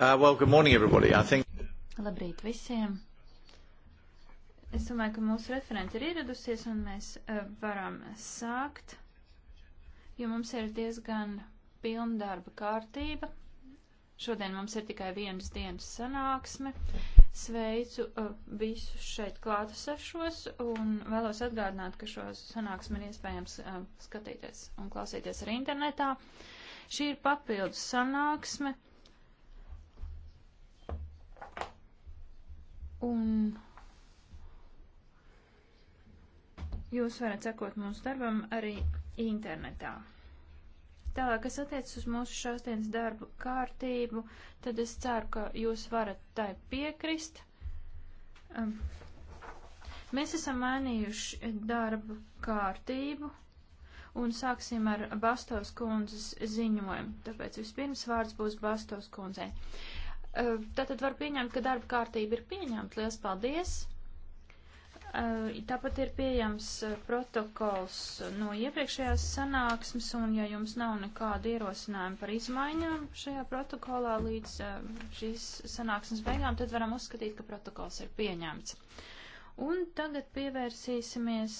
Uh, well, good morning, everybody. I think. Labrīt visiem. Es domāju, ka mūsu referenti ir ieradusies un mēs uh, varam sākt, jo mums ir diezgan pilna darba kārtība. Šodien mums ir tikai vienas dienas sanāksme. Sveicu uh, visus šeit klātesošos un vēlos atgādināt, ka šo sanāksmi ir iespējams uh, skatīties un klausīties arī internetā. Šī ir papildus sanāksme. Uh, Un jūs varat sekot mūsu darbam arī internetā. Tālāk, kas attiecas uz mūsu šodienas darbu kārtību, tad es ceru, ka jūs varat tai piekrist. Um, mēs esam mainījuši darbu kārtību un sāksim ar Bastos kundzes ziņojumu, tāpēc vispirms vārds būs Bastos kundzei. Tātad var pieņemt, ka darba kārtība ir pieņemta. Lielas paldies! Tāpat ir pieejams protokols no iepriekšējās sanāksmes, un ja jums nav nekāda ierosinājuma par izmaiņām šajā protokolā līdz šīs sanāksmes beigām, tad varam uzskatīt, ka protokols ir pieņemts. Un tagad pievērsīsimies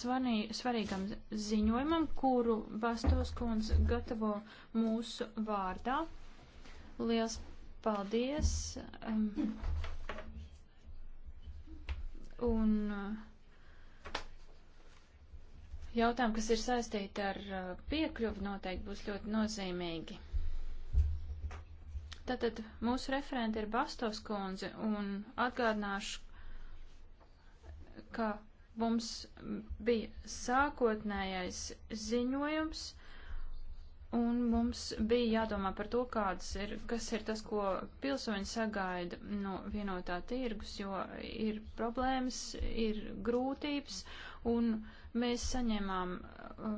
svarī, svarīgam ziņojumam, kuru Bastos kundze gatavo mūsu vārdā. Liels Paldies. Um, un eh, jautājumi, kas ir saistīti ar eh, piekļuvu, noteikti būs ļoti nozīmīgi. Tātad mūsu referenti ir Bastovs kundze, un atgādināšu, ka mums bija sākotnējais ziņojums Un mums bija jādomā par to, kādas ir, kas ir tas, ko pilsoņi sagaida no vienotā tirgus, jo ir problēmas, ir grūtības, un mēs saņēmām uh,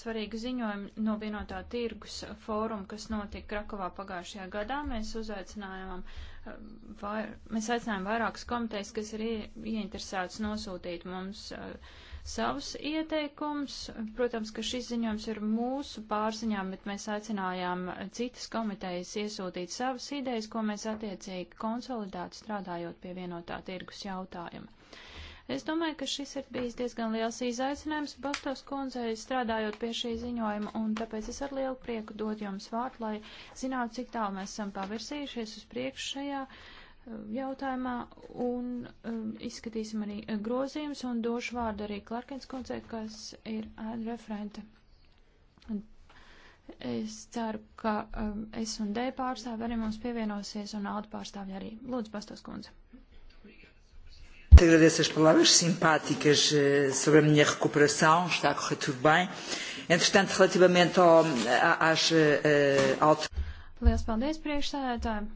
svarīgu ziņojumu no vienotā tirgus fóruma, kas notika Krakovā pagājušajā gadā. Mēs uzaicinājām, uh, vai, mēs aicinājām vairākas komitejas, kas ir ie, ieinteresētas nosūtīt mums uh, savus ieteikums. Protams, ka šis ziņojums ir mūsu pārziņām, bet mēs aicinājām citas komitejas iesūtīt savas idejas, ko mēs attiecīgi konsolidētu strādājot pie vienotā tirgus jautājuma. Es domāju, ka šis ir bijis diezgan liels izaicinājums Bastos kundzei strādājot pie šī ziņojuma, un tāpēc es ar lielu prieku dodu jums vārdu, lai zinātu, cik tālu mēs esam pavirsījušies uz priekšu šajā uh, Um, jautājumā un um, izskatīsim arī uh, grozījums un došu vārdu arī Klarkins koncē, kas ir ēna uh, referente. Es ceru, ka um, S un D pārstāvi arī mums pievienosies un Alda pārstāvi arī. Lūdzu, pastos kundze. Te agradeço as palavras simpáticas eh, sobre a minha recuperação, está a correr tudo bem. Entretanto, relativamente ao, às... Eh, eh, ao... Liels paldies, priekšsēdētāji!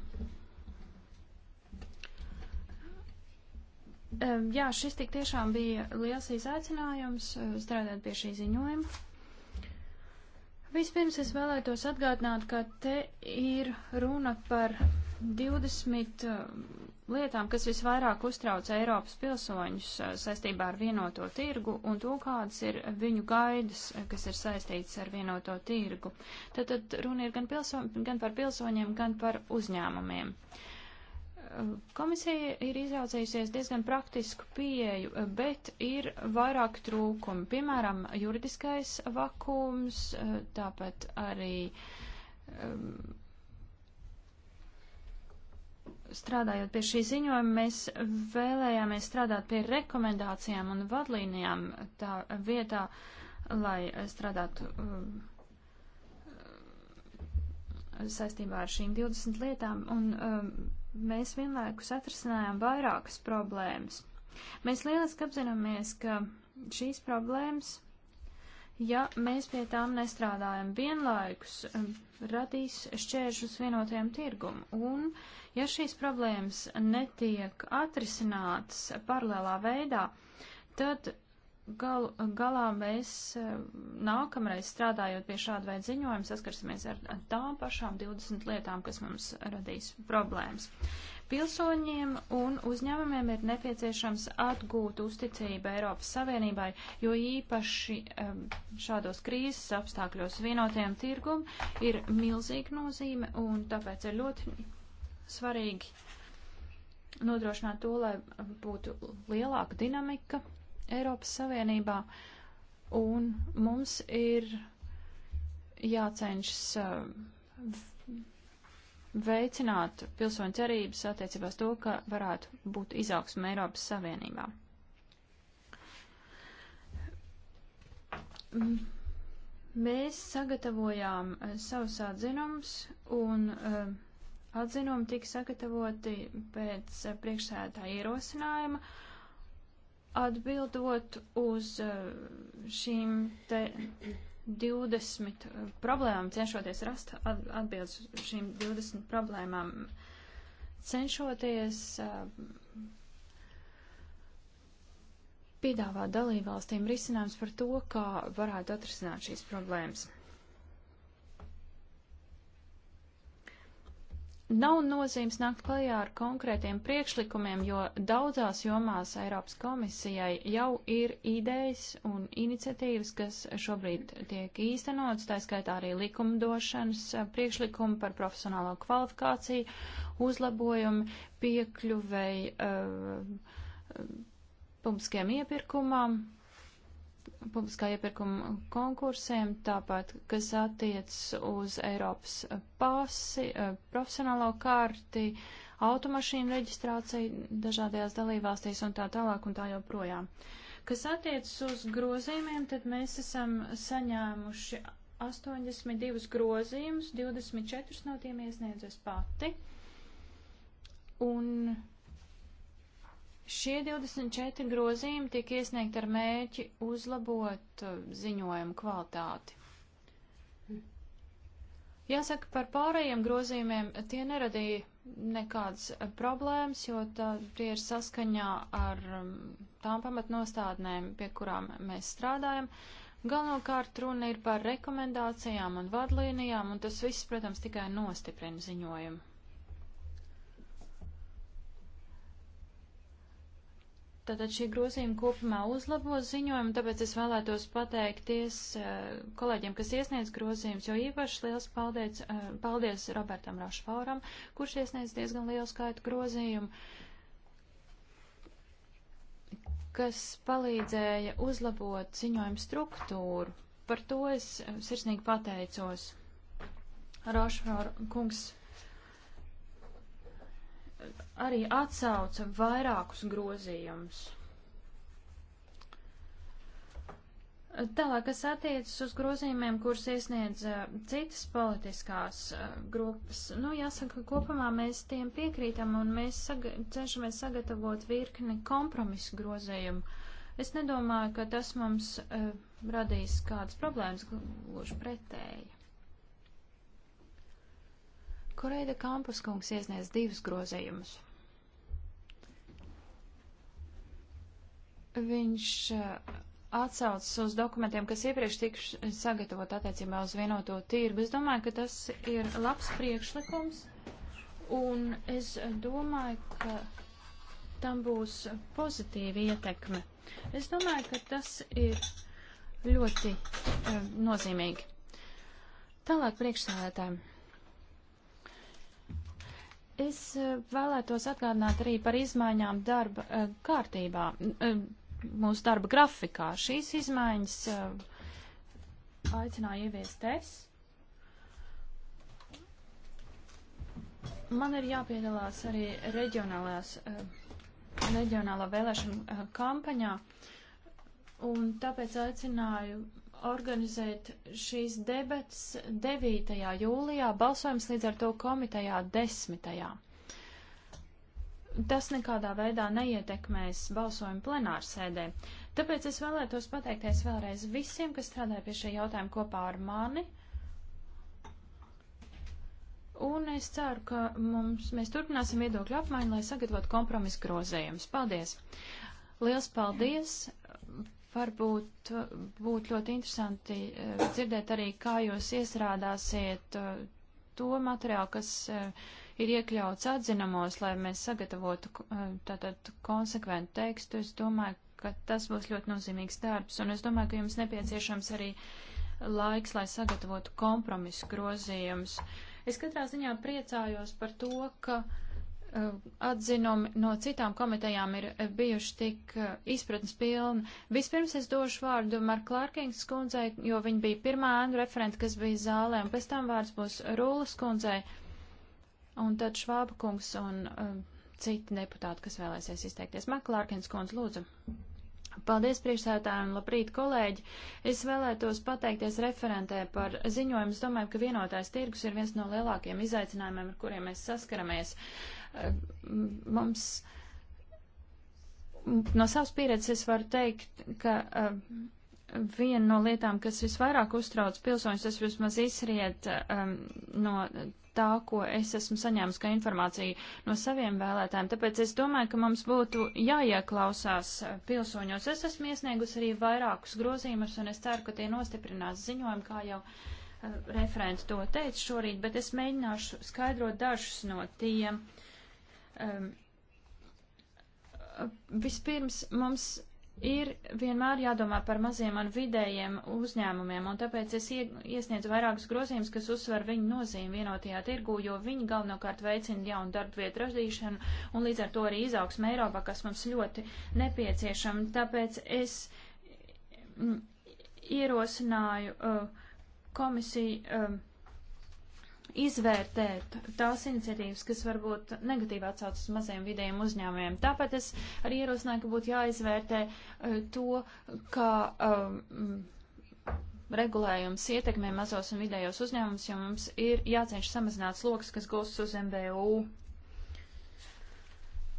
Jā, šis tik tiešām bija liels izaicinājums eh, strādāt pie šī ziņojuma. Vispirms es vēlētos atgādināt, ka te ir runa par 20 eh, lietām, kas visvairāk uztrauc Eiropas pilsoņus eh, saistībā ar vienoto tirgu un to, kādas ir viņu gaidas, kas ir saistītas ar vienoto tirgu. Tad, tad runa ir gan, pilso, gan par pilsoņiem, gan par uzņēmumiem. Uh, Komisija ir izraudzējusies diezgan praktisku pieeju, bet ir vairāk trūkumi. Piemēram, juridiskais vakums, tāpat arī um, strādājot pie šī ziņojuma, mēs vēlējāmies strādāt pie rekomendācijām un vadlīnijām tā vietā, lai strādātu um, saistībā ar šīm 20 lietām. Un, um, mēs vienlaikus atrasinājām vairākas problēmas. Mēs lieliski apzināmies, ka šīs problēmas, ja mēs pie tām nestrādājam vienlaikus, radīs šķēršus vienotajam tirgum. Un, ja šīs problēmas netiek atrisinātas paralēlā veidā, tad gal, galā mēs eh, nākamreiz strādājot pie šāda veida ziņojuma saskarsimies ar tām pašām 20 lietām, kas mums radīs problēmas. Pilsoņiem un uzņēmumiem ir nepieciešams atgūt uzticību Eiropas Savienībai, jo īpaši šādos krīzes apstākļos vienotiem tirgum ir milzīga nozīme un tāpēc ir ļoti svarīgi nodrošināt to, lai būtu lielāka dinamika Eiropas Savienībā, un mums ir jācenšas eh, veicināt pilsoņu cerības attiecībās to, ka varētu būt izaugsme Eiropas Savienībā. Mēs sagatavojām eh, savus atzinumus, un eh, atzinumi tika sagatavoti pēc priekšsēdētāja ierosinājuma, uh, Atbildot uz uh, šīm te 20 uh, problēmām, cenšoties rast atbildes uz šīm 20 problēmām, cenšoties uh, piedāvāt dalībvalstīm risinājums par to, kā varētu atrisināt šīs problēmas. Nav nozīmes nākt klajā ar konkrētiem priekšlikumiem, jo daudzās jomās Eiropas komisijai jau ir idejas un iniciatīvas, kas šobrīd tiek īstenotas, tā skaitā arī likumdošanas priekšlikumi par profesionālo kvalifikāciju, uzlabojumu, piekļuvei uh, uh, publiskiem iepirkumam, publiskā iepirkuma konkursiem, tāpat, kas attiec uz Eiropas pasi, eh, profesionālo karti, automašīnu reģistrāciju dažādajās dalībvalstīs un tā tālāk un tā joprojām. Kas attiec uz grozījumiem, tad mēs esam saņēmuši 82 grozījumus, 24 no tiem iesniedzas pati. Un Šie 24 grozījumi tiek iesniegti ar mēķi uzlabot uh, ziņojumu kvalitāti. Jāsaka, par pārējiem grozījumiem tie neradīja nekādas uh, problēmas, jo tā, tie ir saskaņā ar um, tām pamatnostādnēm, pie kurām mēs strādājam. Galvenokārt runa ir par rekomendācijām un vadlīnijām, un tas viss, protams, tikai nostiprina ziņojumu. Tātad šī grozījuma kopumā uzlabo ziņojumu, tāpēc es vēlētos pateikties eh, kolēģiem, kas iesniedz grozījumus, jo īpaši liels paldies, eh, paldies Robertam Rošfauram, kurš iesniedz diezgan lielu skaitu grozījumu, kas palīdzēja uzlabot ziņojumu struktūru. Par to es eh, sirsnīgi pateicos. Rošfaur kungs arī atsauca vairākus grozījumus. Tālāk, kas attiecas uz grozījumiem, kurus iesniedz uh, citas politiskās uh, grupas, nu, jāsaka, kopumā mēs tiem piekrītam un mēs saga cenšamies sagatavot virkni kompromisu grozījumu. Es nedomāju, ka tas mums uh, radīs kādas problēmas, gluži pretēji. Koreida Kampuskungs iesniedz divus grozījumus. Viņš eh, atsaucas uz dokumentiem, kas iepriekš tika sagatavot attiecībā uz vienoto tirgu. Es domāju, ka tas ir labs priekšlikums, un es domāju, ka tam būs pozitīva ietekme. Es domāju, ka tas ir ļoti um, nozīmīgi. Tālāk priekšsēdētājiem. Es eh, vēlētos atgādināt arī par izmaiņām darba eh, kārtībā, eh, mūsu darba grafikā. Šīs izmaiņas aicināja ieviest es. Man ir jāpiedalās arī reģionālās, reģionālā vēlēšana kampaņā, un tāpēc aicināju organizēt šīs debats 9. jūlijā, balsojums līdz ar to komitejā 10. Tas nekādā veidā neietekmēs balsojumu plenārsēdē. Tāpēc es vēlētos pateikties vēlreiz visiem, kas strādāja pie šī jautājuma kopā ar mani. Un es ceru, ka mums, mēs turpināsim viedokļu apmaiņu, lai sagatavotu kompromisu grozījumus. Paldies! Liels paldies! Varbūt uh, būtu ļoti interesanti uh, dzirdēt arī, kā jūs iestrādāsiet uh, to materiālu, kas ir iekļauts atzinamos, lai mēs sagatavotu tātad konsekventu tekstu. Es domāju, ka tas būs ļoti nozīmīgs darbs, un es domāju, ka jums nepieciešams arī laiks, lai sagatavotu kompromisu grozījumus. Es katrā ziņā priecājos par to, ka uh, Eh, atzinumi no citām komitejām ir eh, bijuši tik eh, izpratnes pilni. Vispirms es došu vārdu Marklārkings skundzei, jo viņa bija pirmā ēnu referenta, kas bija zālē, un pēc tam vārds būs Rūlas skundzei, un tad Švāba kungs un uh, citi deputāti, kas vēlēsies izteikties. Marklārkings skundz, lūdzu. Paldies priekšsētājiem, labrīt kolēģi! Es vēlētos pateikties referentē par ziņojumu. Es domāju, ka vienotais tirgus ir viens no lielākajiem izaicinājumiem, ar kuriem mēs saskaramies. Uh, Mums no savas pieredzes var teikt, ka eh, viena no lietām, kas visvairāk uztrauc pilsoņus, tas vismaz izriet um, no tā, ko es esmu saņēmis kā informāciju no saviem vēlētājiem. Tāpēc es domāju, ka mums būtu jāieklausās eh, pilsoņos. Es esmu iesniegus arī vairākus grozījumus, un es ceru, ka tie nostiprinās ziņojumu, kā jau uh, referents to teica šorīt, bet es mēģināšu skaidrot dažus no tiem. Uh, Um, vispirms mums ir vienmēr jādomā par maziem un vidējiem uzņēmumiem, un tāpēc es iesniedzu vairākus grozījumus, kas uzsver viņu nozīmi vienotajā tirgū, jo viņi galvenokārt veicina jaunu darbu vietu radīšanu un līdz ar to arī izaugsmu Eiropā, kas mums ļoti nepieciešama. Tāpēc es mm, ierosināju uh, komisiju. Uh, izvērtēt tās iniciatīvas, kas varbūt negatīvi atsauc uz mazajiem vidējiem uzņēmumiem. Tāpēc es arī ierosināju, ka būtu jāizvērtē e, to, kā um, regulējums ietekmē mazos un vidējos uzņēmumus, jo mums ir jācenšas samazināt sloks, kas gūstas uz MBU.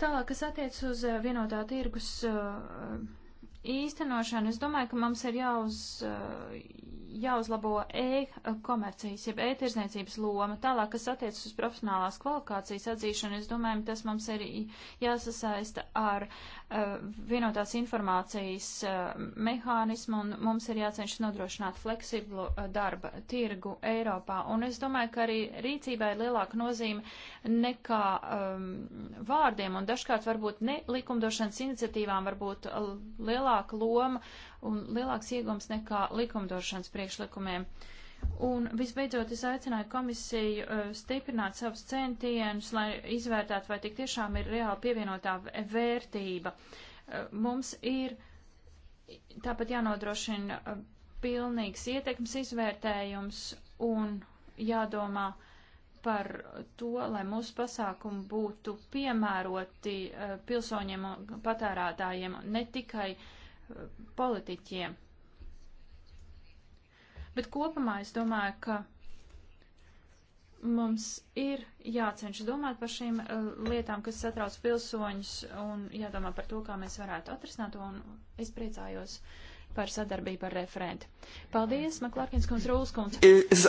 Tālāk, kas attiec uz e, vienotā tirgus. Uh, īstenošanu, es domāju, ka mums ir jāuz, eh, jāuzlabo e-komercijas, jeb e-tirzniecības loma. Tālāk, kas attiecas uz profesionālās kvalifikācijas atzīšanu, es domāju, tas mums ir jāsasaista ar uh, vienotās informācijas uh, mehānismu un mums ir jācenšas nodrošināt fleksiblu uh, darba tirgu Eiropā. Un es domāju, ka arī rīcībai ir lielāka nozīme nekā um, vārdiem un dažkārt varbūt ne likumdošanas iniciatīvām varbūt lielāka lielāka loma un lielāks iegums nekā likumdošanas priekšlikumiem. Un visbeidzot, es aicināju komisiju uh, stiprināt savus centienus, lai izvērtētu, vai tik tiešām ir reāli pievienotā vērtība. Uh, mums ir tāpat jānodrošina uh, pilnīgs ietekmes izvērtējums un jādomā par to, lai mūsu pasākumi būtu piemēroti pilsoņiem un patērētājiem, ne tikai uh, politiķiem. Bet kopumā es domāju, ka mums ir jācenšas domāt par šīm uh, lietām, kas satrauc pilsoņus, un jādomā par to, kā mēs varētu atrisināt to, un es priecājos par sadarbību ar referenti. Paldies, Maklārkins kungs, Rūls kungs. Eh,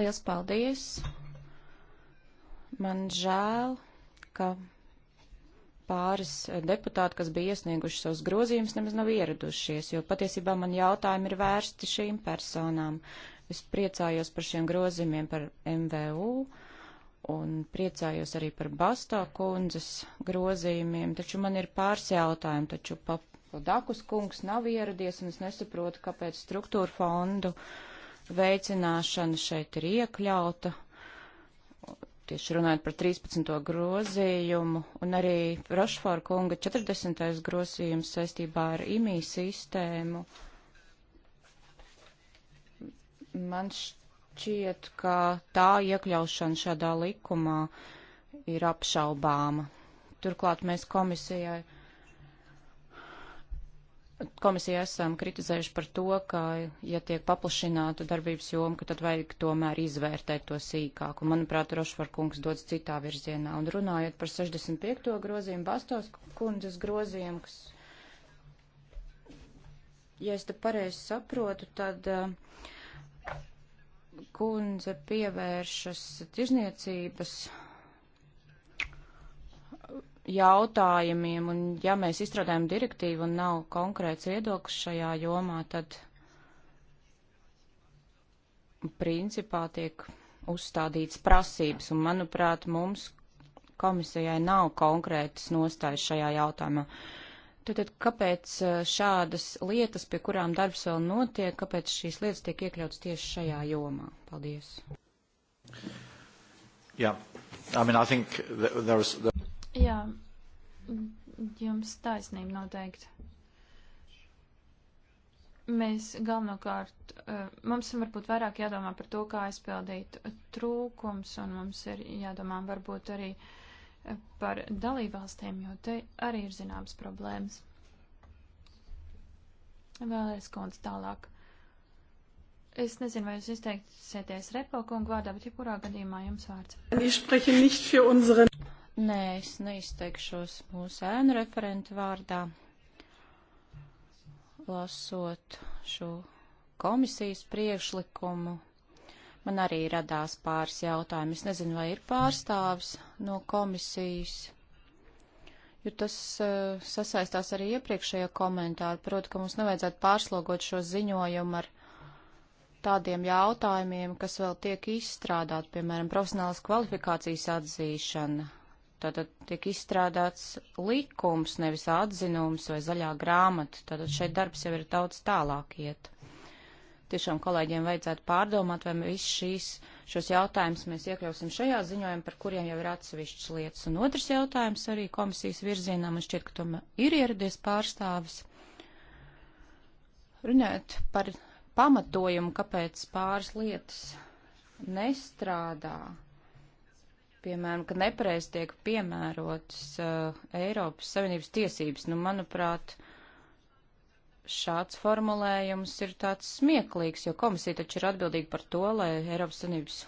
Liels paldies. Man žēl, ka pāris eh, deputāti, kas bija iesnieguši savus grozījumus, nemaz nav ieradušies, jo patiesībā man jautājumi ir vērsti šīm personām. Es priecājos par šiem grozījumiem par MVU un priecājos arī par Bastā kundzes grozījumiem, taču man ir pāris jautājumi, taču Dakus kungs nav ieradies un es nesaprotu, kāpēc struktūra fondu veicināšana šeit ir iekļauta tieši runājot par 13. grozījumu un arī Rošfāra kunga 40. grozījums saistībā ar imī sistēmu. Man šķiet, ka tā iekļaušana šādā likumā ir apšaubāma. Turklāt mēs komisijai uh, komisiju esam kritizējuši par to, ka, ja tiek paplašināta darbības joma, ka tad vajag tomēr izvērtēt to sīkāk. Un, manuprāt, Rošvar kungs dodas citā virzienā. Un runājot par 65. grozījumu, Bastos kundzes grozījumu, kas, ja es te pareizi saprotu, tad eh, kundze pievēršas tirzniecības jautājumiem, un ja mēs izstrādājam direktīvu un nav konkrēts viedoklis šajā jomā, tad principā tiek uzstādīts prasības, un manuprāt, mums komisijai nav konkrētas nostājas šajā jautājumā. Tātad, kāpēc e, šādas lietas, pie kurām darbs vēl notiek, kāpēc šīs lietas tiek iekļauts tieši šajā jomā? Paldies! Yeah. I mean, I think there's, there Jā, jums taisnība noteikti. Mēs galvenokārt, eh, mums varbūt vairāk jādomā par to, kā aizpildīt trūkums, un mums ir jādomā varbūt arī eh, par dalībvalstīm, jo te arī ir zināmas problēmas. Vēlreiz kundze tālāk. Es nezinu, vai jūs izteiksieties repelkungu vārdā, bet jebkurā gadījumā jums vārds. Nē, es neizteikšos mūsu ēnu referentu vārdā. Lasot šo komisijas priekšlikumu, man arī radās pāris jautājumi. Es nezinu, vai ir pārstāvis no komisijas, jo tas uh, sasaistās arī iepriekšējā komentāra. Proti, ka mums nevajadzētu pārslogot šo ziņojumu ar tādiem jautājumiem, kas vēl tiek izstrādāt, piemēram, profesionālas kvalifikācijas atzīšana, Tātad tiek izstrādāts likums, nevis atzinums vai zaļā grāmata. Tātad šeit darbs jau ir daudz tālāk iet. Tiešām kolēģiem vajadzētu pārdomāt, vai visus šīs, šos jautājumus mēs iekļausim šajā ziņojumā, par kuriem jau ir atsevišķas lietas. Un otrs jautājums arī komisijas virzienā, man šķiet, ka tomēr ir ieradies pārstāvis. Runājot par pamatojumu, kāpēc pāris lietas nestrādā piemēram, ka nepareiz tiek piemērotas uh, Eiropas Savienības tiesības. Nu, manuprāt, šāds formulējums ir tāds smieklīgs, jo komisija taču ir atbildīga par to, lai Eiropas Savienības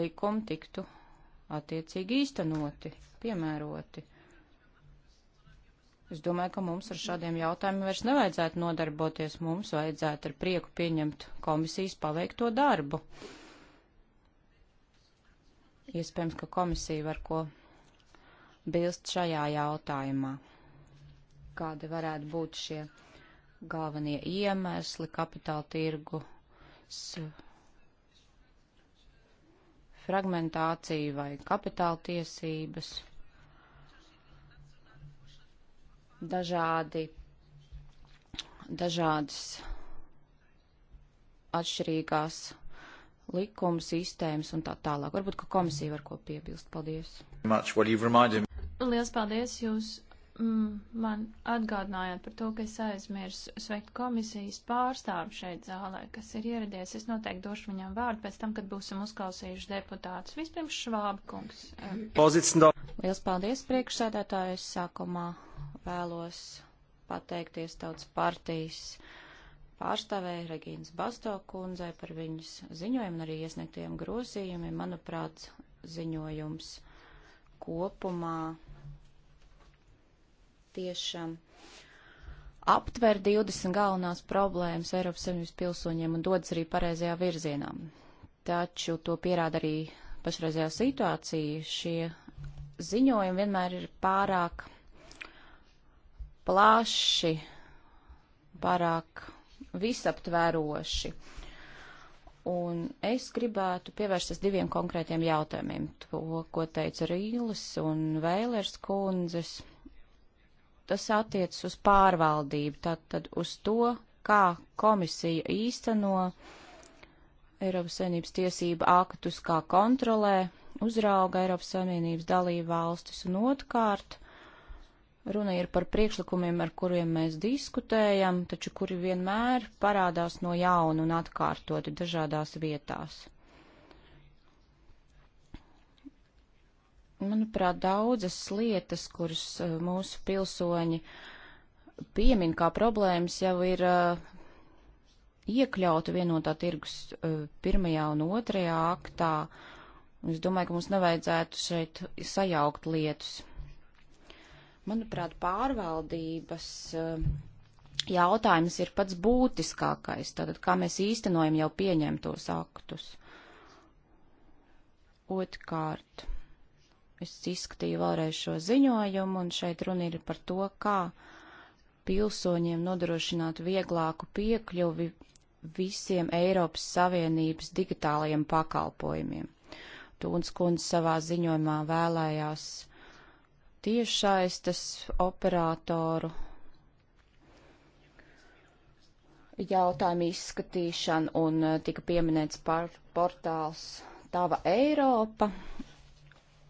likumi tiktu attiecīgi īstenoti, piemēroti. Es domāju, ka mums ar šādiem jautājumiem vairs nevajadzētu nodarboties. Mums vajadzētu ar prieku pieņemt komisijas paveikto darbu. Uh, Iespējams, ka komisija var ko bilst šajā jautājumā. Kādi varētu būt šie galvenie iemesli kapitāla tirgus fragmentācija vai kapitāla tiesības, dažādi, dažādas atšķirīgās likuma sistēmas un tā tālāk. Varbūt, ka komisija var ko piebilst. Paldies. Lielas paldies. Jūs mm, man atgādinājāt par to, ka es aizmirsu sveikt komisijas pārstāvu šeit zālē, kas ir ieradies. Es noteikti došu viņam vārdu pēc tam, kad būsim uzklausījuši deputātus. Vispirms Švāba kungs. Pozicinā. Lielas paldies priekšsēdētāju. Es sākumā vēlos pateikties tautas partijas pārstāvēja Regīnas Basto kundzei par viņas ziņojumu un arī iesniegtiem grozījumiem. Manuprāt, ziņojums kopumā tiešām aptver 20 galvenās problēmas Eiropas Savienības pilsoņiem un dodas arī pareizajā virzienā. Taču to pierāda arī pašreizējā situācija. Šie ziņojumi vienmēr ir pārāk plaši, pārāk visaptvēroši. Un es gribētu pievērsties diviem konkrētiem jautājumiem, to, ko teica Rīlis un Vēlers kundzes. Tas attiecas uz pārvaldību, tātad uz to, kā komisija īsteno Eiropas Savienības tiesību aktus, kā kontrolē, uzrauga Eiropas Savienības dalību valstis un otrkārt – Runa ir par priekšlikumiem, ar kuriem mēs diskutējam, taču kuri vienmēr parādās no jauna un atkārtoti dažādās vietās. Manuprāt, daudzas lietas, kuras eh, mūsu pilsoņi piemin kā problēmas, jau ir eh, iekļauta vienotā tirgus eh, pirmajā un otrajā aktā. Es domāju, ka mums nevajadzētu šeit sajaukt lietas. Manuprāt, pārvaldības eh, jautājums ir pats būtiskākais, tātad kā mēs īstenojam jau pieņemtos aktus. Otkārt, es izskatīju vēlreiz šo ziņojumu, un šeit runa ir par to, kā pilsoņiem nodrošināt vieglāku piekļuvi visiem Eiropas Savienības digitālajiem pakalpojumiem. Tūns kundze savā ziņojumā vēlējās uh, tiešaistes operātoru jautājumu izskatīšanu un eh, tika pieminēts par portāls Tava Eiropa.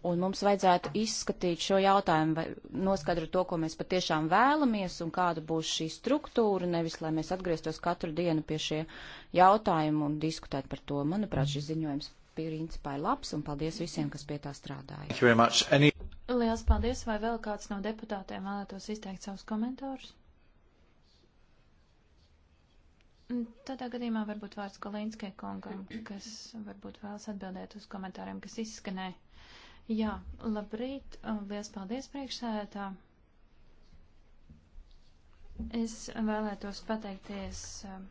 Un mums vajadzētu izskatīt šo jautājumu, vai noskaidrot to, ko mēs patiešām vēlamies un kāda būs šī struktūra, nevis lai mēs atgrieztos katru dienu pie šie jautājumi un diskutētu par to. Manuprāt, šis ziņojums principā ir labs, un paldies visiem, kas pie tā strādāja. Any... Lielas paldies, vai vēl kāds no deputātiem vēlētos izteikt savus komentārus? Mm, tādā gadījumā varbūt vārds Kolīnskai kungam, kas varbūt vēlas atbildēt uz komentāriem, kas izskanēja. Jā, labrīt, liels paldies priekšsēdētā. Es vēlētos pateikties um,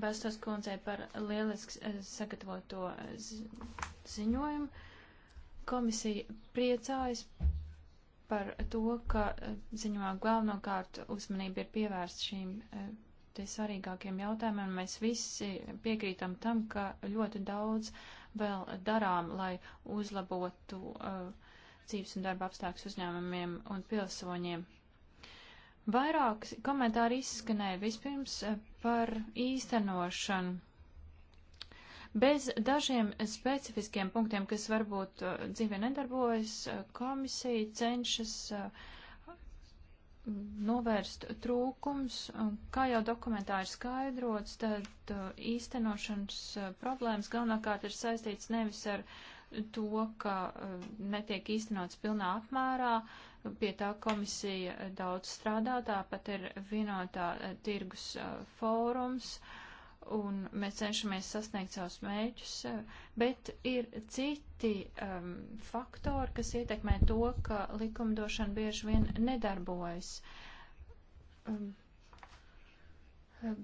Bastos kundzei par lieliski eh, sagatavoto eh, ziņojumu. Komisija priecājas par to, ka eh, ziņojumā galvenokārt uzmanība ir pievērsta šīm te svarīgākiem jautājumiem. Mēs visi piekrītam tam, ka ļoti daudz vēl darām, lai uzlabotu uh, dzīves un darba apstākļus uzņēmumiem un pilsoņiem. Vairāk komentāri izskanēja vispirms eh, par īstenošanu. Bez dažiem specifiskiem punktiem, kas varbūt eh, dzīvē nedarbojas, eh, komisija cenšas novērst trūkums. Kā jau dokumentā ir skaidrots, tad īstenošanas problēmas galvenokārt ir saistīts nevis ar to, ka netiek īstenots pilnā apmērā, uh, Pie tā komisija daudz strādā, tāpat ir vienotā eh, tirgus eh, fórums, un mēs cenšamies sasniegt savus mēģus, eh, bet ir citi um, faktori, kas ietekmē to, ka likumdošana bieži vien nedarbojas. Um,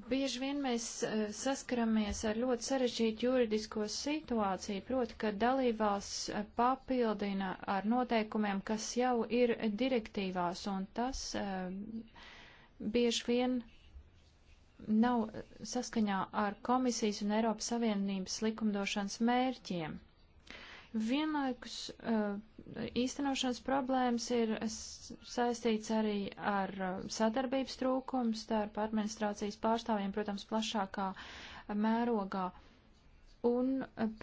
Bieži vien mēs eh, saskaramies ar ļoti sarežģītu juridisko situāciju, proti, ka dalībās eh, papildina ar noteikumiem, kas jau ir direktīvās, un tas eh, bieži vien nav saskaņā ar komisijas un Eiropas Savienības likumdošanas mērķiem. Vienlaikus eh, īstenošanas problēmas ir saistīts arī ar eh, sadarbības trūkumu starp administrācijas pārstāvjiem, protams, plašākā eh, mērogā. Un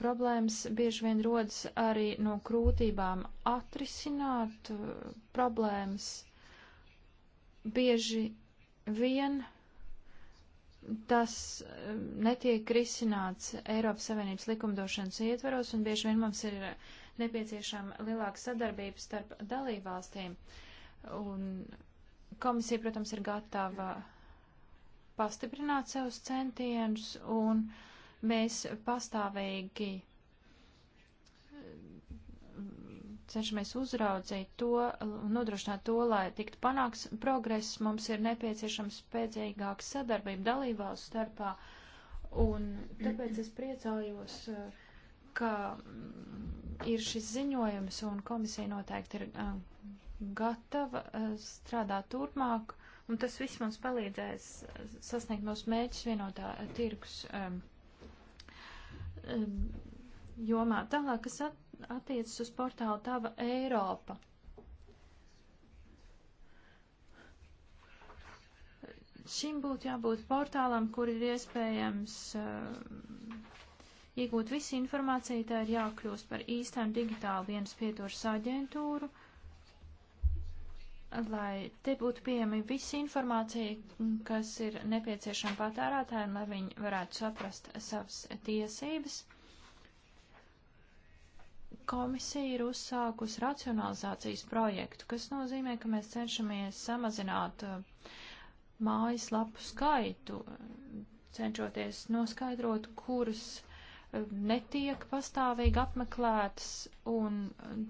problēmas bieži vien rodas arī no krūtībām atrisināt problēmas. Bieži vien tas um, netiek risināts Eiropas Savienības likumdošanas ietvaros, un bieži vien mums ir nepieciešama lielāka sadarbība starp dalībvalstīm. Un komisija, protams, ir gatava pastiprināt savus centienus, un mēs pastāvīgi cenšamies uzraudzīt to un nodrošināt to, lai tiktu panāks progress, mums ir nepieciešams spēcīgāka sadarbība dalībvalstu starpā. Un tāpēc es priecājos, ka mm, ir šis ziņojums un komisija noteikti ir gatava strādāt turpmāk. Un tas viss mums palīdzēs sasniegt mūsu mērķus vienotā tirgus um, um, jomā. Tālāk, kas at, attiecas uz portālu Tava Eiropa. Šim būtu jābūt portālam, kur ir iespējams uh, iegūt visu informāciju, tā ir jākļūst par īstām digitālu vienas pieturas aģentūru, lai te būtu pieejami visa informācija, kas ir nepieciešama patērētājiem, lai viņi varētu saprast savas tiesības. Komisija ir uzsākusi racionalizācijas projektu, kas nozīmē, ka mēs cenšamies samazināt uh, mājas lapu skaitu, cenšoties noskaidrot, kuras uh, netiek pastāvīgi apmeklētas un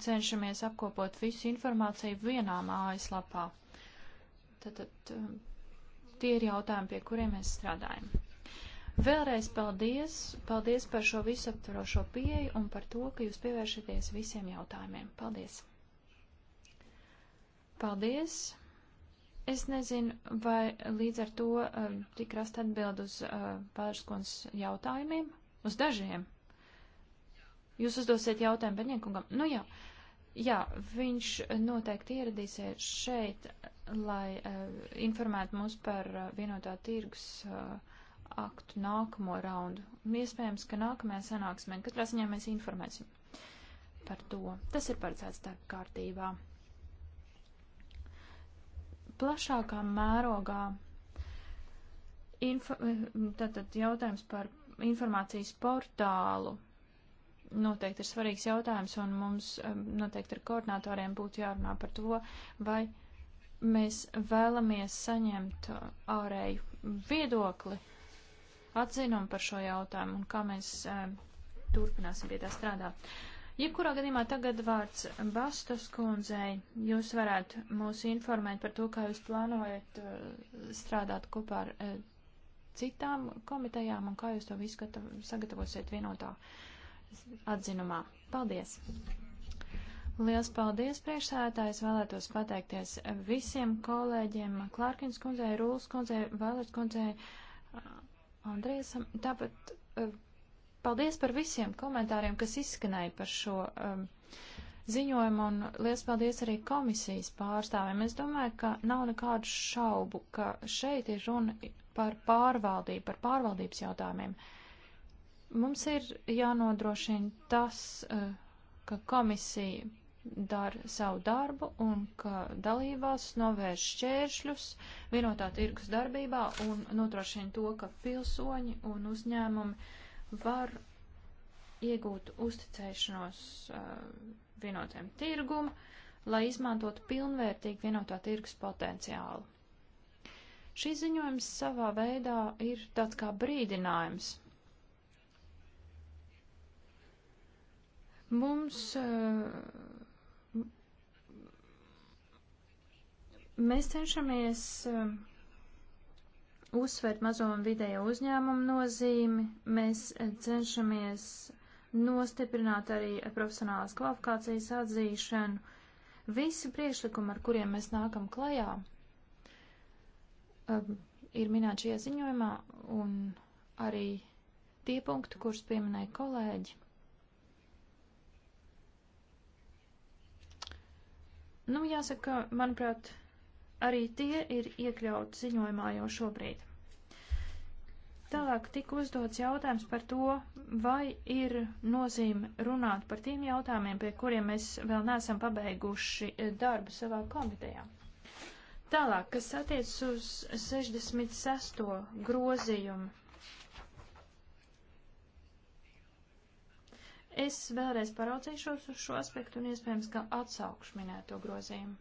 cenšamies apkopot visu informāciju vienā mājaslapā. Tātad uh, tie ir jautājumi, pie kuriem mēs strādājam. Vēlreiz paldies, paldies par šo visaptvarošo pieeju un par to, ka jūs pievēršaties visiem jautājumiem. Paldies! Paldies! Es nezinu, vai līdz ar to uh, tik rast atbild uz uh, pārskons jautājumiem, uz dažiem. Jūs uzdosiet jautājumu Beņiekungam. Nu jā, jā, viņš noteikti ieradīsies šeit, lai uh, informētu mūs par uh, vienotā tirgus. Uh, aktu nākamo raundu. Un iespējams, ka nākamajā sanāksmē, katrā ziņā mēs informēsim par to. Tas ir paredzēts starp kārtībā. Plašākā mērogā info, tātad jautājums par informācijas portālu noteikti ir svarīgs jautājums, un mums um, noteikti ar koordinatoriem būtu jārunā par to, vai mēs vēlamies saņemt uh, ārēju viedokli atzinumu par šo jautājumu un kā mēs uh, turpināsim pie tā strādāt. Jebkurā gadījumā tagad vārds Bastos kundzei. Jūs varētu mūs informēt par to, kā jūs plānojat uh, strādāt kopā ar uh, citām komitejām un kā jūs to visu sagatavosiet vienotā atzinumā. Paldies! Liels paldies, priekšsētājs! Vēlētos pateikties visiem kolēģiem, Klārkins kundzei, Rūlas kundzei, Vēlers kundzei, Andrēsam. Tāpat eh, paldies par visiem komentāriem, kas izskanēja par šo um, ziņojumu, un liels paldies arī komisijas pārstāvēm. Es domāju, ka nav nekādu šaubu, ka šeit ir runa par pārvaldību, par pārvaldības jautājumiem. Mums ir jānodrošina tas, uh, ka komisija dara savu darbu un ka dalībvalsts novērš šķēršļus vienotā tirgus darbībā un notrošina to, ka pilsoņi un uzņēmumi var iegūt uzticēšanos uh, vienotiem tirgumu, lai izmantotu pilnvērtīgi vienotā tirgus potenciālu. Šis ziņojums savā veidā ir tāds kā brīdinājums mums uh, Mēs cenšamies um, uzsvērt mazo un vidējo uzņēmumu nozīmi, mēs uh, cenšamies nostiprināt arī uh, profesionālās kvalifikācijas atzīšanu. Visi priekšlikumi, ar kuriem mēs nākam klajā, um, ir minēti šajā ziņojumā, un arī tie punkti, kurus pieminēja kolēģi. Nu, jāsaka, manuprāt, Arī tie ir iekļauti ziņojumā jau šobrīd. Tālāk tika uzdots jautājums par to, vai ir nozīme runāt par tiem jautājumiem, pie kuriem mēs vēl neesam pabeiguši darbu savā komitejā. Tālāk, kas attiec uz 66. grozījumu. Es vēlreiz paraudzīšos uz šo aspektu un iespējams, ka atsaukšu minēto grozījumu.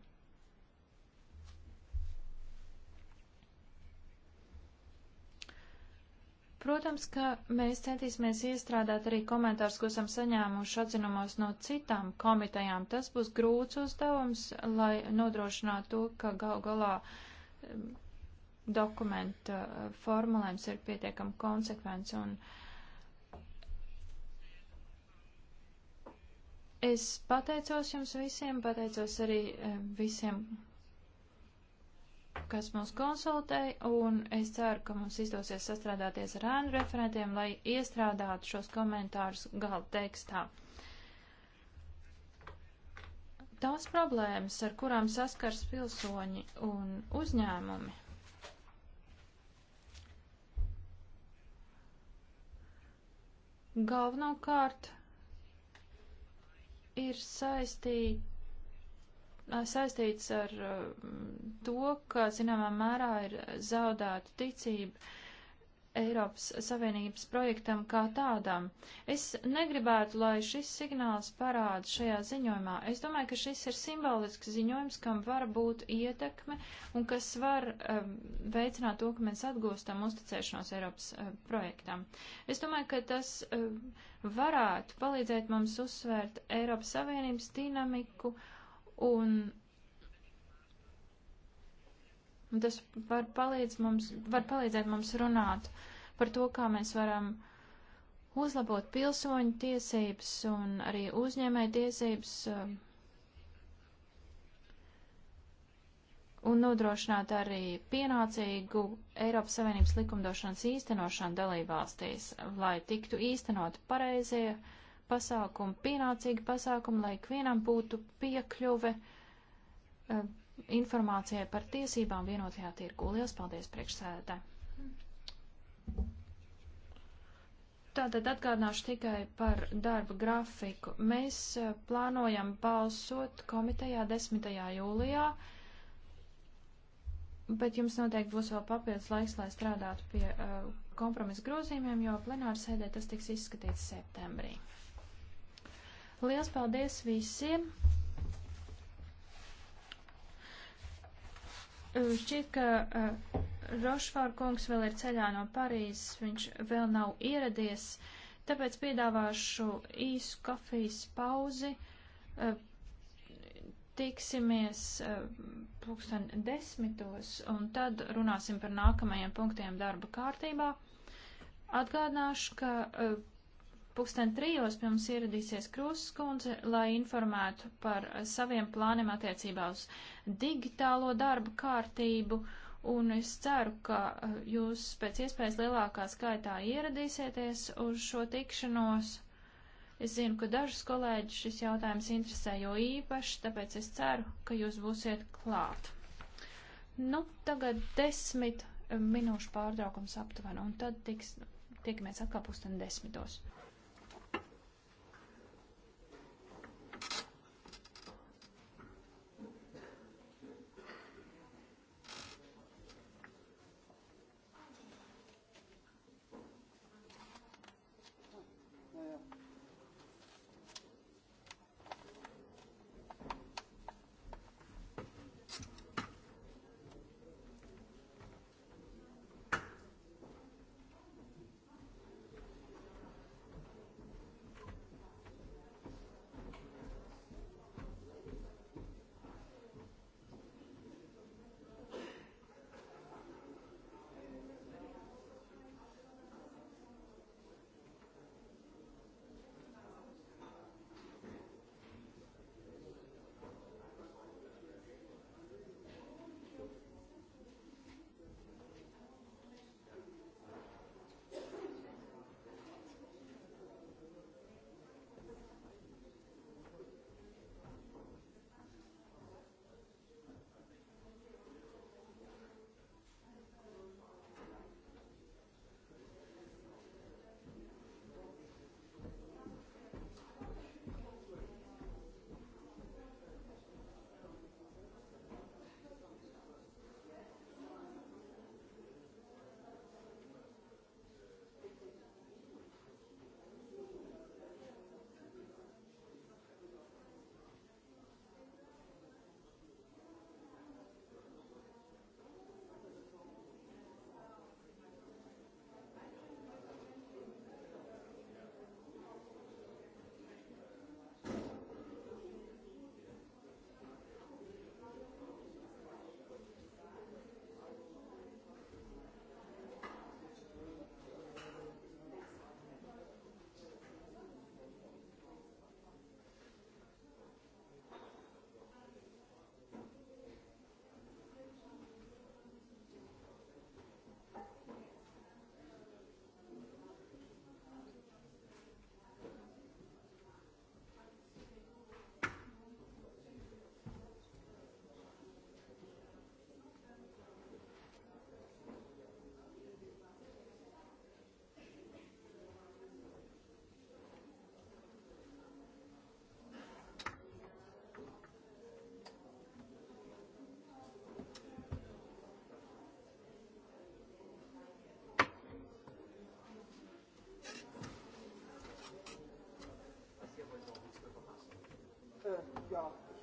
Protams, ka mēs centīsimies iestrādāt arī komentārus, ko esam saņēmuši atzinumos no citām komitejām. Tas būs grūts uzdevums, lai nodrošinātu to, ka gal galā dokumenta eh, formulējums ir pietiekami konsekvents. Un es pateicos jums visiem, pateicos arī visiem kas mūs konsultēja, un es ceru, ka mums izdosies sastrādāties ar ēnu referentiem, lai iestrādātu šos komentārus gala tekstā. Tās problēmas, ar kurām saskars pilsoņi un uzņēmumi, galvenokārt ir saistīti saistīts ar to, ka zināmā mērā ir zaudēta ticība. Eiropas Savienības projektam kā tādam. Es negribētu, lai šis signāls parāda šajā ziņojumā. Es domāju, ka šis ir simbolisks ziņojums, kam var būt ietekme un kas var um, veicināt to, ka mēs atgūstam uzticēšanos Eiropas uh, projektam. Es domāju, ka tas uh, varētu palīdzēt mums uzsvērt Eiropas Savienības dinamiku Un, un tas var, palīdz mums, var palīdzēt mums runāt par to, kā mēs varam uzlabot pilsoņu tiesības un arī uzņēmēju tiesības um, un nodrošināt arī pienācīgu Eiropas Savienības likumdošanas īstenošanu dalībvalstīs, lai tiktu īstenot pareizie uh, pasākumi, pienācīgi pasākumi, lai ikvienam būtu piekļuve uh, informācijai par tiesībām vienotajā tirgu. Lielas paldies priekšsēdē. Tātad atgādināšu tikai par darba grafiku. Mēs uh, plānojam balsot komitejā 10. jūlijā, bet jums noteikti būs vēl papildus laiks, lai strādātu pie uh, kompromisa grozījumiem, jo plenāra sēdē tas tiks izskatīts septembrī. Liels paldies visiem! Šķiet, ka uh, Rošvāra kungs vēl ir ceļā no Parīzes, viņš vēl nav ieradies, tāpēc piedāvāšu īsu kafijas pauzi. Uh, tiksimies pulksten uh, desmitos, un tad runāsim par nākamajiem punktiem darba kārtībā. Atgādināšu, ka uh, Pūksteni trijos pie mums ieradīsies Krūzes kundze, lai informētu par eh, saviem plāniem attiecībā uz digitālo darbu kārtību. Un es ceru, ka eh, jūs pēc iespējas lielākā skaitā ieradīsieties uz šo tikšanos. Es zinu, ka dažus kolēģus šis jautājums interesē jo īpaši, tāpēc es ceru, ka jūs būsiet klāt. Nu, tagad desmit eh, minūšu pārtraukums aptuveni, un tad tiks, tiekamies atkal pusdien desmitos.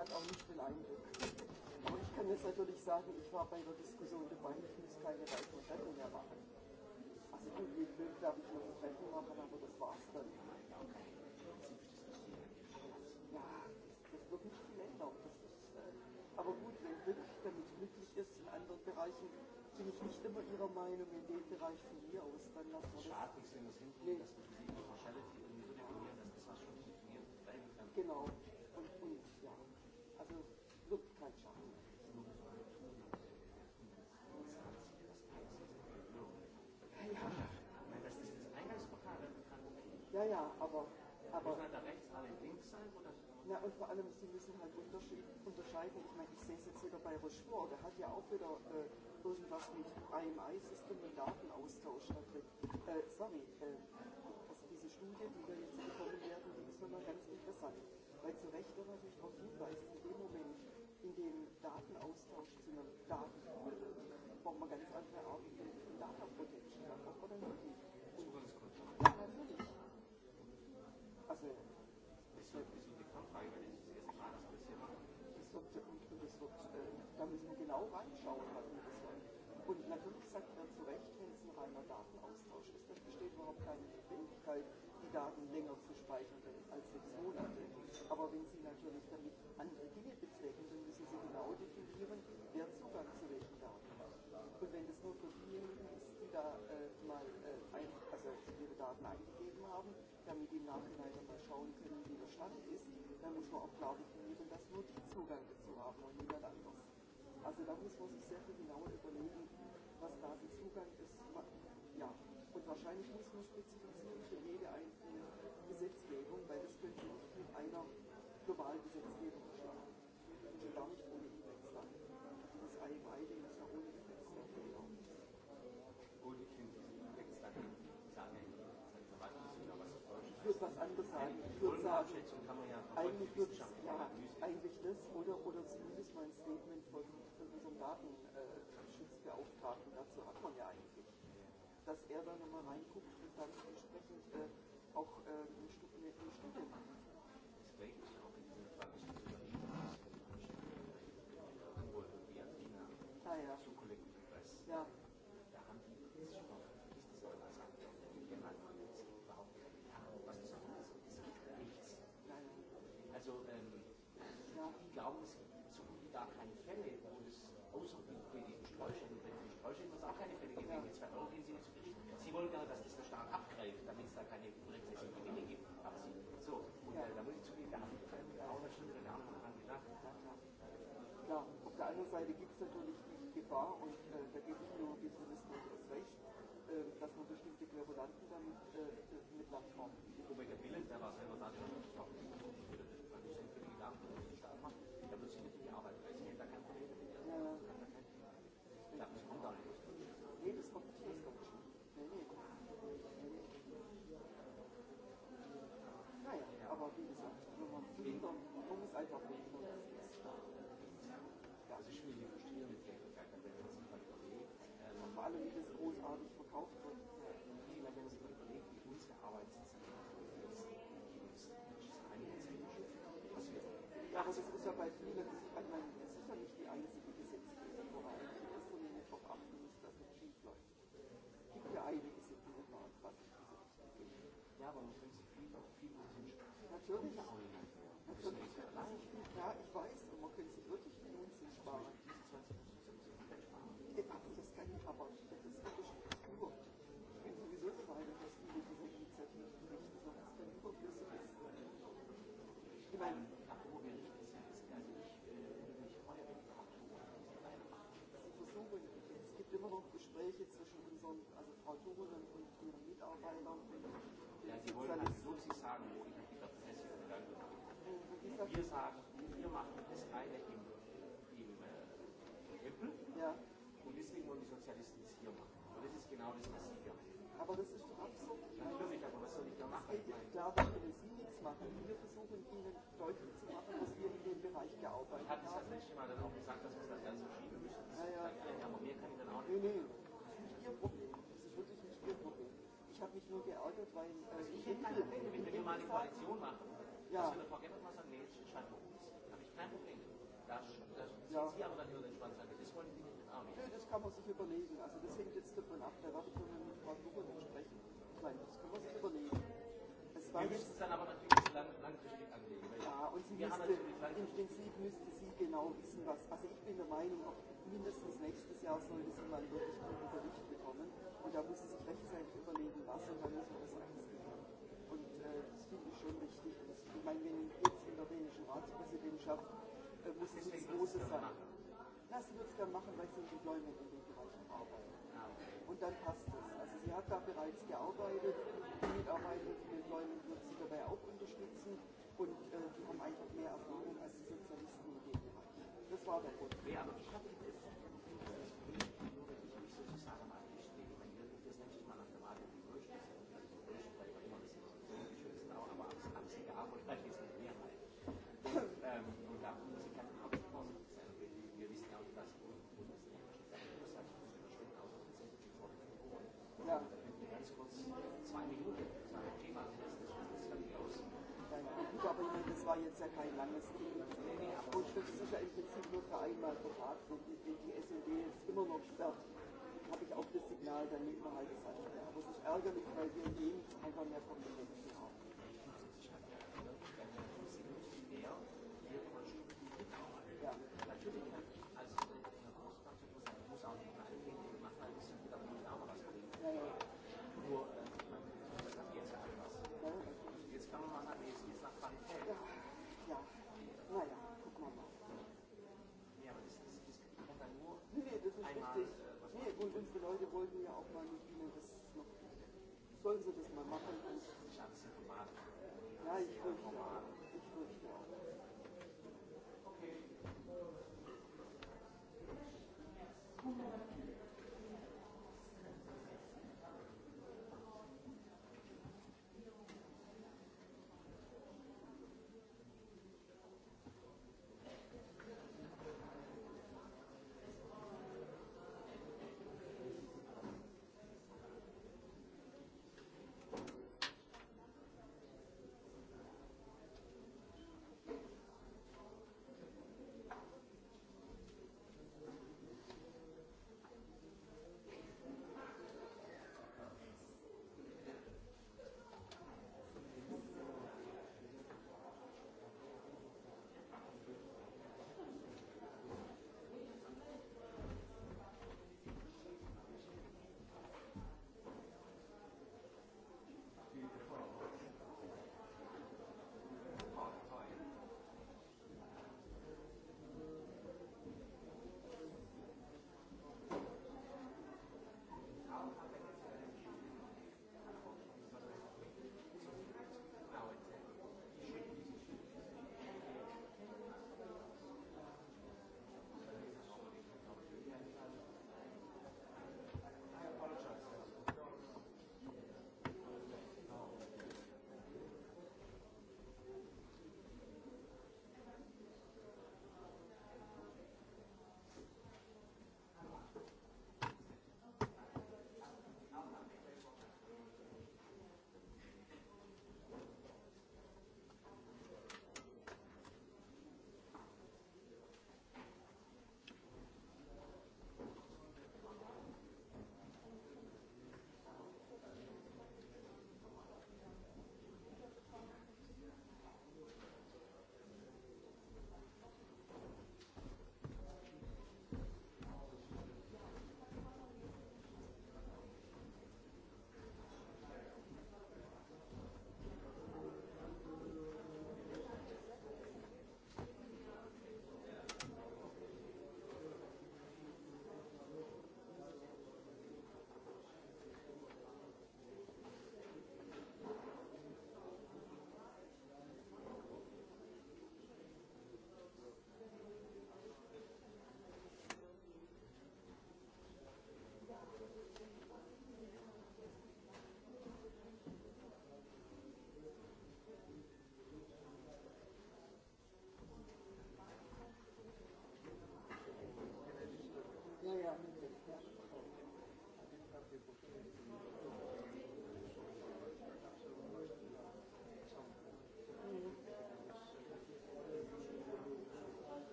hat auch nicht den Eindruck. Aber ich kann jetzt natürlich sagen, ich war bei der Diskussion dabei, ich muss keine weiteren Treffen mehr machen. Also gut, ich will, glaube ich, noch ein Treffen machen, aber das war's dann. Ja, das wird nicht viel ändern. Das ist, äh, aber gut, wenn Glück damit glücklich ist in anderen Bereichen, bin ich nicht immer ihrer Meinung in dem Bereich von mir aus. Dann lassen wir das. Schade, wenn das hinkriegen, nee. dass wir die Faschality irgendwie so definieren, dass das was schon funktioniert. Genau. Aber na und vor allem, sie müssen halt Unterschied, unterscheiden. Ich meine, ich sehe es jetzt wieder bei Rochefort, der hat ja auch wieder äh, irgendwas mit IMI-System und Datenaustausch da drin. Äh, sorry, äh, also diese Studie, die wir jetzt bekommen werden, die ist nochmal ganz interessant. Weil zu Recht aber natürlich darauf hinweist, in dem Moment, in dem Datenaustausch zu einem Daten braucht man ganz andere Arten von um Data Protection. Da braucht man dann wirklich genau reinschauen bei uns. Und natürlich sagt man zu Recht, wenn es ein reiner Datenaustausch ist, dann besteht überhaupt keine Notwendigkeit, die Daten länger zu speichern als sechs Monate. Aber wenn Sie natürlich damit andere Dinge bezwecken, dann müssen Sie genau definieren, wer Zugang zu welchen Daten hat. Und wenn es nur für diejenigen ist, die da äh, mal äh, ein, also ihre Daten eingegeben haben, damit die im Nachhinein dann mal schauen können, wie der Stand ist, dann muss man auch klar definieren, dass nur die Zugang dazu haben und niemand anderes. Also da muss man sich sehr viel genauer überlegen, was da der Zugang ist. Ja, und wahrscheinlich muss man spezifizieren für jede einzelne Gesetzgebung, weil das könnte nicht mit einer globalen Gesetzgebung geschlagen. Und schon gar nicht ohne E-Mails dann. Das IMI, den ist ja ohne E-Mails der Fehler. Ohne kennt diese E-Mails dann sagen, ich würde was anderes sagen. Ich würde sagen, eigentlich, ja, eigentlich das oder, oder zumindest mein Statement von Datenschutzbeauftragten, äh, dazu hat man ja eigentlich, dass er da nochmal reinguckt und dann entsprechend äh, auch äh, in Studien macht. Ja. Ah Lieferanten damit äh, mit Plattformen. 说得上来。wir sagen, wir machen das reine im, im äh, Tempel ja. und deswegen wollen die Sozialisten es hier machen. Und das ist genau das, was sie hier machen. Aber das ist doch absurd. Natürlich, aber was soll ich da machen? Es geht klar, da können Sie nichts machen. Wir versuchen Ihnen deutlich zu machen, dass wir in dem Bereich gearbeitet haben. Ich hatte das letzte Mal dann auch gesagt, dass wir das ganz verschieben müssen. Das ja, ja. Ist dann, er, aber mehr kann ich dann auch nicht. Nee, nee. Das ist nicht Ihr Problem. Das ist wirklich nicht Ihr Problem. Ich habe mich nur geärgert, weil. Äh, also ich hätte meine Probleme, wenn wir mal eine Koalition machen. Ja. Dass wir eine Frau Gemmer Sie, ja. Sie haben dann über den Schwanz angeht. Das wollen Sie nicht mit ah, Armin. Ja, das kann man sich überlegen. Also das hängt jetzt davon ab, da werde ich dann mit Frau Buchert sprechen. Ich meine, das kann man sich überlegen. Es war Wir müssen es dann aber natürlich lang, langfristig anlegen. Ja, und sie müsste, im Prinzip müsste sie genau wissen, was. Also ich bin der Meinung, auch mindestens nächstes Jahr sollte sie mal wirklich einen Bericht bekommen. Und da muss sie sich rechtzeitig überlegen, was und dann muss man das einziehen. Und äh, das finde ich schon richtig. Und ich meine, wenn jetzt in der dänischen Ratspräsidentschaft da muss ja nichts Großes sein. Na, sie wird es dann machen, weil sie mit Leuten in dem Bereich arbeitet. Und dann passt es. Also sie hat da bereits gearbeitet, die Mitarbeiter von Leuten wird sie dabei auch unterstützen und äh, die haben einfach mehr Erfahrung als die Sozialisten in dem Bereich. Das war der Grund. Ja, aber ich habe die vereinbart gefragt, so wie die SED jetzt immer noch sperrt, habe ich auch das Signal dann nicht mehr halt gesagt. Ja. Aber ich ärgere mich, weil wir dem einfach mehr Kompetenz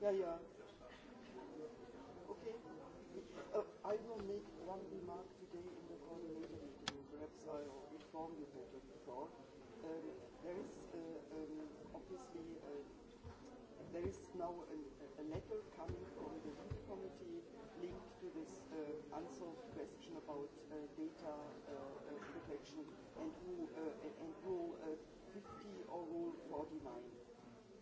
Yeah, yeah. Okay. Uh, I will make one remark today in the coordinator meeting. Perhaps I will inform you better before. Um, there is uh, um, obviously uh, there is now a, a letter coming from the lead committee linked to this uh, unsolved question about uh, data uh, uh, protection and rule uh, and rule uh, 50 or rule 49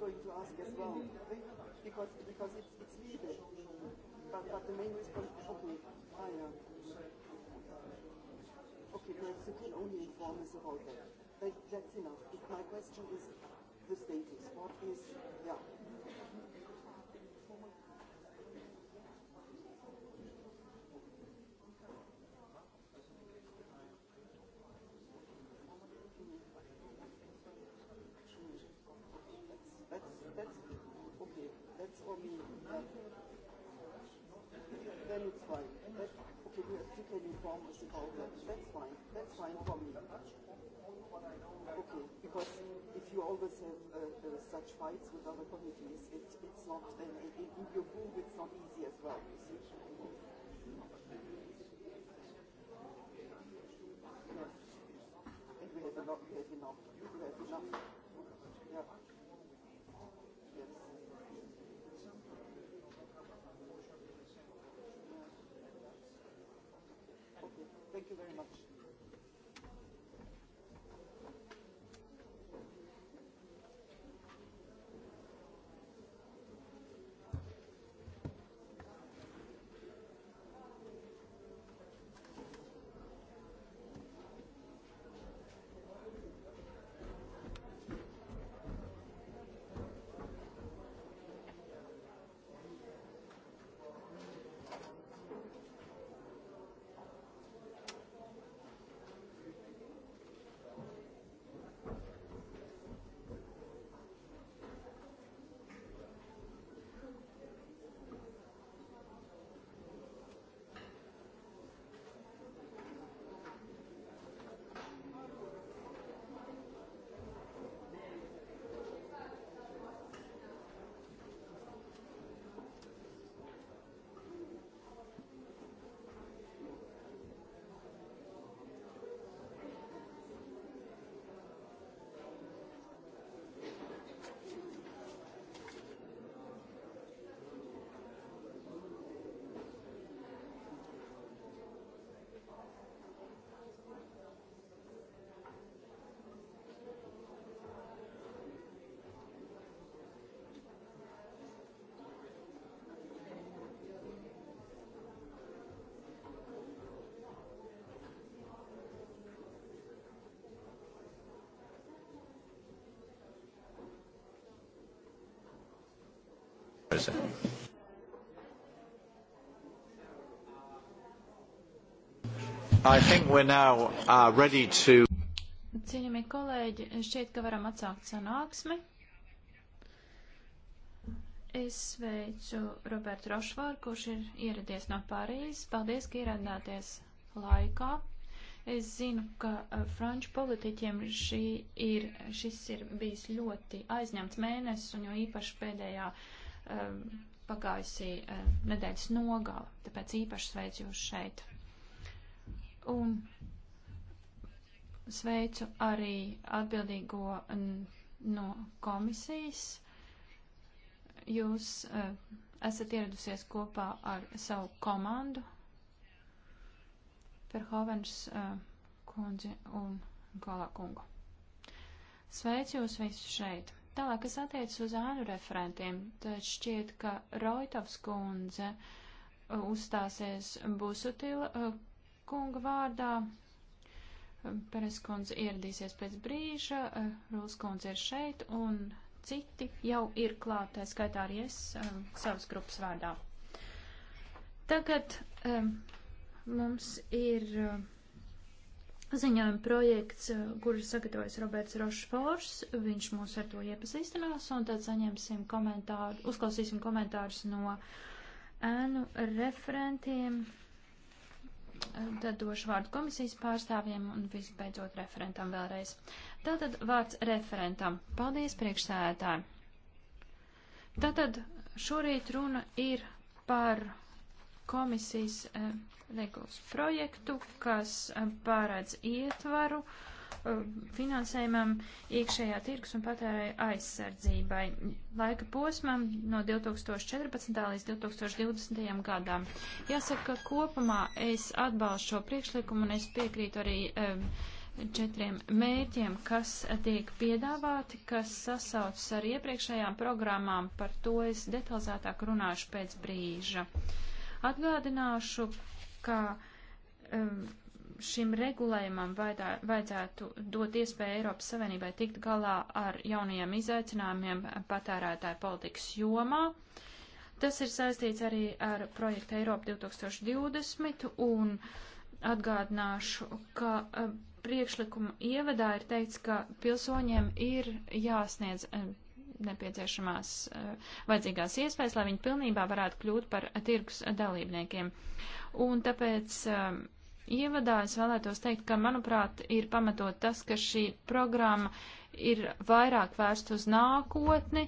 going to ask as well, because, because it's, it's needed. But, but the main responsibility, I am. Okay, perhaps you can only inform us about that. that that's enough. If my question is the status. What is, yeah. all that. That's fine. That's fine for me. Okay, because if you always have uh, uh, such fights with other committees, it, it's not, and, and, and in your group, it's not easy as well, you see. Yes. And we have enough, we have enough, we have enough. Köszönöm. I think we're now uh, ready to. Cienījamie kolēģi, šķiet, ka varam atsākt sanāksmi. Es sveicu Robertu Rošvaru, kurš ir ieradies no Parīzes. Paldies, ka ieradāties laikā. Es zinu, ka uh, franču politiķiem šī ir, šis ir bijis ļoti aizņemts mēnesis, un jo īpaši pēdējā uh, um, pagājusī um, uh, nedēļas nogala, tāpēc īpaši sveicu jūs šeit. Un sveicu arī atbildīgo no komisijas. Jūs uh, esat ieradusies kopā ar savu komandu, Perhovens uh, kundzi un Galā kungu. Sveicu jūs visus šeit! Tālāk, kas attiecas uz ānu referentiem, tad šķiet, ka Roitovs kundze uh, uzstāsies Busutila uh, kunga vārdā. Uh, Peres kundze ieradīsies pēc brīža, Rūs kundze ir šeit un citi jau ir klāt, tā skaitā arī es savas grupas vārdā. Tagad um, mums ir. Um, Ziņojuma projekts, eh, kuru sagatavojas Roberts Rošfors, viņš mūs ar to iepazīstinās, un tad saņemsim komentāru, uzklausīsim komentārus no ēnu referentiem, eh, tad došu vārdu komisijas pārstāvjiem un visbeidzot referentam vēlreiz. Tātad vārds referentam. Paldies, priekšsēdētāji. Tātad šorīt runa ir par komisijas regulas eh, projektu, kas eh, pārēdz ietvaru eh, finansējumam iekšējā tirgus un patērēja aizsardzībai laika posmam no 2014. līdz 2020. gadam. Jāsaka, ka kopumā es atbalstu šo priekšlikumu un es piekrītu arī um, četriem mērķiem, kas tiek piedāvāti, kas sasaucas ar iepriekšējām programmām. Par to es detalizētāk runāšu pēc brīža. Uh, Atgādināšu, ka um, šim regulējumam vajadzā, vajadzētu dot iespēju Eiropas Savienībai tikt galā ar jaunajiem izaicinājumiem patērētāju politikas jomā. Tas ir saistīts arī ar projektu Eiropa 2020 un atgādināšu, ka um, priekšlikuma ievadā ir teikts, ka pilsoņiem ir jāsniedz um, nepieciešamās eh, vajadzīgās iespējas, lai viņi pilnībā varētu kļūt par tirgus dalībniekiem. Un tāpēc eh, ievadā es vēlētos teikt, ka, manuprāt, ir pamatot tas, ka šī programma ir vairāk vērst uz nākotni,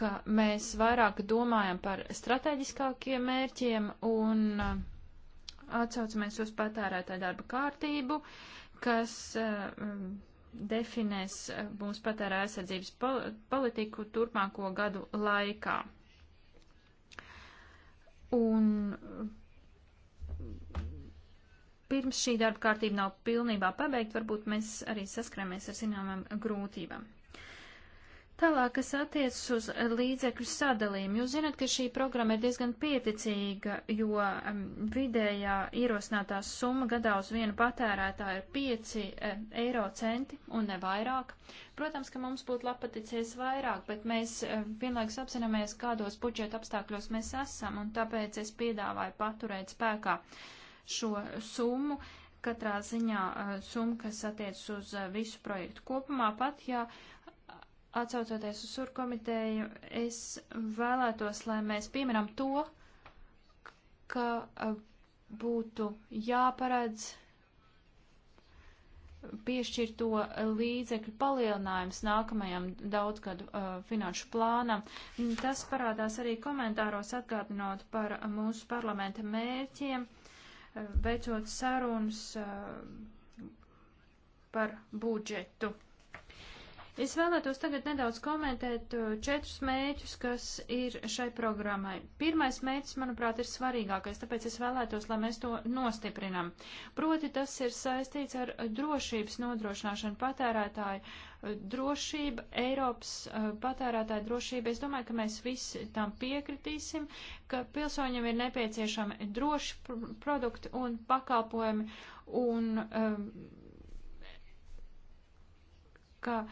ka mēs vairāk domājam par strateģiskākiem mērķiem un eh, atsaucamies uz patērētāju darba kārtību, kas definēs mūsu eh, patērā aizsardzības politiku turpmāko gadu laikā. Un eh, pirms šī darba kārtība nav pilnībā pabeigta, varbūt mēs arī saskrāmies ar zināmām grūtībām. Tālāk, kas attiecas uz līdzekļu sadalījumu, jūs zināt, ka šī programma ir diezgan pieticīga, jo um, vidējā ierosinātā summa gadā uz vienu patērētāju ir 5 eh, eiro centi un ne vairāk. Protams, ka mums būtu lapaticies vairāk, bet mēs eh, vienlaikus apzināmies, kādos budžeta apstākļos mēs esam, un tāpēc es piedāvāju paturēt spēkā šo summu. Katrā ziņā eh, summa, kas attiecas uz visu projektu kopumā, pat ja Atcaucoties uz sur komiteju, es vēlētos, lai mēs pieminam to, ka būtu jāparedz piešķirto līdzekļu palielinājums nākamajam daudzgadu uh, finanšu plānam. Tas parādās arī komentāros atgādinot par mūsu parlamenta mērķiem, uh, veicot sarunas uh, par budžetu. Es vēlētos tagad nedaudz komentēt uh, četrus mēķus, kas ir šai programmai. Pirmais mēķis, manuprāt, ir svarīgākais, tāpēc es vēlētos, lai mēs to nostiprinam. Proti tas ir saistīts ar drošības nodrošināšanu patērētāju. Uh, drošība, Eiropas uh, patērētāja drošība, es domāju, ka mēs visi tam piekritīsim, ka pilsoņiem ir nepieciešami droši pr produkti un pakalpojumi un um, ka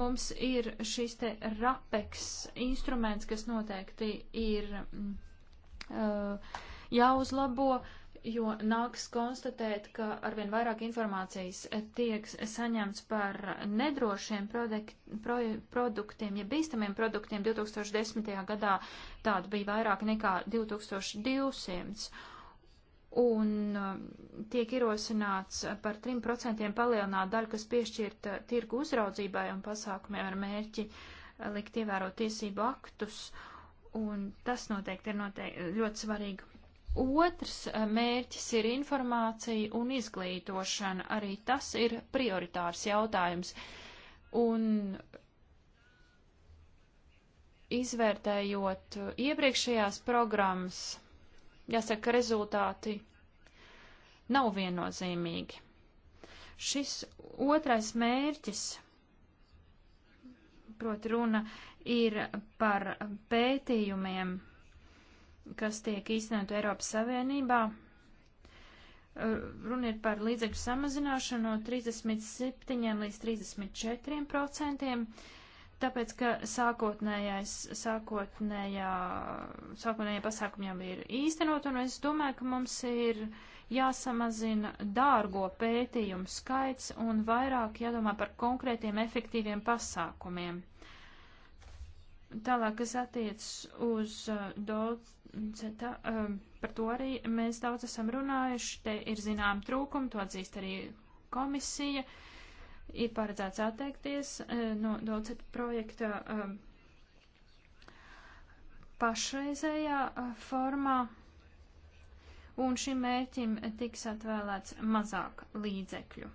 mums ir šis te rapeks instruments, kas noteikti ir uh, jāuzlabo, jo nāks konstatēt, ka arvien vairāk informācijas tiek saņemts par nedrošiem produkt, pro, produktiem, ja bīstamiem produktiem 2010. gadā tāda bija vairāk nekā 2200 un um, tiek ierosināts par 3% palielināt daļu, kas piešķirta uh, tirgu uzraudzībai un pasākumiem ar mērķi uh, likt ievērot tiesību aktus, un tas noteikti ir noteikti ļoti svarīgi. Otrs uh, mērķis ir informācija un izglītošana. Arī tas ir prioritārs jautājums. Un izvērtējot iepriekšējās programmas, Jāsaka, rezultāti nav viennozīmīgi. Šis otrais mērķis, proti runa, ir par pētījumiem, kas tiek īstenot Eiropas Savienībā. Uh, runa ir par līdzekļu samazināšanu no 37 līdz 34 procentiem. Uh, Tāpēc, ka sākotnējais, sākotnējā, sākotnējā pasākuma jau ir īstenot, un es domāju, ka mums ir jāsamazina dārgo pētījumu skaits un vairāk jādomā par konkrētiem efektīviem pasākumiem. Tālāk, kas attiec uz uh, Dolceta, uh, um, par to arī mēs daudz esam runājuši, te ir zinām trūkumi, to atzīst arī komisija. Uh, ir paredzēts atteikties eh, no Dolcet projekta eh, pašreizējā eh, formā, un šim mērķim tiks atvēlēts mazāk līdzekļu.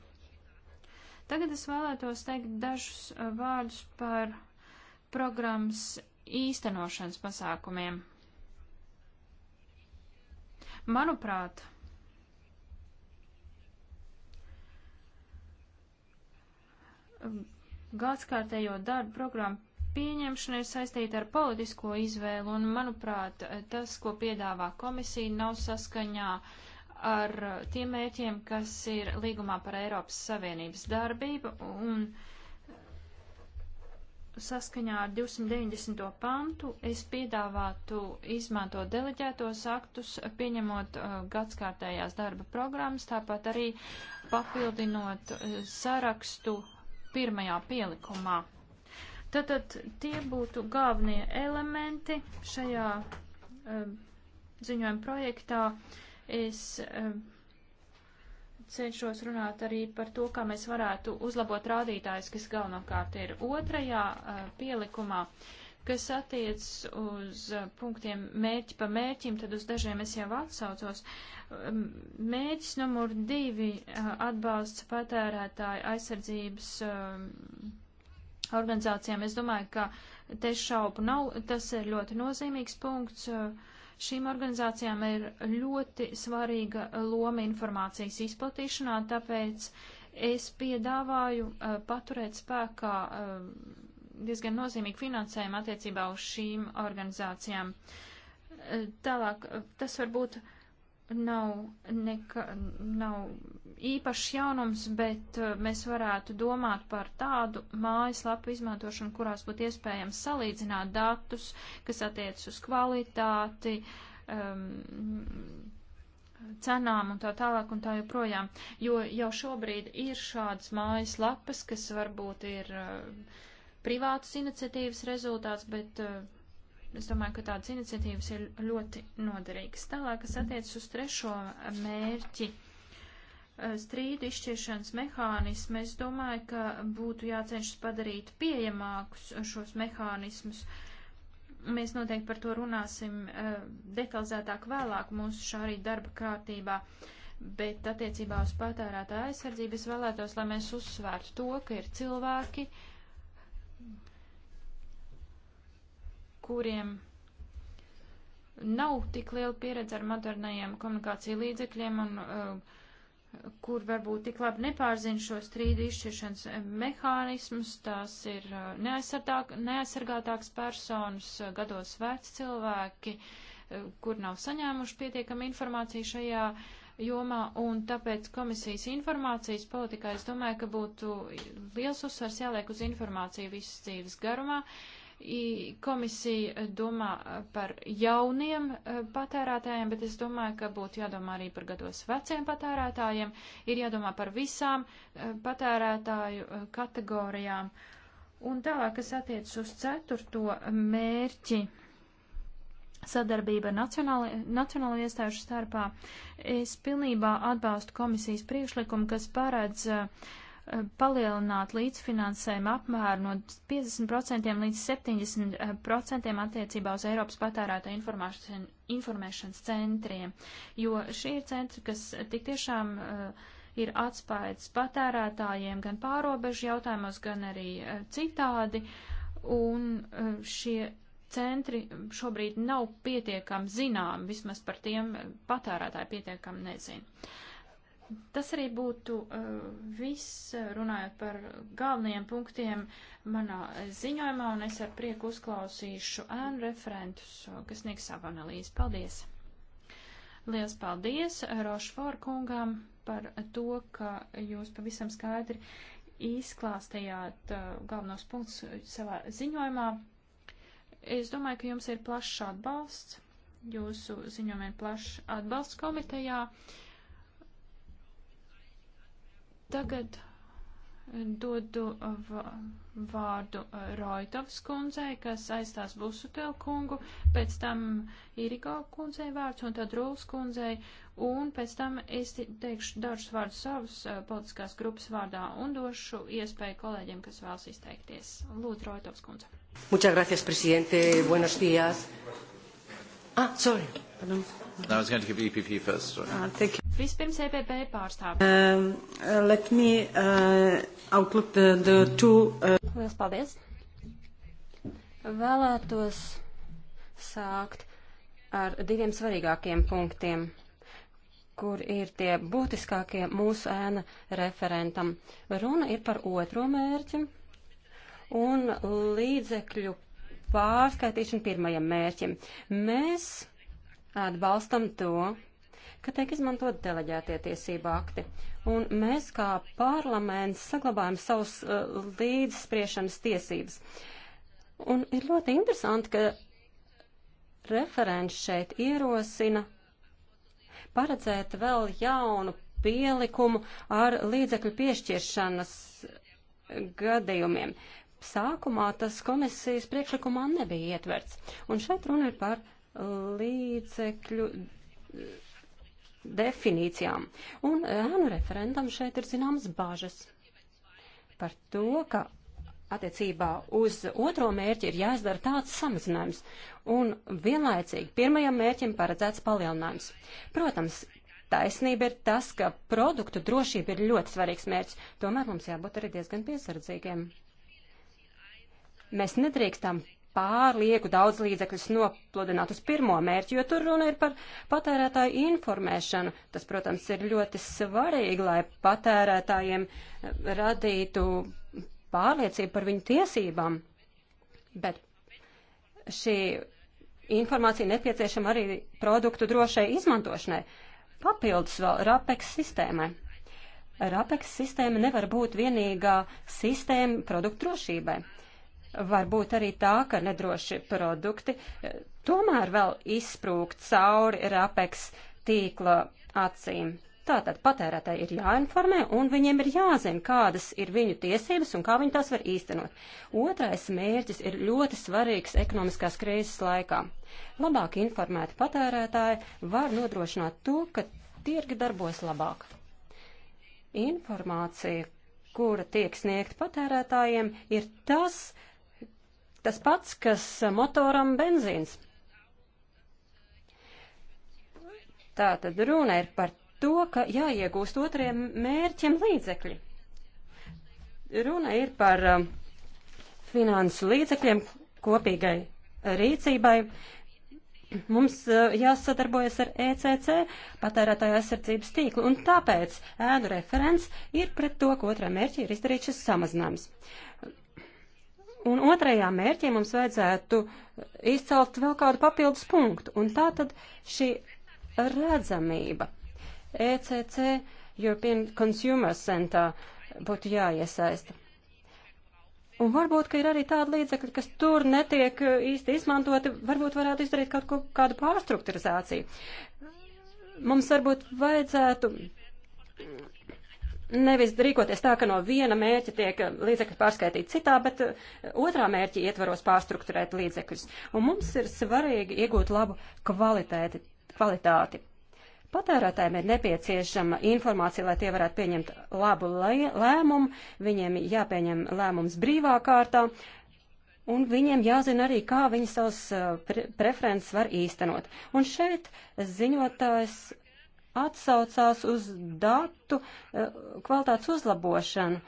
Tagad es vēlētos teikt dažus vārdus par programmas īstenošanas pasākumiem. Manuprāt, gadskārtējo darbu programmu pieņemšana ir saistīta ar politisko izvēlu, un, manuprāt, tas, ko piedāvā komisija, nav saskaņā ar tiem mērķiem, kas ir līgumā par Eiropas Savienības darbību, un saskaņā ar 290. pantu es piedāvātu izmantot deleģētos aktus, pieņemot uh, gadskārtējās darba programmas, tāpat arī papildinot uh, sarakstu pirmajā pielikumā. Tātad tie būtu galvenie elementi šajā uh, ziņojuma projektā. Es uh, cenšos runāt arī par to, kā mēs varētu uzlabot rādītājus, kas galvenokārt ir otrajā uh, pielikumā, kas attiec uz uh, punktiem mērķi pa mērķim, tad uz dažiem es jau atsaucos. Uh, Mēģis numur divi atbalsts patērētāju aizsardzības organizācijām. Es domāju, ka te šaubu nav, tas ir ļoti nozīmīgs punkts. Šīm organizācijām ir ļoti svarīga loma informācijas izplatīšanā, tāpēc es piedāvāju uh, paturēt spēkā uh, diezgan nozīmīgu finansējumu attiecībā uz šīm organizācijām. Uh, tālāk, tas varbūt. Uh, nav, neka, nav īpašs jaunums, bet eh, mēs varētu domāt par tādu mājaslapu izmantošanu, kurās būtu iespējams salīdzināt datus, kas attiec uz kvalitāti, um, cenām un tā tālāk un tā joprojām. Jo jau šobrīd ir šādas mājaslapas, kas varbūt ir uh, privātas iniciatīvas rezultāts, bet uh, Es domāju, ka tādas iniciatīvas ir ļoti noderīgas. Tālāk, kas attiecas uz trešo mērķi, eh, strīdu izšķiršanas mehānismu, es domāju, ka būtu jācenšas padarīt pieejamākus šos mehānismus. Mēs noteikti par to runāsim eh, detalizētāk vēlāk mūsu šā arī darba kārtībā. Bet attiecībā uz patērētā aizsardzības vēlētos, lai mēs uzsvērtu to, ka ir cilvēki, uh, kuriem nav tik liela pieredze ar modernajiem komunikāciju līdzekļiem un uh, kur varbūt tik labi nepārzina šo strīdu izšķiršanas eh, mehānismus, tās ir uh, neaizsargātāks personas, uh, gados veci cilvēki, uh, kur nav saņēmuši pietiekami informāciju šajā jomā, un tāpēc komisijas informācijas politikā es domāju, ka būtu liels uzsvars jāliek uz informāciju visas dzīves garumā. Uh, Komisija eh, domā eh, par jauniem eh, patērētājiem, bet es domāju, ka būtu jādomā arī par gados veciem patērētājiem, ir jādomā par visām patērētāju kategorijām. Un tālāk, kas attiec uz ceturto mērķi sadarbība nacionālo iestāžu starpā, es pilnībā atbalstu komisijas priekšlikumu, kas paredz uh, Eh, palielināt līdzfinansējumu apmēru no 50% līdz 70% attiecībā uz Eiropas patērētā informēšanas centriem, jo šie ir centri, kas tik tiešām uh, ir atspējas patērētājiem gan pārobežu jautājumos, gan arī uh, citādi, un uh, šie centri šobrīd nav pietiekami zinām, vismaz par tiem patērētāji pietiekami nezina. Tas arī būtu uh, viss, uh, runājot par galvenajiem punktiem manā uh, ziņojumā, un es ar prieku uzklausīšu ēnu referentus, uh, kas sniegs savu analīzi. Paldies! Liels paldies Rošfor kungām par to, ka jūs pavisam skaidri izklāstījāt uh, galvenos punktus savā ziņojumā. Es domāju, ka jums ir plašs atbalsts, jūsu ziņojumiem plašs atbalsts komitejā. Uh, Tagad eh, dodu eh, vārdu eh, Roitovs kundzei, kas aizstās Busutel kungu, pēc tam Iriko kundzei vārds un tad Rūls kundzei, un pēc tam es teikšu dažus vārdus savas politiskās grupas vārdā un došu iespēju kolēģiem, kas vēlas izteikties. Lūdzu, Roitovs kundze. Muchas gracias, presidente. Buenos días. Ah, sorry. Pardon. No, I was going to give EPP first. Sorry. Ah, thank you. Vispirms EPP pārstāvja. Um, uh, let me uh, outlook the, the two. Uh... Lielas paldies. Vēlētos sākt ar diviem svarīgākiem punktiem, kur ir tie būtiskākie mūsu ēna referentam. Runa ir par otro mērķi un līdzekļu pārskaitīšanu pirmajam mērķim. Mēs atbalstam to, ka tiek izmantot deleģētie tiesību akti. Un mēs kā parlaments saglabājam savus uh, līdzspriešanas tiesības. Un ir ļoti interesanti, ka referents šeit ierosina paredzēt vēl jaunu pielikumu ar līdzekļu piešķiršanas gadījumiem. Sākumā tas komisijas priekšlikumā nebija ietverts. Un šeit runa ir par līdzekļu definīcijām. Un eh, ēnu referendam šeit ir zināmas bāžas par to, ka attiecībā uz otro mērķi ir jāizdara tāds samazinājums un vienlaicīgi pirmajam mērķim paredzēts palielinājums. Protams, taisnība ir tas, ka produktu drošība ir ļoti svarīgs mērķis, tomēr mums jābūt arī diezgan piesardzīgiem. Mēs nedrīkstam pārlieku daudz līdzekļus nopludināt uz pirmo mērķi, jo tur runa ir par patērētāju informēšanu. Tas, protams, ir ļoti svarīgi, lai patērētājiem radītu pārliecību par viņu tiesībām. Bet šī informācija nepieciešama arī produktu drošai izmantošanai. Papildus vēl RAPEX sistēmai. RAPEX sistēma nevar būt vienīgā sistēma produktu drošībai var būt arī tā, ka nedroši produkti eh, tomēr vēl izsprūgt cauri rapeks tīkla acīm. Tātad patērētāji ir jāinformē un viņiem ir jāzina, kādas ir viņu tiesības un kā viņi tās var īstenot. Otrais mērķis ir ļoti svarīgs ekonomiskās krīzes laikā. Labāk informēti patērētāji var nodrošināt to, ka tirgi darbos labāk. Informācija, kura tiek sniegta patērētājiem, ir tas, uh, Tas pats, kas motoram benzīns. Tātad runa ir par to, ka jāiegūst otriem mērķiem līdzekļi. Runa ir par um, finansu līdzekļiem kopīgai rīcībai. Mums uh, jāsadarbojas ar ECC, patērētāja aizsardzības tīklu, un tāpēc ēnu referents ir pret to, ka otrā mērķi ir izdarīt šis samazinājums. Un otrajā mērķī mums vajadzētu izcelt vēl kādu papildus punktu. Un tā tad šī redzamība. ECC, European Consumer Center, būtu jāiesaista. Un varbūt, ka ir arī tādi līdzekļi, kas tur netiek uh, īsti izmantoti, varbūt varētu izdarīt kaut ko, kādu pārstrukturizāciju. Mums varbūt vajadzētu nevis rīkoties tā, ka no viena mērķa tiek līdzekļi pārskaitīti citā, bet eh, otrā mērķa ietvaros pārstruktūrēt līdzekļus. Un mums ir svarīgi iegūt labu kvalitēti, kvalitāti. Patērētājiem ir nepieciešama informācija, lai tie varētu pieņemt labu lēmumu, viņiem jāpieņem lēmums brīvā kārtā, Un viņiem jāzina arī, kā viņi savus eh, pre preferences var īstenot. Un šeit ziņotājs atsaucās uz datu eh, kvalitātes uzlabošanu.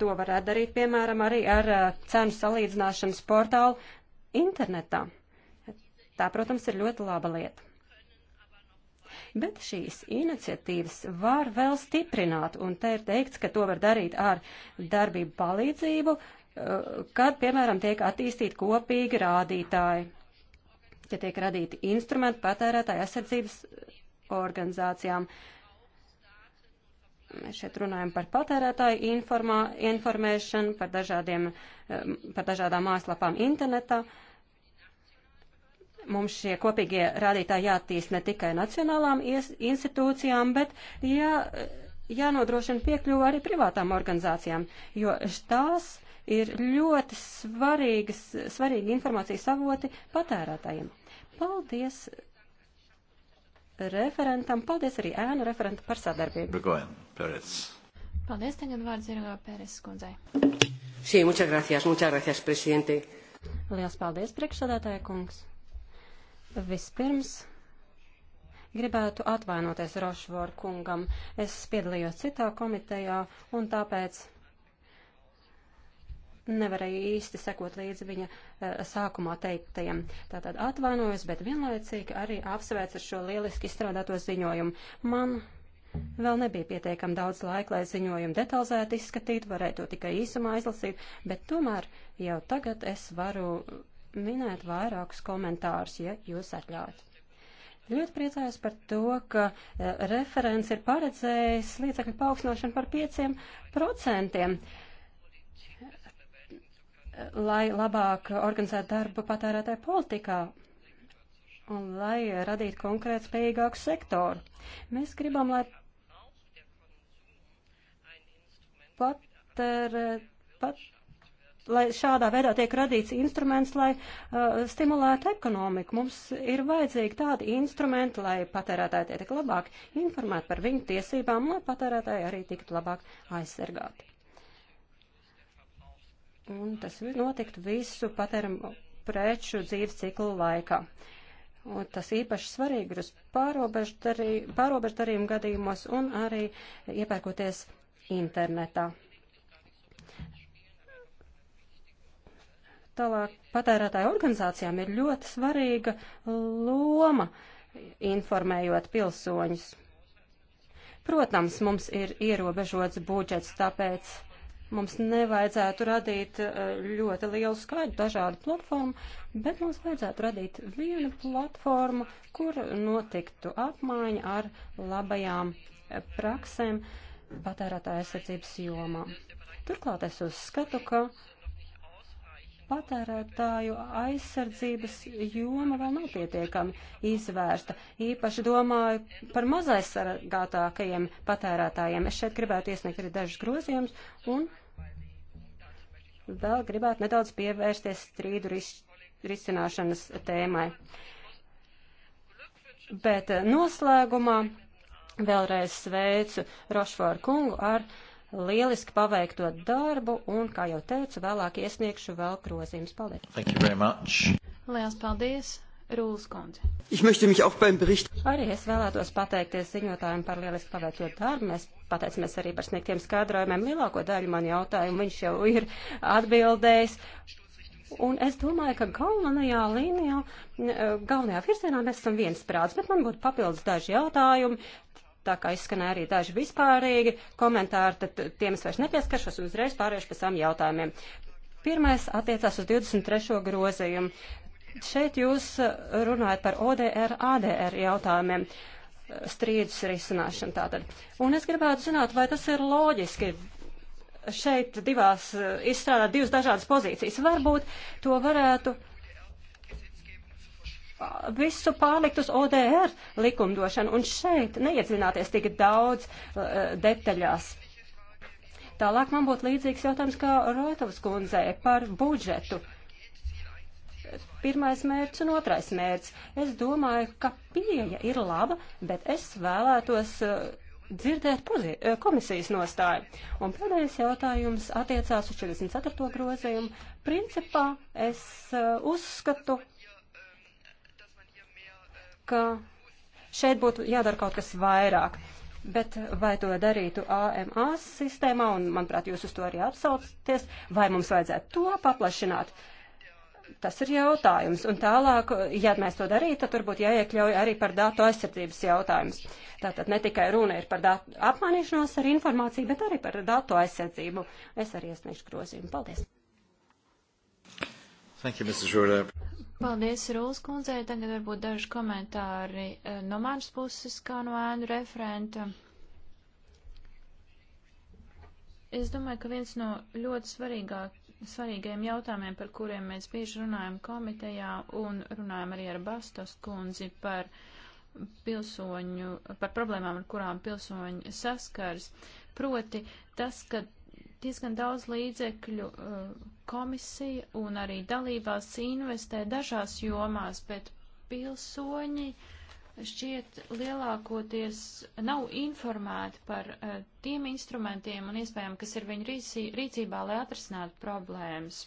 To varētu darīt, piemēram, arī ar eh, cenu salīdzināšanas portālu internetā. Tā, protams, ir ļoti laba lieta. Bet šīs iniciatīvas var vēl stiprināt, un te ir teikts, ka to var darīt ar darbību palīdzību, eh, kad, piemēram, tiek attīstīti kopīgi rādītāji ka tiek radīti instrumenti patērētāju aizsardzības organizācijām. Mēs šeit runājam par patērētāju informā, informēšanu, par, dažādiem, eh, par dažādām mājaslapām internetā. Mums šie kopīgie rādītāji jātīst ne tikai nacionālām ies, institūcijām, bet jā, jānodrošina piekļuva arī privātām organizācijām, jo tās ir ļoti svarīgas, svarīgi informācijas avoti patērētājiem. Paldies referentam, paldies arī ēnu referentam par sadarbību. Brigojan, Pērēs. Paldies, tagad vārds ir uh, Pērēs skundzei. Sí, muchas gracias, muchas gracias, presidente. Liels paldies, priekšsādātāja kungs. Vispirms gribētu atvainoties Rošvoru kungam. Es piedalījos citā komitejā un tāpēc nevarēju īsti sekot līdzi viņa uh, sākumā teiktajiem. Tātad atvainojos, bet vienlaicīgi arī apsveic ar šo lieliski izstrādāto ziņojumu. Man vēl nebija pietiekami daudz laika, lai ziņojumu detalizēti izskatītu, varēju to tikai īsumā izlasīt, bet tomēr jau tagad es varu minēt vairākus komentārus, ja jūs atļaut. Ļoti priecājos par to, ka uh, referents ir paredzējis līdzekļu paaugstināšanu par 5% lai labāk organizētu darbu patērētāju politikā un lai radītu konkrēt spējīgāku sektoru. Mēs gribam, lai patērē, pat, lai šādā veidā tiek radīts instruments, lai uh, stimulētu ekonomiku. Mums ir vajadzīgi tādi instrumenti, lai patērētāji tiek labāk informēti par viņu tiesībām, lai patērētāji arī tiktu labāk aizsargāti. Un tas notiktu visu patērumu preču dzīves ciklu laikā. Un tas īpaši svarīgi ir uz pārobežu darī, darījumu gadījumos un arī iepērkoties internetā. Tālāk patērētāju organizācijām ir ļoti svarīga loma informējot pilsoņus. Protams, mums ir ierobežots budžets, tāpēc uh, Mums nevajadzētu radīt eh, ļoti lielu skaitu dažādu platformu, bet mums vajadzētu radīt vienu platformu, kur notiktu apmaiņa ar labajām eh, praksēm patērētāja aizsardzības jomā. Turklāt es uzskatu, ka patērētāju aizsardzības joma vēl nav pietiekami izvērsta. Īpaši domāju par mazaizsargātākajiem patērētājiem. Es šeit gribētu iesniegt arī dažus grozījumus un vēl gribētu nedaudz pievērsties strīdu ris risināšanas tēmai. Bet noslēgumā vēlreiz sveicu Rošforu kungu ar uh, lieliski paveikto darbu un, kā jau teicu, vēlāk iesniegšu vēl grozījumus. Paldies! Thank you very much! Lielas paldies! Rūlas kundze. Arī es vēlētos pateikties ziņotājiem par lieliski paveikto darbu. Mēs pateicamies arī par sniegtiem skaidrojumiem. Lielāko daļu man jautājumu viņš jau ir atbildējis. Un es domāju, ka galvenajā līnijā, e, galvenajā virzienā mēs esam viens prāts, bet man būtu papildus daži jautājumi tā kā izskanēja arī daži vispārīgi komentāri, tad eh, tiem es vairs nepieskaršos un uzreiz pāriešu pie saviem jautājumiem. Pirmais attiecās uz 23. grozījumu. Šeit jūs eh, runājat par ODR, ADR jautājumiem eh, strīdus risināšanu tātad. Un es gribētu zināt, vai tas ir loģiski šeit divās izstrādāt divas dažādas pozīcijas. Varbūt to varētu uh, visu pārlikt uz ODR likumdošanu un šeit neiedzināties tik daudz uh, detaļās. Tālāk man būtu līdzīgs jautājums kā Roitovas kundzei par budžetu. Pirmais mērķis un otrais mērķis. Es domāju, ka pieeja ir laba, bet es vēlētos uh, dzirdēt uh, komisijas nostāju. Un pēdējais jautājums attiecās uz 44. grozījumu. Principā es uh, uzskatu, ka šeit būtu jādara kaut kas vairāk. Bet vai to darītu AMA sistēmā, un manuprāt, jūs uz to arī atsaucaties, vai mums vajadzētu to paplašināt? Tas ir jautājums. Un tālāk, ja mēs to darītu, tad turbūt jāiekļauj arī par datu aizsardzības jautājums. Tātad ne tikai runa ir par datu apmainīšanos ar informāciju, bet arī par datu aizsardzību. Es arī iesniegšu grozījumu. Paldies! Thank you, Mr. Jordan. Paldies, Rūlas kundzei. Tagad varbūt daži komentāri eh, no manas puses, kā no ēnu referenta. Es domāju, ka viens no ļoti svarīgāk, svarīgajiem jautājumiem, par kuriem mēs bieži runājam komitejā un runājam arī ar Bastos kundzi par pilsoņu, par problēmām, ar kurām pilsoņi saskars, proti tas, ka diezgan daudz līdzekļu uh, komisija un arī dalībās investē dažās jomās, bet pilsoņi šķiet lielākoties nav informēti par uh, tiem instrumentiem un iespējām, kas ir viņu rīcībā, lai atrisinātu problēmas.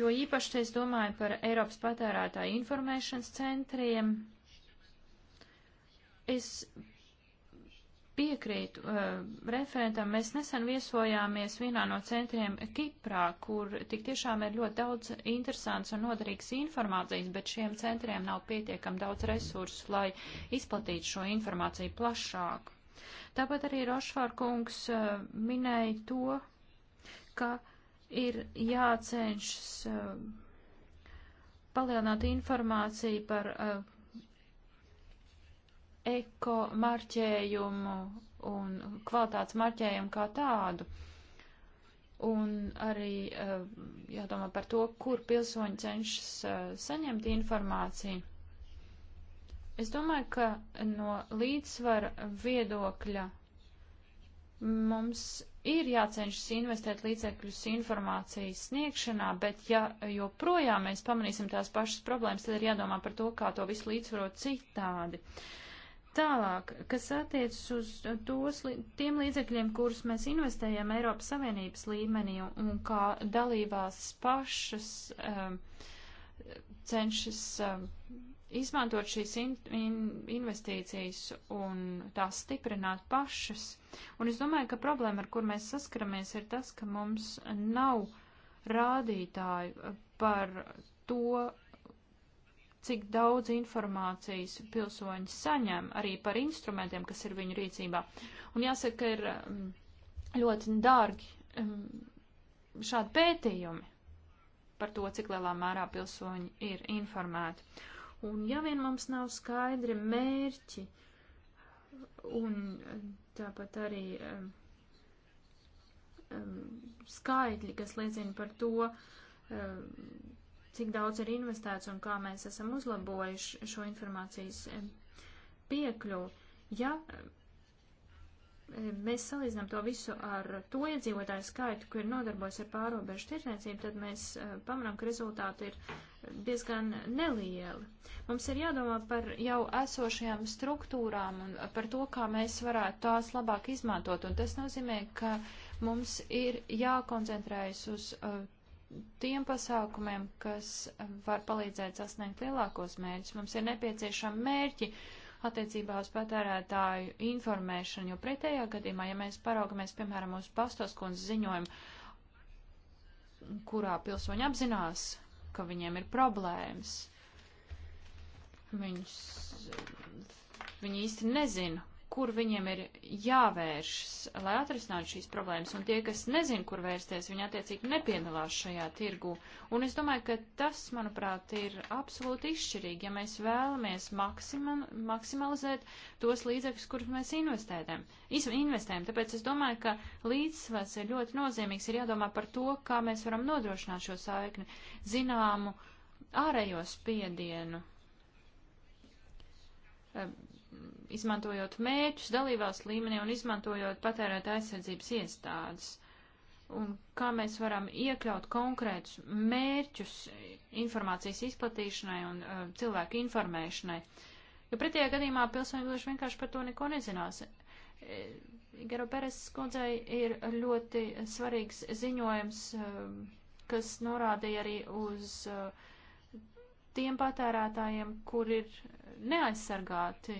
Jo īpaši es domāju par Eiropas patērētāju informēšanas centriem. Es piekrītu uh, referentam. Mēs nesen viesojāmies vienā no centriem Kiprā, kur tik tiešām ir ļoti daudz interesants un noderīgs informācijas, bet šiem centriem nav pietiekam daudz resursu, lai izplatītu šo informāciju plašāk. Tāpat arī Rošvār kungs uh, minēja to, ka ir jācenšas uh, palielināt informāciju par uh, eko marķējumu un kvalitātes marķējumu kā tādu. Un arī eh, jādomā par to, kur pilsoņi cenšas eh, saņemt informāciju. Es domāju, ka no līdzsvara viedokļa mums ir jācenšas investēt līdzekļus informācijas sniegšanā, bet ja joprojām mēs pamanīsim tās pašas problēmas, tad ir jādomā par to, kā to visu līdzsvarot citādi. Uh, Tālāk, kas attiecas uz tos, tiem līdzekļiem, kurus mēs investējam Eiropas Savienības līmenī un kā dalībās pašas um, cenšas um, izmantot šīs in, in, investīcijas un tās stiprināt pašas. Un es domāju, ka problēma, ar kur mēs saskaramies, ir tas, ka mums nav rādītāju par to, cik daudz informācijas pilsoņi saņem arī par instrumentiem, kas ir viņu rīcībā. Un jāsaka, ir mm, ļoti dārgi mm, šādi pētījumi par to, cik lielā mērā pilsoņi ir informēti. Un ja vien mums nav skaidri mērķi un tāpat arī um, skaitļi, kas liecina par to, um, cik daudz ir investēts un kā mēs esam uzlabojuši šo informācijas piekļuvu. Ja mēs salīdzinām to visu ar to iedzīvotāju skaitu, kur nodarbojas ar pārobežu tirdzniecību, tad mēs eh, pamanām, ka rezultāti ir diezgan nelieli. Mums ir jādomā par jau esošajām struktūrām un par to, kā mēs varētu tās labāk izmantot, un tas nozīmē, ka mums ir jākoncentrējas uz uh, tiem pasākumiem, kas var palīdzēt sasniegt lielākos mērķus. Mums ir nepieciešami mērķi attiecībā uz patērētāju informēšanu, jo pretējā gadījumā, ja mēs paraugamies, piemēram, uz pastos kundzes ziņojumu, kurā pilsoņi apzinās, ka viņiem ir problēmas, viņus, viņi īsti nezina, kur viņiem ir jāvēršas, lai atrisinātu šīs problēmas, un tie, kas nezin, kur vērsties, viņi attiecīgi nepiedalās šajā tirgu. Un es domāju, ka tas, manuprāt, ir absolūti izšķirīgi, ja mēs vēlamies maksimum, maksimalizēt tos līdzekļus, kurus mēs investējam. investējam. Tāpēc es domāju, ka līdzsvars ir ļoti nozīmīgs, ir jādomā par to, kā mēs varam nodrošināt šo saikni zināmu ārējo spiedienu izmantojot mēķus dalībās līmenī un izmantojot patērēt aizsardzības iestādes. Un kā mēs varam iekļaut konkrētus mērķus informācijas izplatīšanai un uh, cilvēku informēšanai. Jo pretējā gadījumā pilsoņi gluži vienkārši par to neko nezinās. E, Gero Peres skundzei ir ļoti svarīgs ziņojums, uh, kas norādīja arī uz uh, tiem patērētājiem, kur ir neaizsargāti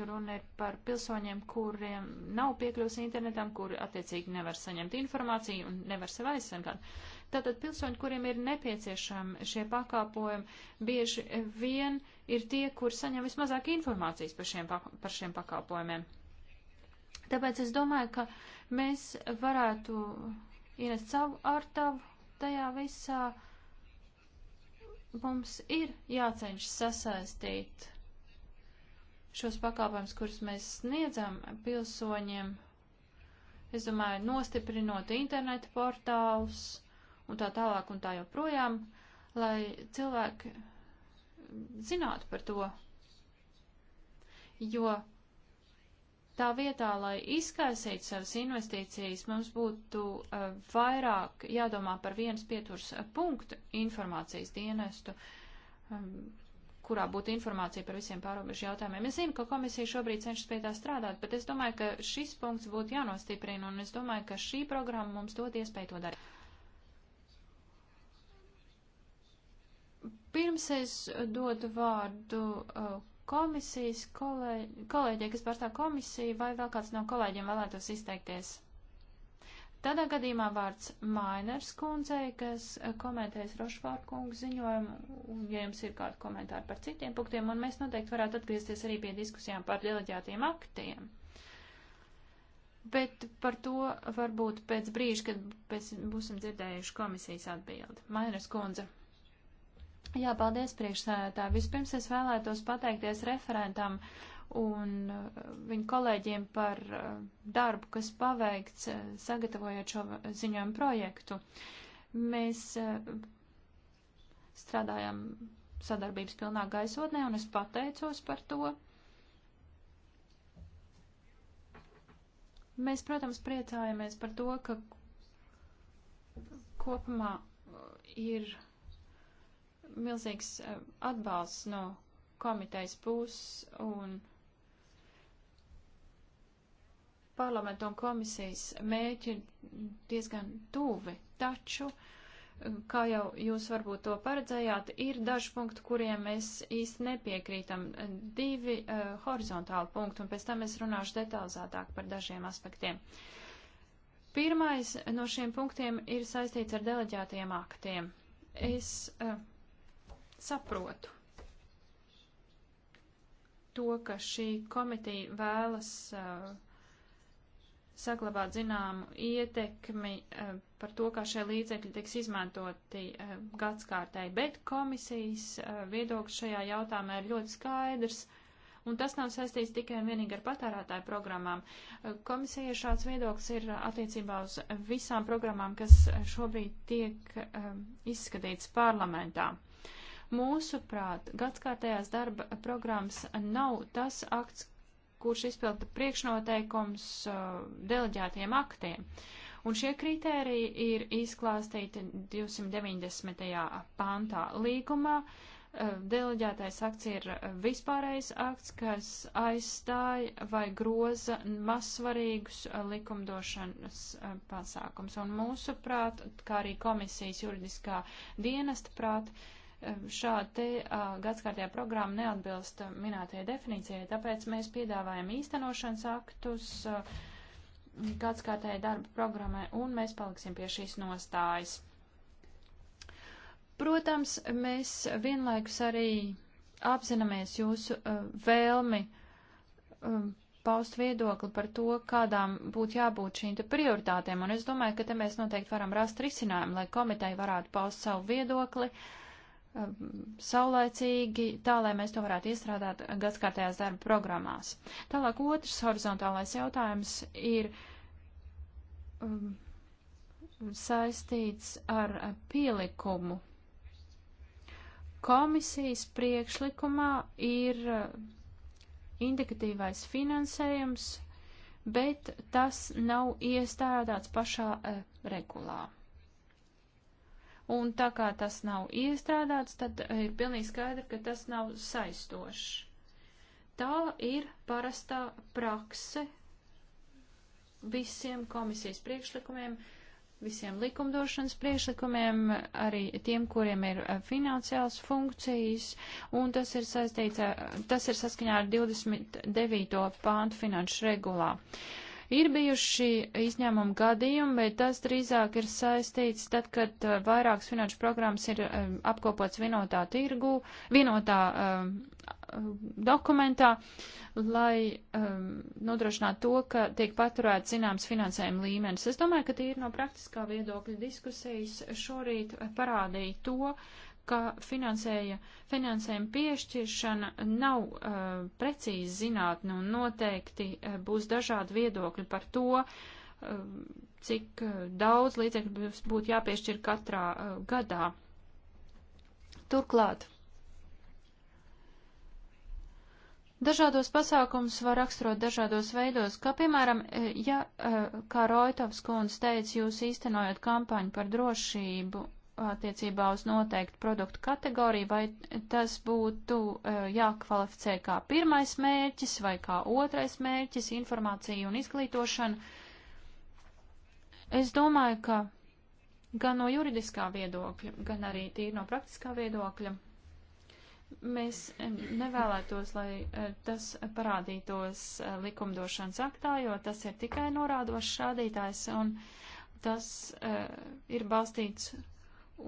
jo runa ir par pilsoņiem, kuriem nav piekļuvis internetam, kuri attiecīgi nevar saņemt informāciju un nevar sev aizsargāt. Tātad pilsoņi, kuriem ir nepieciešami šie pakāpojumi, bieži vien ir tie, kur saņem vismazāk informācijas par šiem, par šiem pakāpojumiem. Tāpēc es domāju, ka mēs varētu ienest savu ārtavu tajā visā. Mums ir jācenšas sasaistīt šos pakalpojumus, kurus mēs sniedzam pilsoņiem, es domāju, nostiprinot internetu portālus un tā tālāk un tā joprojām, lai cilvēki zinātu par to. Jo tā vietā, lai izkaisītu savas investīcijas, mums būtu uh, vairāk jādomā par vienas pieturs eh, punktu informācijas dienestu. Um, kurā būtu informācija par visiem pārobežu jautājumiem. Es zinu, ka komisija šobrīd cenšas pie tā strādāt, bet es domāju, ka šis punkts būtu jānostiprina, un es domāju, ka šī programma mums dod iespēju to darīt. Pirms es dodu vārdu uh, komisijas kolēģi, kolēģi, kas pārstāv komisiju, vai vēl kāds no kolēģiem vēlētos izteikties? Tādā gadījumā vārds Mainers kundzei, kas komentēs Rošvārdu kungu ziņojumu, un ja jums ir kādi komentāri par citiem punktiem, un mēs noteikti varētu atgriezties arī pie diskusijām par deleģētiem aktiem. Bet par to varbūt pēc brīža, kad pēc būsim dzirdējuši komisijas atbildi. Mainers kundze. Jā, paldies priekšsēdētāji. Vispirms es vēlētos pateikties referentam un uh, viņu kolēģiem par uh, darbu, kas paveikts, uh, sagatavojot šo ziņojumu projektu. Mēs strādājam sadarbības pilnā gaisotnē, un es pateicos par to. Mēs, protams, priecājamies par to, ka kopumā ir milzīgs atbalsts no komitejas puses un parlamenta un komisijas mēķi ir diezgan tuvi, taču, eh, kā jau jūs varbūt to paredzējāt, ir daži punkti, kuriem mēs īsti nepiekrītam, divi uh, horizontāli punkti, un pēc tam es runāšu detalizētāk par dažiem aspektiem. Pirmais no šiem punktiem ir saistīts ar deleģētajiem aktiem. Es uh, saprotu to, ka šī komitija vēlas uh, saglabāt zināmu ietekmi uh, par to, kā šie līdzekļi tiks izmantoti uh, gadskārtēji, bet komisijas uh, viedoklis šajā jautājumā ir ļoti skaidrs. Un tas nav saistīts tikai un vienīgi ar patērētāju programmām. Komisija šāds viedoklis ir attiecībā uz visām programmām, kas šobrīd tiek um, izskatīts parlamentā. Mūsuprāt, gadskārtējās darba programmas nav tas akts, kurš izpilda priekšnoteikums uh, deleģētiem aktiem. Un šie kriteriji ir izklāstīti 290. pantā līgumā. Uh, deleģētais akts ir vispārējais akts, kas aizstāja vai groza mazsvarīgus uh, likumdošanas uh, pasākums. Un mūsu prāt, kā arī komisijas juridiskā dienesta prāt, uh, Ehm, šāda te uh, gadskārtajā programma neatbilst minētajai definīcijai, tāpēc mēs piedāvājam īstenošanas aktus uh, gadskārtajai darba programmai un mēs paliksim pie šīs nostājas. Protams, mēs vienlaikus arī apzināmies jūsu uh, vēlmi um, paust viedokli par to, kādām būtu jābūt šīm prioritātēm, un es domāju, ka te mēs noteikti varam rast risinājumu, lai komiteja varētu paust savu viedokli. Uh, Um, saulēcīgi, tā lai mēs to varētu iestrādāt gadskārtējās darba programmās. Tālāk otrs horizontālais jautājums ir um, saistīts ar pielikumu. Komisijas priekšlikumā ir uh, indikatīvais finansējums, bet tas nav iestādāts pašā uh, regulā. Un tā kā tas nav iestrādāts, tad ir pilnīgi skaidri, ka tas nav saistošs. Tā ir parastā prakse visiem komisijas priekšlikumiem, visiem likumdošanas priekšlikumiem, arī tiem, kuriem ir eh, finansiāls funkcijas, un tas ir saistīts, tas ir saskaņā ar 29. pāntu finanšu regulā. Uh, Ir bijuši izņēmumi gadījumi, bet tas drīzāk ir saistīts tad, kad uh, vairākas finanšu programmas ir um, apkopots vienotā tirgu, vienotā um, dokumentā, lai um, nodrošinātu to, ka tiek paturēt zināms finansējuma līmenis. Es domāju, ka tīri no praktiskā viedokļa diskusijas šorīt parādīja to, uh, ka finansējuma piešķiršana nav uh, precīzi zinātne nu, un noteikti uh, būs dažādi viedokļi par to, uh, cik uh, daudz līdzekļu būtu jāpiešķir katrā uh, gadā. Turklāt. Dažādos pasākums var raksturot dažādos veidos, kā piemēram, uh, ja, uh, kā Roitovs kundze teica, jūs īstenojat kampaņu par drošību attiecībā uz noteiktu produktu kategoriju, vai tas būtu e, jākvalificē kā pirmais mērķis vai kā otrais mērķis - informācija un izglītošana. Es domāju, ka gan no juridiskā viedokļa, gan arī tīri no praktiskā viedokļa mēs e, nevēlētos, lai e, tas parādītos likumdošanas aktā, jo tas ir tikai norādošs rādītājs un tas uh, ir balstīts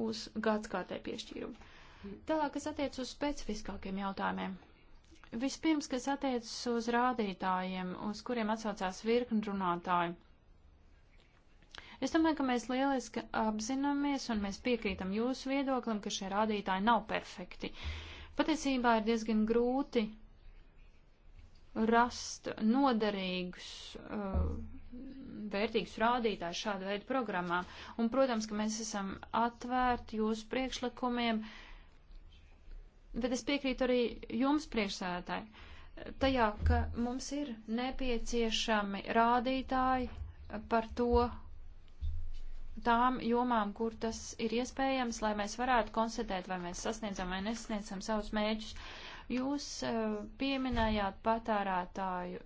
uz gadskārtē piešķīrumu. Tālāk, kas attiec uz specifiskākiem jautājumiem. Vispirms, kas attiec uz rādītājiem, uz kuriem atsaucās virkni runātāji. Es domāju, ka mēs lieliski apzināmies un mēs piekrītam jūsu viedoklim, ka šie rādītāji nav perfekti. Patiesībā ir diezgan grūti rast noderīgus uh, vērtīgus rādītājus šāda veida programmām. Un, protams, ka mēs esam atvērti jūsu priekšlikumiem, bet es piekrītu arī jums priekšsēdētāji tajā, ka mums ir nepieciešami rādītāji par to tām jomām, kur tas ir iespējams, lai mēs varētu konstatēt, vai mēs sasniedzam vai nesasniedzam savus mēģus. Jūs eh, pieminējāt patērētāju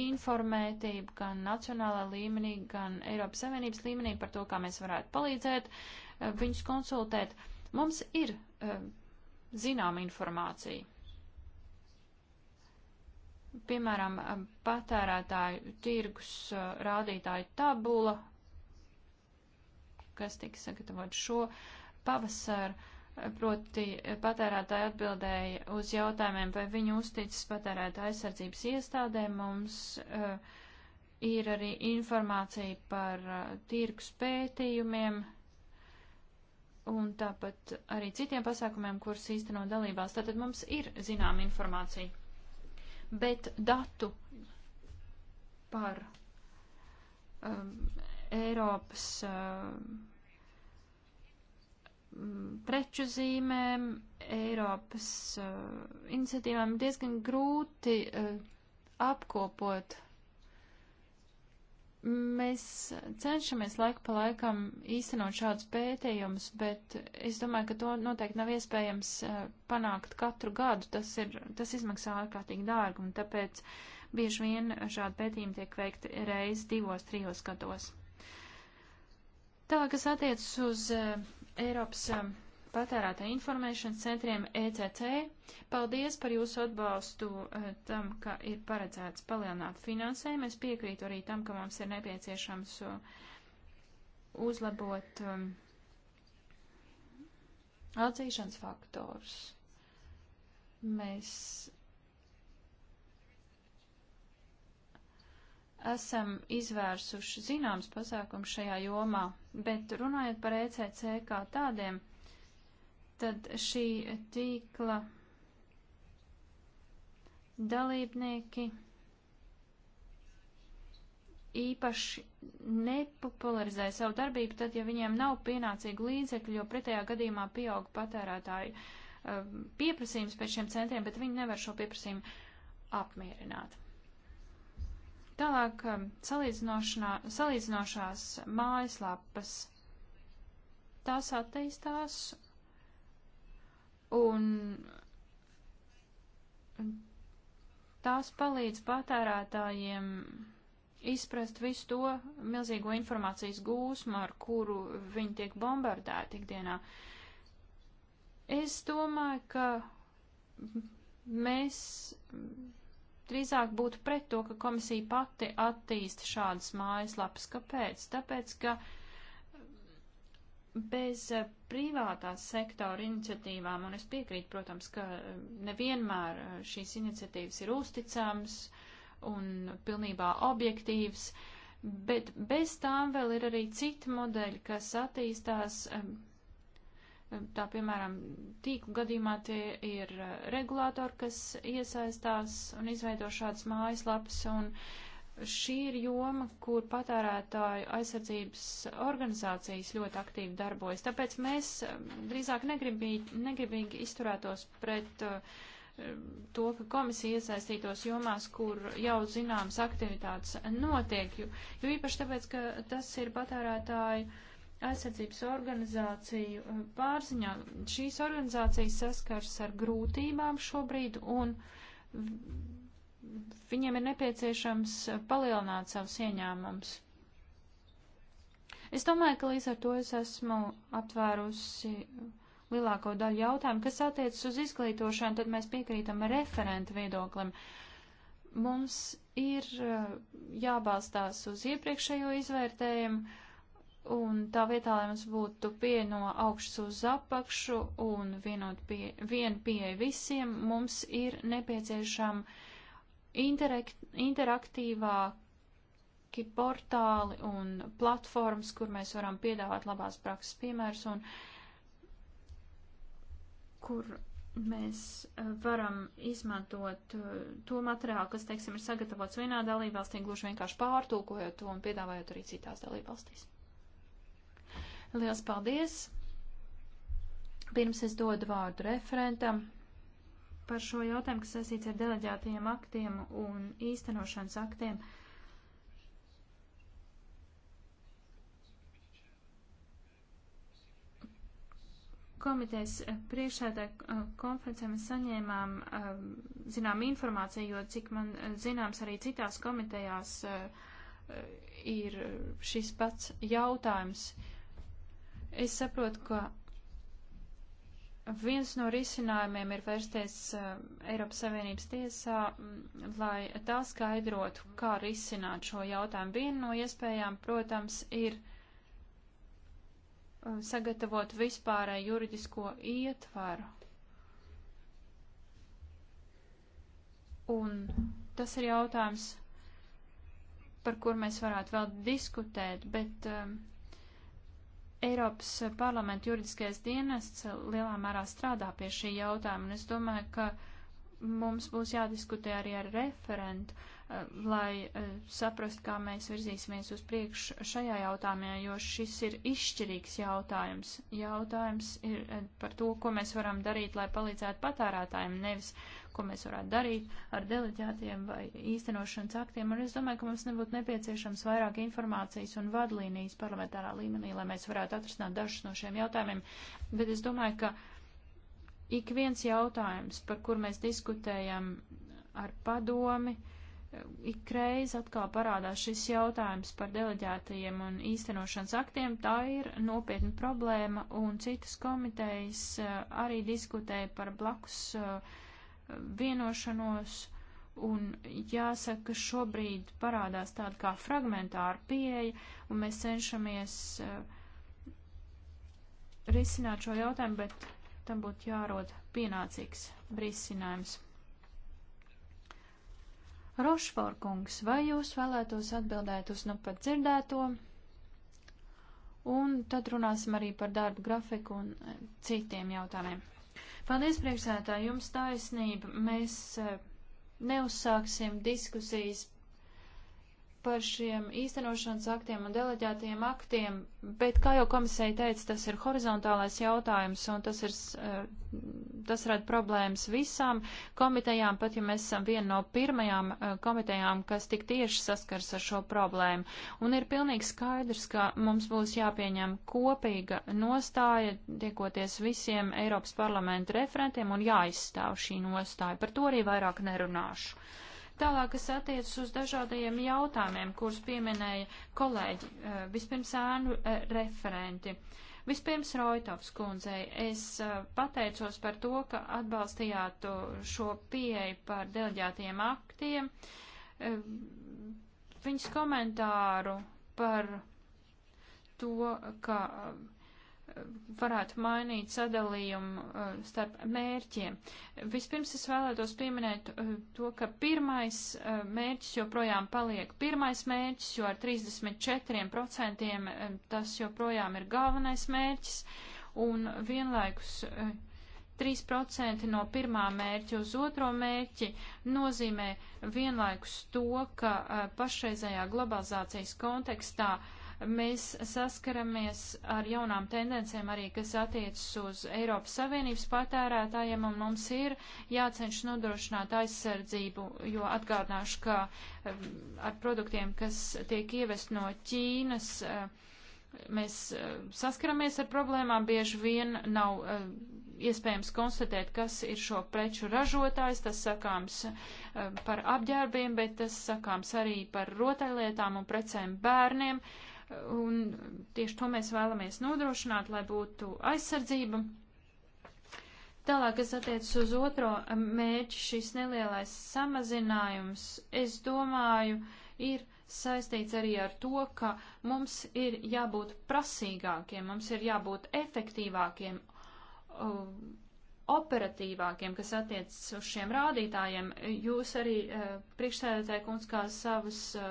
informētību gan nacionālā līmenī, gan Eiropas Savienības līmenī par to, kā mēs varētu palīdzēt eh, viņus konsultēt. Mums ir eh, zināma informācija. Piemēram, patērētāju tirgus eh, rādītāju tabula, kas tika sagatavot šo pavasaru proti eh, patērētāji atbildēja uz jautājumiem, vai viņi uzticas patērētāja aizsardzības iestādēm. Mums uh, ir arī informācija par uh, tirgus pētījumiem un tāpat arī citiem pasākumiem, kurus īsteno dalībās. Tātad mums ir zinām informācija, bet datu par um, Eiropas. Uh, preču zīmēm, Eiropas uh, iniciatīvām ir diezgan grūti uh, apkopot. Mēs cenšamies laiku pa laikam īstenot šādus pētījumus, bet es domāju, ka to noteikti nav iespējams uh, panākt katru gadu. Tas, ir, tas izmaksā ārkārtīgi dārgi, un tāpēc bieži vien šādi pētījumi tiek veikti reiz divos, trijos gados. Tā, kas attiecas uz uh, Eiropas um, patērētā informēšanas centriem ECC. Paldies par jūsu atbalstu uh, tam, ka ir paredzēts palielināt finansējumu. Es piekrītu arī tam, ka mums ir nepieciešams uh, uzlabot um, atzīšanas faktors. Mēs esam izvērsuši zināms pasākums šajā jomā, bet runājot par ECC kā tādiem, tad šī tīkla dalībnieki īpaši nepopularizē savu darbību, tad, ja viņiem nav pienācīgi līdzekļi, jo pretējā gadījumā pieaug patērētāju um, pieprasījums pēc šiem centriem, bet viņi nevar šo pieprasījumu apmierināt. Tālāk um, salīdzinošās mājaslapas. Tās attīstās un tās palīdz patērētājiem izprast visu to milzīgo informācijas gūsmu, ar kuru viņi tiek bombardēti ikdienā. Es domāju, ka mēs drīzāk būtu pret to, ka komisija pati attīsta šādas mājaslapas. Kāpēc? Tāpēc, ka bez eh, privātās sektora iniciatīvām, un es piekrītu, protams, ka eh, nevienmēr eh, šīs iniciatīvas ir uzticams un pilnībā objektīvs, bet bez tām vēl ir arī citi modeļi, kas attīstās Tā piemēram, tīku gadījumā tie ir uh, regulātori, kas iesaistās un izveido šādas mājaslapas, un šī ir joma, kur patērētāju aizsardzības organizācijas ļoti aktīvi darbojas. Tāpēc mēs um, drīzāk negribīgi, negribīgi izturētos pret uh, to, ka komisija iesaistītos jomās, kur jau zināmas aktivitātes notiek, jo, jo īpaši tāpēc, ka tas ir patērētāju aizsardzības organizāciju eh, pārziņā. Šīs organizācijas saskars ar grūtībām šobrīd un viņiem ir nepieciešams palielināt savus ieņēmumus. Es domāju, ka līdz ar to es esmu aptvērusi lielāko daļu jautājumu, kas attiecas uz izglītošanu, tad mēs piekrītam referentu viedoklim. Mums ir eh, jābalstās uz iepriekšējo izvērtējumu Un tā vietā, lai mums būtu pieeja no augšas uz apakšu un vienot pie, vien pieeja visiem, mums ir nepieciešama interakt, interaktīvāki portāli un platformas, kur mēs varam piedāvāt labās prakses piemērus un kur mēs eh, varam izmantot eh, to materiālu, kas, teiksim, ir sagatavots vienā dalībvalstī, gluži vienkārši pārtūkojot to un piedāvājot arī citās dalībvalstīs. Liels paldies! Pirms es dodu vārdu referentam par šo jautājumu, kas saistīts ar deleģētajiem aktiem un īstenošanas aktiem. komitejas priekšsēdē konferencē mēs saņēmām zinām informāciju, jo cik man zināms arī citās komitejās ir šis pats jautājums. Es saprotu, ka viens no risinājumiem ir vērsties uh, Eiropas Savienības tiesā, mm, lai tā skaidrotu, kā risināt šo jautājumu. Viena no iespējām, protams, ir uh, sagatavot vispārēju juridisko ietvaru. Un tas ir jautājums, par kur mēs varētu vēl diskutēt, bet um, Eiropas parlamenta juridiskais dienests lielā mērā strādā pie šī jautājuma, un es domāju, ka mums būs jādiskutē arī ar referentu, eh, lai eh, saprastu, kā mēs virzīsimies uz priekšu šajā jautājumā, jo šis ir izšķirīgs jautājums. Jautājums ir eh, par to, ko mēs varam darīt, lai palīdzētu patērētājiem, nevis ko mēs varētu darīt ar deleģētiem vai īstenošanas aktiem, un es domāju, ka mums nebūtu nepieciešams vairāk informācijas un vadlīnijas parlamentārā līmenī, lai mēs varētu atrisināt dažus no šiem jautājumiem, bet es domāju, ka ik viens jautājums, par kur mēs diskutējam ar padomi, ik reiz atkal parādās šis jautājums par deleģētajiem un īstenošanas aktiem, tā ir nopietna problēma, un citas komitejas eh, arī diskutēja par blakus uh, vienošanos, un jāsaka, ka šobrīd parādās tāda kā fragmentāra pieeja, un mēs cenšamies eh, risināt šo jautājumu, bet tam būtu jārod pienācīgs risinājums. Rošforkungs, vai jūs vēlētos atbildēt uz nu pat dzirdēto? Un tad runāsim arī par darbu grafiku un eh, citiem jautājumiem. Paldies, priekšsētā, jums taisnība. Mēs eh, neuzsāksim diskusijas par šiem īstenošanas aktiem un deleģētajiem aktiem, bet, kā jau komisija teica, tas ir horizontālais jautājums un tas, ir, eh, tas rada problēmas visām komitejām, pat ja mēs esam viena no pirmajām eh, komitejām, kas tik tieši saskars ar šo problēmu. Un ir pilnīgi skaidrs, ka mums būs jāpieņem kopīga nostāja, tiekoties visiem Eiropas parlamenta referentiem un jāizstāv šī nostāja. Par to arī vairāk nerunāšu. Tālāk, kas attiecas uz dažādajiem jautājumiem, kurus pieminēja kolēģi, eh, vispirms ēnu eh, referenti. Vispirms Roitovs kundzei, es eh, pateicos par to, ka atbalstījāt šo pieeju par deleģētiem aktiem, viņas komentāru par to, ka varētu mainīt sadalījumu uh, starp mērķiem. Vispirms es vēlētos pieminēt uh, to, ka pirmais uh, mērķis joprojām paliek pirmais mērķis, jo ar 34% tas joprojām ir galvenais mērķis, un vienlaikus 3% no pirmā mērķa uz otro mērķi nozīmē vienlaikus to, ka pašreizējā globalizācijas kontekstā uh, mēs saskaramies ar jaunām tendencēm arī, kas attiecas uz Eiropas Savienības patērētājiem, un mums ir jācenš nodrošināt aizsardzību, jo atgādināšu, ka um, ar produktiem, kas tiek ievest no Ķīnas, uh, mēs uh, saskaramies ar problēmām, bieži vien nav uh, iespējams konstatēt, kas ir šo preču ražotājs. Tas sakāms par apģērbiem, bet tas sakāms arī par rotaļlietām un precēm bērniem. Uh, un tieši to mēs vēlamies nodrošināt, lai būtu aizsardzība. Tālāk, kas attiecas uz otro mērķi, šis nelielais samazinājums, es domāju, ir saistīts arī ar to, ka mums ir jābūt prasīgākiem, mums ir jābūt efektīvākiem um, operatīvākiem, kas attiecas uz šiem rādītājiem. Jūs arī uh, eh, priekšsēdētāji kungs kā savas uh,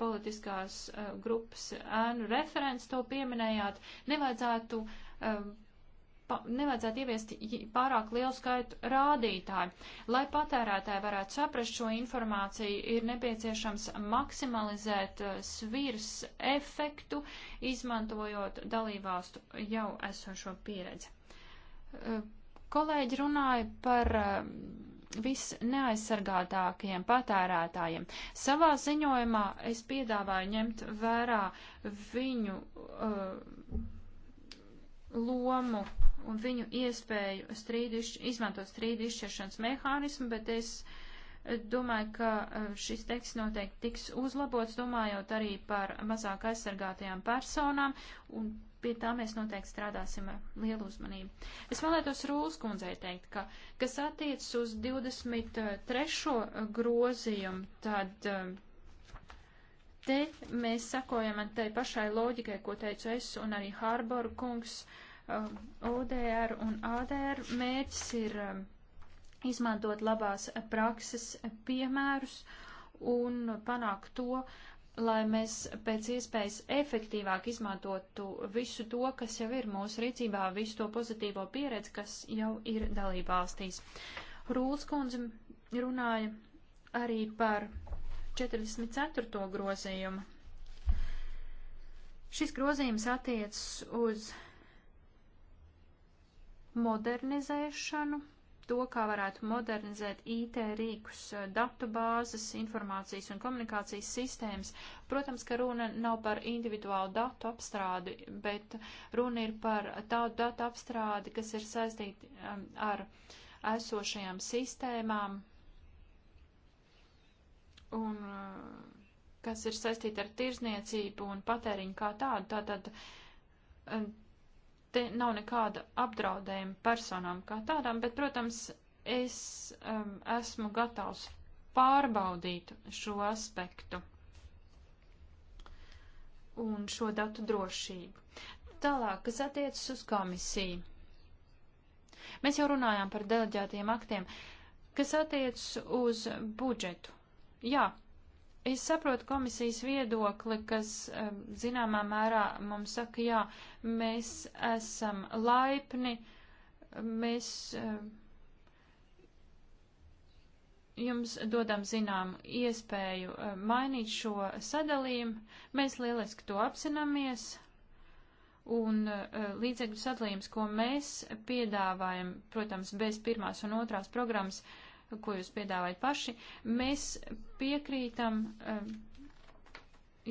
politiskās uh, grupas ēnu referents to pieminējāt. Nevajadzētu, pa, nevajadzētu ieviest pārāk lielu skaitu rādītāju. Lai patērētāji varētu saprast šo informāciju, ir nepieciešams maksimalizēt svirs efektu, izmantojot dalībvalstu jau esošo pieredzi Kolēģi runāja par eh, visneaizsargātākajiem patērētājiem. Savā ziņojumā es piedāvāju ņemt vērā viņu uh, lomu un viņu iespēju strīdišķ, izmantot strīdu izšķiršanas mehānismu, bet es eh, domāju, ka šis teksts noteikti tiks uzlabots, domājot arī par mazāk aizsargātajām personām un pie tā mēs noteikti strādāsim ar lielu uzmanību. Es vēlētos Rūlas kundzei teikt, ka, kas attiecas uz 23. Eh, grozījumu, tad eh, te mēs sakojam tai pašai loģikai, ko teicu es un arī Harboru kungs, eh, ODR un ADR. Mērķis ir izmantot labās prakses piemērus un panākt to, uh, lai mēs pēc iespējas efektīvāk izmantotu visu to, kas jau ir mūsu rīcībā, visu to pozitīvo pieredzi, kas jau ir dalībvalstīs. Rūls kundze runāja arī par 44. grozījumu. Šis grozījums attiecas uz modernizēšanu to, kā varētu modernizēt IT rīkus, eh, datu bāzes, informācijas un komunikācijas sistēmas. Protams, ka runa nav par individuālu datu apstrādi, bet runa ir par tādu datu apstrādi, kas ir saistīti ehm, ar esošajām sistēmām un eh, kas ir saistīti ar tirzniecību un patēriņu kā tādu. Tātad ehm, te nav nekāda apdraudējuma personām kā tādām, bet, protams, es um, esmu gatavs pārbaudīt šo aspektu un šo datu drošību. Tālāk, kas attiecas uz komisiju. Mēs jau runājām par deleģētiem aktiem, kas attiecas uz budžetu. Jā, Es saprotu komisijas viedokli, kas zināmā mērā mums saka, jā, mēs esam laipni, mēs jums dodam zināmu iespēju mainīt šo sadalījumu, mēs lieliski to apzināmies, un eh, līdzekļu sadalījums, ko mēs piedāvājam, protams, bez pirmās un otrās programmas, ko jūs piedāvājat paši. Mēs piekrītam eh,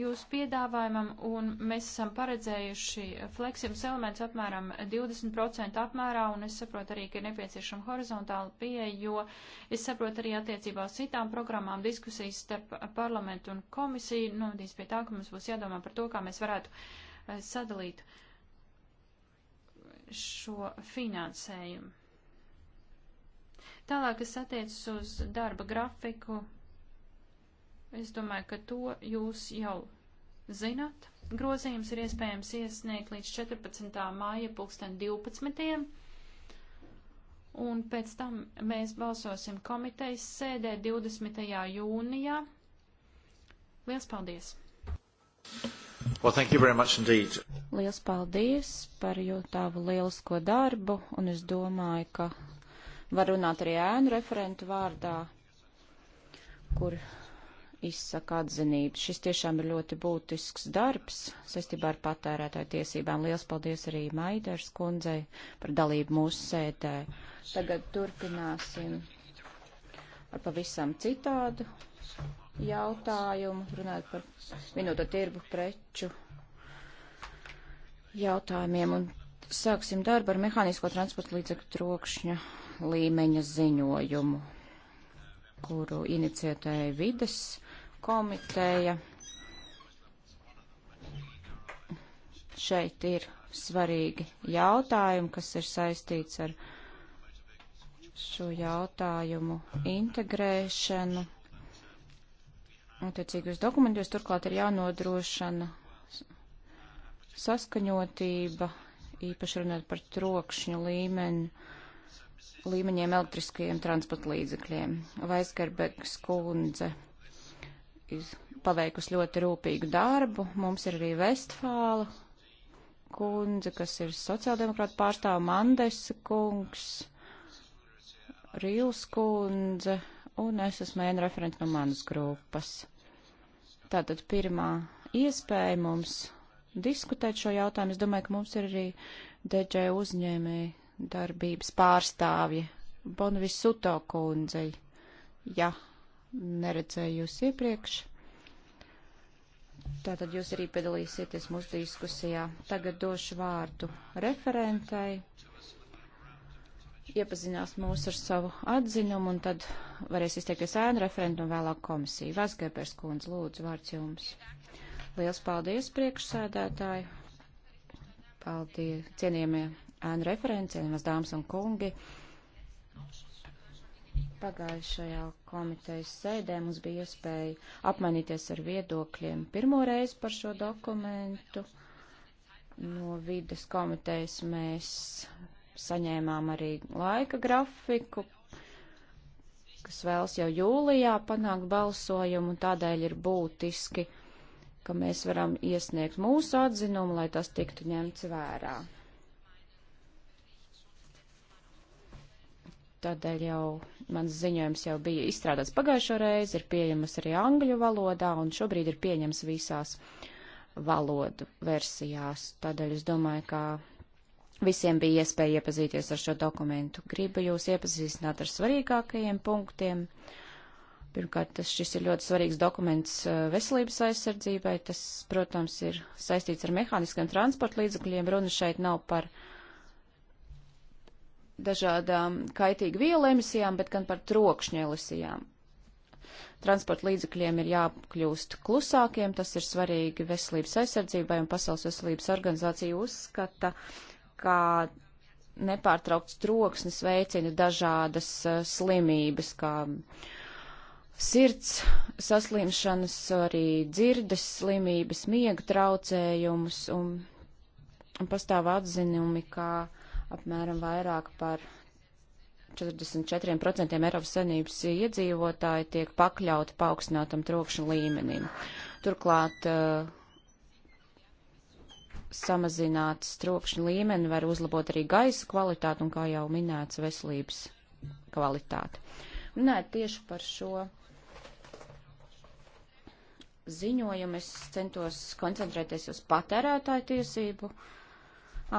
jūsu piedāvājumam un mēs esam paredzējuši fleksibus elementus apmēram 20% apmērā un es saprotu arī, ka ir nepieciešama horizontāla pieeja, jo es saprotu arī attiecībā uz citām programmām diskusijas starp parlamentu un komisiju novadīs nu, pie tā, ka mums būs jādomā par to, kā mēs varētu eh, sadalīt šo finansējumu. Tālāk, kas attiecas uz darba grafiku, es domāju, ka to jūs jau zinat. Grozījums ir iespējams iesniegt līdz 14. māja pulksten 12. Un pēc tam mēs balsosim komitejas sēdē 20. jūnijā. Liels paldies! Well, thank you very much indeed. Liels paldies par jūtāvu lielisko darbu, un es domāju, ka var runāt arī ēnu referentu vārdā, kur izsaka atzinību. Šis tiešām ir ļoti būtisks darbs saistībā ar patērētāju tiesībām. Liels paldies arī Maiders kundzei par dalību mūsu sēdē. Tagad turpināsim ar pavisam citādu jautājumu, runājot par vienoto tirgu preču jautājumiem. Un sāksim darbu ar mehānisko transporta līdzekļu trokšņa līmeņa ziņojumu, kuru iniciatēja vides komiteja. Šeit ir svarīgi jautājumi, kas ir saistīts ar šo jautājumu integrēšanu. Attiecīgi uz dokumentos turklāt ir jānodrošina saskaņotība, īpaši runāt par trokšņu līmeni līmeņiem elektriskajiem transporta līdzekļiem. Vaisgerbegs kundze paveikusi ļoti rūpīgu darbu. Mums ir arī Vestfāla kundze, kas ir sociāldemokrāta pārstāva Mandesa kungs, Rīls kundze, un es esmu ēna referents no manas grupas. Tātad pirmā iespēja mums diskutēt šo jautājumu. Es domāju, ka mums ir arī DJ uzņēmēji darbības pārstāvja Bonvis Suto kundzei, ja neredzēju jūs iepriekš. Tātad jūs arī piedalīsieties mūsu diskusijā. Tagad došu vārdu referentai. Iepazinās mūs ar savu atzinumu un tad varēs izteikties ēnu referentu un vēlāk komisiju. Vasgēpers kundze, lūdzu, vārds jums. Liels paldies, priekšsēdētāji. Paldies, cienījamie ēnu referents, cienījumās dāmas un kungi. Pagājušajā komitejas sēdē mums bija iespēja apmainīties ar viedokļiem pirmo reizi par šo dokumentu. No vides komitejas mēs saņēmām arī laika grafiku, kas vēlas jau jūlijā panākt balsojumu, un tādēļ ir būtiski, ka mēs varam iesniegt mūsu atzinumu, lai tas tiktu ņemts vērā. Tādēļ jau mans ziņojums jau bija izstrādāts pagājušo reizi, ir pieejamas arī angļu valodā un šobrīd ir pieņems visās valodu versijās. Tādēļ es domāju, ka Visiem bija iespēja iepazīties ar šo dokumentu. Gribu jūs iepazīstināt ar svarīgākajiem punktiem. Pirmkārt, tas šis ir ļoti svarīgs dokuments uh, veselības aizsardzībai. Tas, protams, ir saistīts ar mehāniskiem transporta līdzakļiem. Runa šeit nav par dažādām kaitīgu vielu emisijām, bet gan par trokšņa emisijām. Transporta līdzekļiem ir jākļūst klusākiem, tas ir svarīgi veselības aizsardzībai, un Pasaules veselības organizācija uzskata, ka nepārtraukts troksnis veicina dažādas uh, slimības, kā sirds saslimšanas, arī dzirdes slimības, miega traucējumus, un, un pastāv atzinumi, ka uh, apmēram vairāk par 44% Eiropas Savienības iedzīvotāji tiek pakļauti paaugstinātam trokšņa līmenim. Turklāt uh, samazināt trokšņa līmeni var uzlabot arī gaisa kvalitāti un, kā jau minēts, veselības kvalitāti. Runājot tieši par šo ziņojumu, es centos koncentrēties uz patērētāju tiesību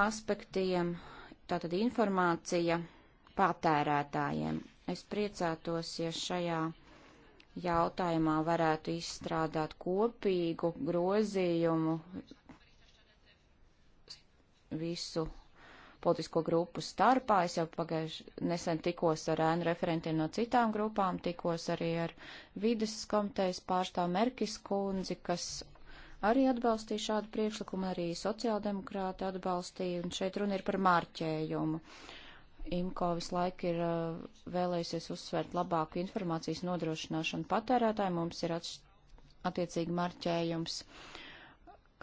aspektiem, tātad informācija patērētājiem. Es priecātos, ja šajā jautājumā varētu izstrādāt kopīgu grozījumu visu politisko grupu starpā. Es jau pagājuši nesen tikos ar ēnu referentiem no citām grupām, tikos arī ar vides komitejas pārstāvu Merkis kundzi, kas arī atbalstīja šādu priekšlikumu, arī sociāldemokrāti atbalstīja, un šeit runa ir par mārķējumu. IMCO visu laiku ir uh, vēlējusies uzsvērt labāku informācijas nodrošināšanu patērētājiem, mums ir attiecīgi marķējums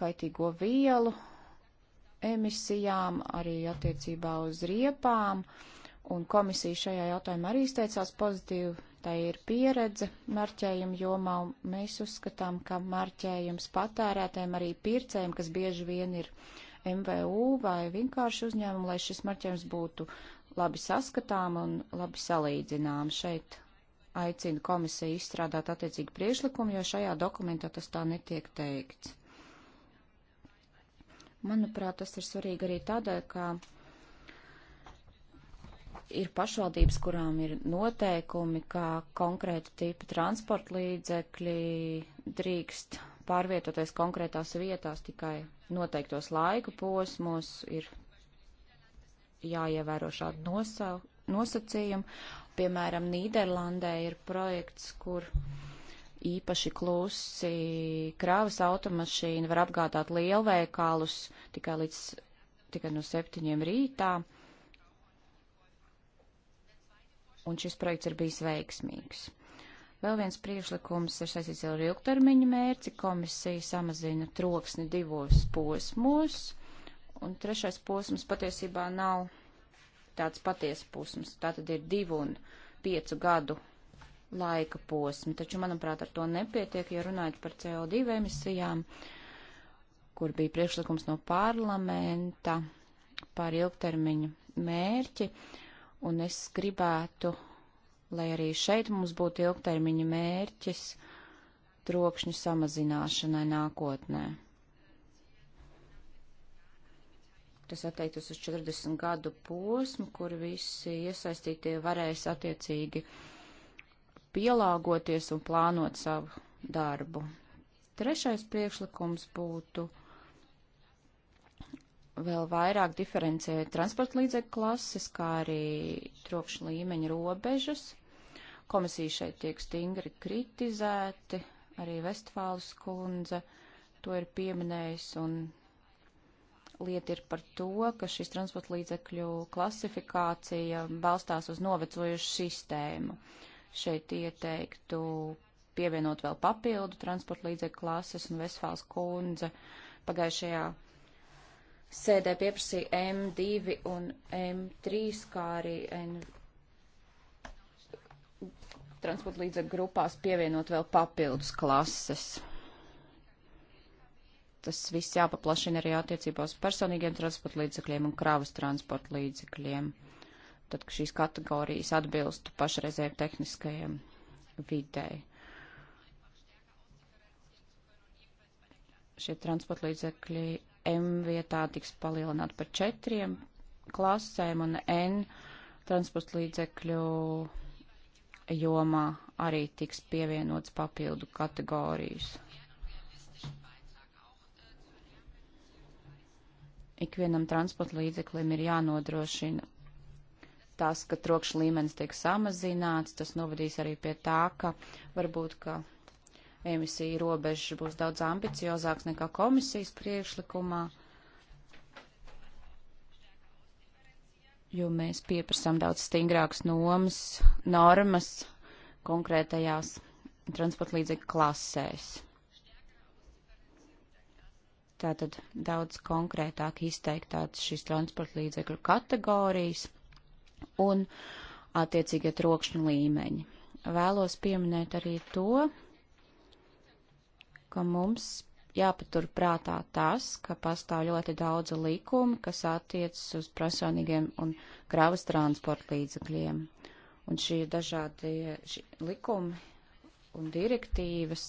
kaitīgo vielu emisijām, arī attiecībā uz riepām, un komisija šajā jautājumā arī izteicās pozitīvi Tā ir pieredze marķējuma jomā, un mēs uzskatām, ka marķējums patērētēm arī pircējiem, kas bieži vien ir MVU vai vienkārši uzņēmumi, lai šis marķējums būtu labi saskatām un labi salīdzinām. Šeit aicinu komisiju izstrādāt attiecīgu priešlikumu, jo šajā dokumentā tas tā netiek teikts. Manuprāt, tas ir svarīgi arī tādēļ, ka ir pašvaldības, kurām ir noteikumi, kā konkrēta tipa transporta līdzekļi drīkst pārvietoties konkrētās vietās tikai noteiktos laika posmos, ir jāievēro šādi nosa, nosacījumi. Piemēram, Nīderlandē ir projekts, kur īpaši klusi krāvas automašīna var apgādāt lielveikalus tikai līdz tikai no septiņiem rītā. Uh, un šis projekts ir bijis veiksmīgs. Vēl viens priekšlikums ir saistīts ar ilgtermiņu mērci. Komisija samazina troksni divos posmos, un trešais posms patiesībā nav tāds paties posms. Tātad ir divu un piecu gadu laika posmi, taču, manuprāt, ar to nepietiek, ja runājot par CO2 emisijām, kur bija priekšlikums no parlamenta par ilgtermiņu mērķi. Uh, un es gribētu, lai arī šeit mums būtu ilgtermiņa mērķis trokšņu samazināšanai nākotnē. Tas attiektos uz 40 gadu posmu, kur visi iesaistītie varēs attiecīgi pielāgoties un plānot savu darbu. Trešais priekšlikums būtu vēl vairāk diferencēt transporta līdzekļu klases, kā arī trokšņa līmeņa robežas. Komisija šeit tiek stingri kritizēti, arī Vestfāles kundze to ir pieminējis, un lieta ir par to, ka šīs transporta līdzekļu klasifikācija balstās uz novecojušu sistēmu. Šeit ieteiktu pievienot vēl papildu transporta līdzekļu klases, un Vestfāles kundze pagājušajā gadā sēdē pieprasīja M2 un M3, kā arī N... transporta līdzekļu grupās pievienot vēl papildus klases. Tas viss jāpaplašina arī attiecībās personīgiem transporta līdzekļiem un kravas transporta līdzekļiem, tad, ka šīs kategorijas atbilstu pašreizējiem tehniskajiem videi. Šie transporta līdzekļi M vietā tiks palielināt par četriem klasēm un N transporta līdzekļu jomā arī tiks pievienots papildu kategorijas. Ikvienam transporta līdzeklim ir jānodrošina tas, ka trokšlīmenis tiek samazināts, tas novadīs arī pie tā, ka varbūt, ka emisiju robežas būs daudz ambiciozāks nekā komisijas priekšlikumā, jo mēs pieprasām daudz stingrākas nomas, normas konkrētajās transportlīdzekļu klasēs. Tātad daudz konkrētāk izteiktāts šīs transportlīdzekļu kategorijas un attiecīgie trokšņu līmeņi. Vēlos pieminēt arī to, ka mums jāpatur prātā tas, ka pastāv ļoti daudz likumi, kas attiecas uz personīgiem un kravas transporta līdzekļiem. Un šie dažādi šie likumi un direktīvas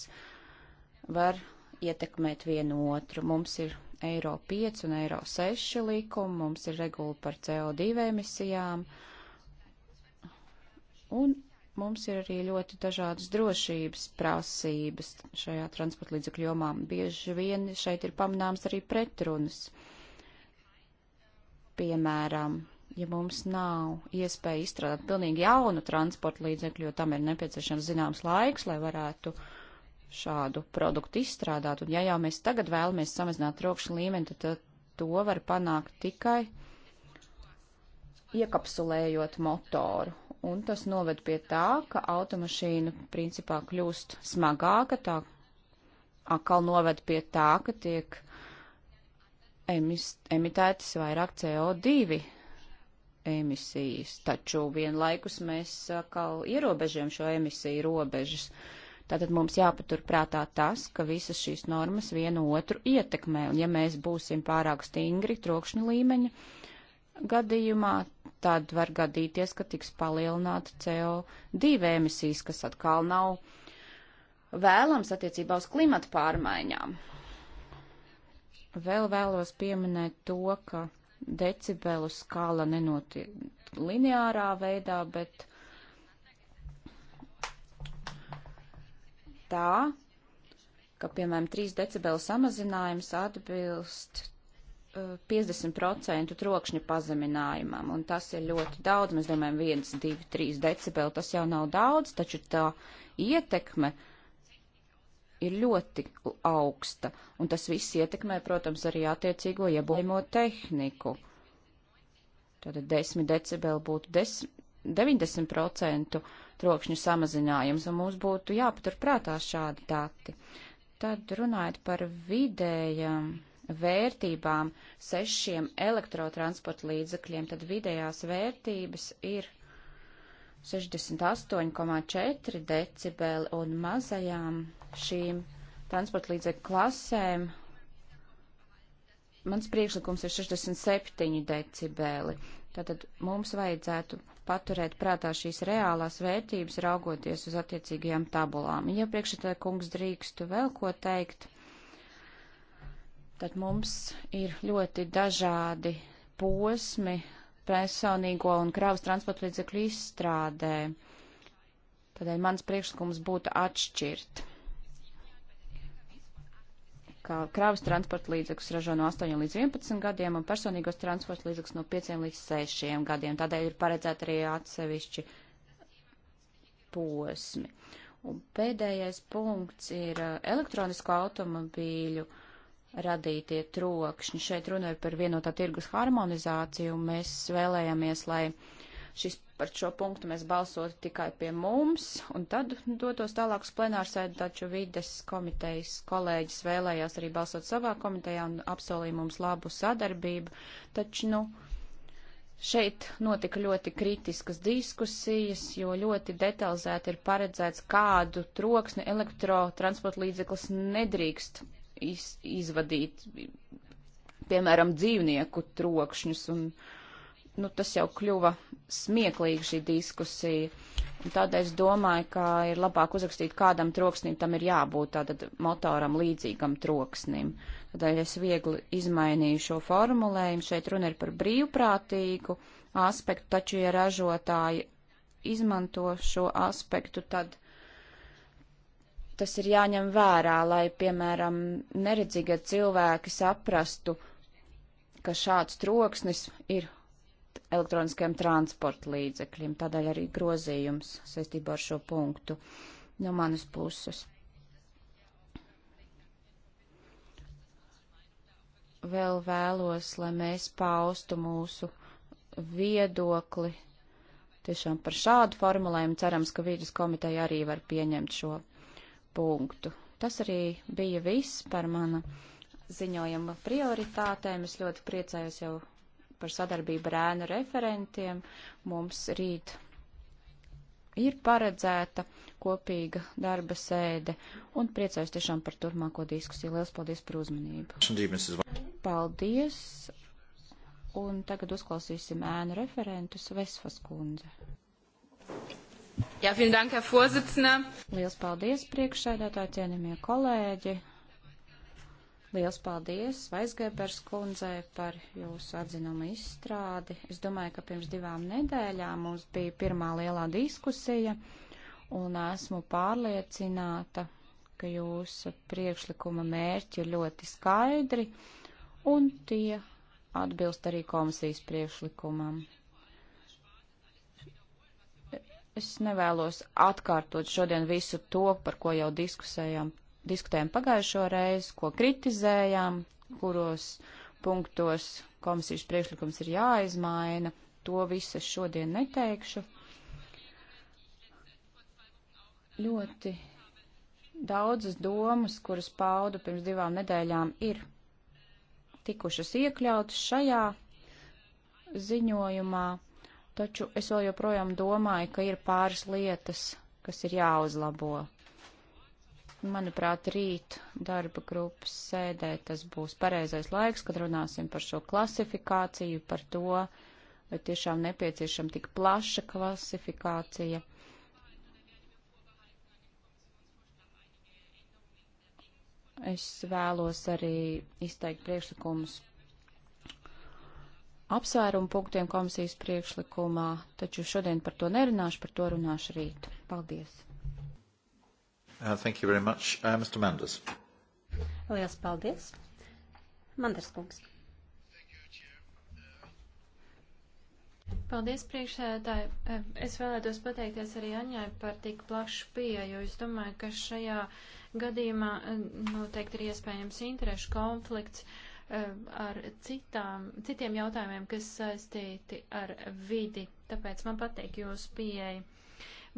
var ietekmēt vienu otru. Mums ir Eiro 5 un Eiro 6 likumi, mums ir regula par CO2 emisijām. Un mums ir arī ļoti dažādas drošības prasības šajā transporta līdzakļu jomā. Bieži vien šeit ir pamanāms arī pretrunas. Piemēram, ja mums nav iespēja izstrādāt pilnīgi jaunu transporta līdzekļu, jo tam ir nepieciešams zināms laiks, lai varētu šādu produktu izstrādāt, un ja jau mēs tagad vēlamies samazināt trokšņa līmeni, tad to var panākt tikai iekapsulējot motoru un tas noved pie tā, ka automašīna principā kļūst smagāka, tā atkal noved pie tā, ka tiek emis, emitētas vairāk CO2 emisijas, taču vienlaikus mēs atkal ierobežojam šo emisiju robežas. Tātad mums jāpaturprātā tas, ka visas šīs normas vienu otru ietekmē, un ja mēs būsim pārāk stingri trokšņa līmeņa, gadījumā tad var gadīties, ka tiks palielināta CO2 emisijas, kas atkal nav vēlams attiecībā uz klimata pārmaiņām. Vēl vēlos pieminēt to, ka decibelu skala nenotiek lineārā veidā, bet tā, ka, piemēram, 3 decibelu samazinājums atbilst 50% trokšņa pazeminājumam, un tas ir ļoti daudz. Mēs domājam, 1, 2, 3 decibeli tas jau nav daudz, taču tā ietekme ir ļoti augsta, un tas viss ietekmē, protams, arī attiecīgo iebūvēmo tehniku. Tātad 10 decibeli būtu 10, 90% trokšņu samazinājums, un mums būtu jāpaturprātā šādi dati. Tad runājot par vidējiem. Um, vērtībām sešiem elektrotransporta līdzakļiem, tad vidējās vērtības ir 68,4 decibeli un mazajām šīm transporta līdzekļu klasēm mans priekšlikums ir 67 decibeli. Tātad mums vajadzētu paturēt prātā šīs reālās vērtības, raugoties uz attiecīgajām tabulām. Ja priekšētāja kungs drīkstu vēl ko teikt, Tad mums ir ļoti dažādi posmi personīgo un kravas transporta līdzekļu izstrādē. Tādēļ mans priekšlikums būtu atšķirt kā kravas transporta līdzekļus ražo no 8 līdz 11 gadiem un personīgos transporta līdzekļus no 5 līdz 6 gadiem. Tādēļ ir paredzēti arī atsevišķi posmi. Un pēdējais punkts ir uh, elektronisko automobīļu uh, radītie trokšņi. Šeit runāju par vienotā tirgus harmonizāciju. Mēs vēlējāmies, lai šis par šo punktu mēs balsotu tikai pie mums, un tad dotos tālāk uz plenārsēdu, taču vides komitejas kolēģis vēlējās arī balsot savā komitejā un apsolīja mums labu sadarbību. Taču, nu, Šeit notika ļoti kritiskas diskusijas, jo ļoti detalizēti ir paredzēts, kādu troksni elektrotransporta līdzeklis nedrīkst iz, izvadīt, piemēram, dzīvnieku trokšņus. Un, nu, tas jau kļuva smieklīgi šī diskusija. Un tādēļ es domāju, ka ir labāk uzrakstīt, kādam troksnim tam ir jābūt, tātad motoram līdzīgam troksnim. Tādēļ es viegli izmainīju šo formulējumu. Šeit runa ir par brīvprātīgu aspektu, taču, ja ražotāji izmanto šo aspektu, tad tas ir jāņem vērā, lai, piemēram, neredzīgie cilvēki saprastu, ka šāds troksnis ir elektroniskajiem transporta līdzekļiem. Tādēļ arī grozījums saistībā ar šo punktu no manas puses. Vēl vēlos, lai mēs paustu mūsu viedokli tiešām par šādu formulējumu. Cerams, ka vīdes komiteja arī var pieņemt šo punktu. Tas arī bija viss par mana ziņojuma prioritātēm. Es ļoti priecājos jau par sadarbību ar ēnu referentiem. Mums rīt ir paredzēta kopīga darba sēde un priecājos tiešām par turpmāko diskusiju. Lielas paldies par uzmanību. Paldies. Un tagad uzklausīsim ēnu referentus Vesfas kundze. Jā, vielen dank, Herr Vorsitzender. Liels paldies, priekšsēdētāji, cienījamie kolēģi. Liels paldies Vaisgēbers kundzei par jūsu atzinumu izstrādi. Es domāju, ka pirms divām nedēļām mums bija pirmā lielā diskusija, un esmu pārliecināta, ka jūsu priekšlikuma mērķi ir ļoti skaidri, un tie atbilst arī komisijas priekšlikumam. Es nevēlos atkārtot šodien visu to, par ko jau diskusējām, diskutējām pagājušo reizi, ko kritizējām, kuros punktos komisijas priekšlikums ir jāizmaina. To visu es šodien neteikšu. Ļoti daudzas domas, kuras paudu pirms divām nedēļām, ir tikušas iekļautas šajā ziņojumā taču es vēl joprojām domāju, ka ir pāris lietas, kas ir jāuzlabo. Manuprāt, rīt darba grupas sēdē tas būs pareizais laiks, kad runāsim par šo klasifikāciju, par to, vai tiešām nepieciešama tik plaša klasifikācija. Es vēlos arī izteikt priekšlikumus apsvērumu punktiem komisijas priekšlikumā, taču šodien par to nerunāšu, par to runāšu rīt. Paldies. Uh, thank you very much. Uh, Mr. Manders. Lielas paldies. Manders kungs. Paldies, priekšsēdētāji. Uh, es vēlētos pateikties arī Aņai par tik plašu pieeju. Es domāju, ka šajā gadījumā uh, noteikti ir iespējams interešu konflikts. Uh, ar citām, citiem jautājumiem, kas saistīti ar vidi. Tāpēc man patīk jūsu pieeja.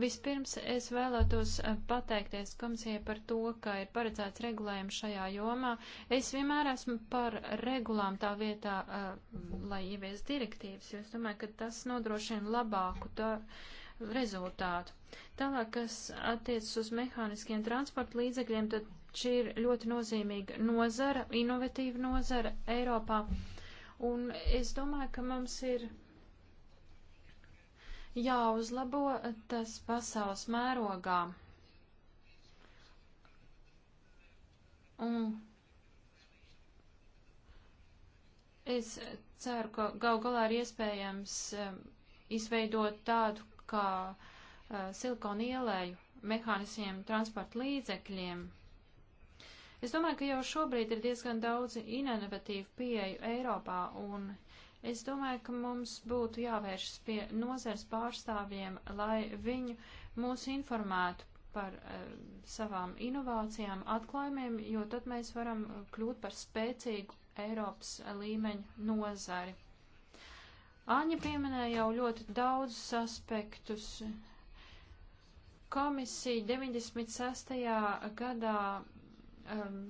Vispirms es vēlētos eh, pateikties komisijai par to, ka ir paredzēts regulējums šajā jomā. Es vienmēr esmu par regulām tā vietā, eh, lai ievies direktīvas, jo es domāju, ka tas nodrošina labāku tā rezultātu. Tālāk, kas attiecas uz mehāniskiem transporta līdzekļiem, tad Šī ir ļoti nozīmīga nozara, inovatīva nozara Eiropā. Un es domāju, ka mums ir jāuzlabo tas pasaules mērogā. Un es ceru, ka gal galā ir iespējams um, izveidot tādu kā uh, silikona ielēju mehānismiem transporta līdzekļiem. Es domāju, ka jau šobrīd ir diezgan daudz inovatīvu pieeju Eiropā, un es domāju, ka mums būtu jāvēršas pie nozars pārstāvjiem, lai viņu mūs informētu par uh, savām inovācijām, atklājumiem, jo tad mēs varam eh, kļūt par spēcīgu Eiropas līmeņa nozari. Āņa pieminēja jau ļoti daudzus aspektus. Komisija 96. gadā um,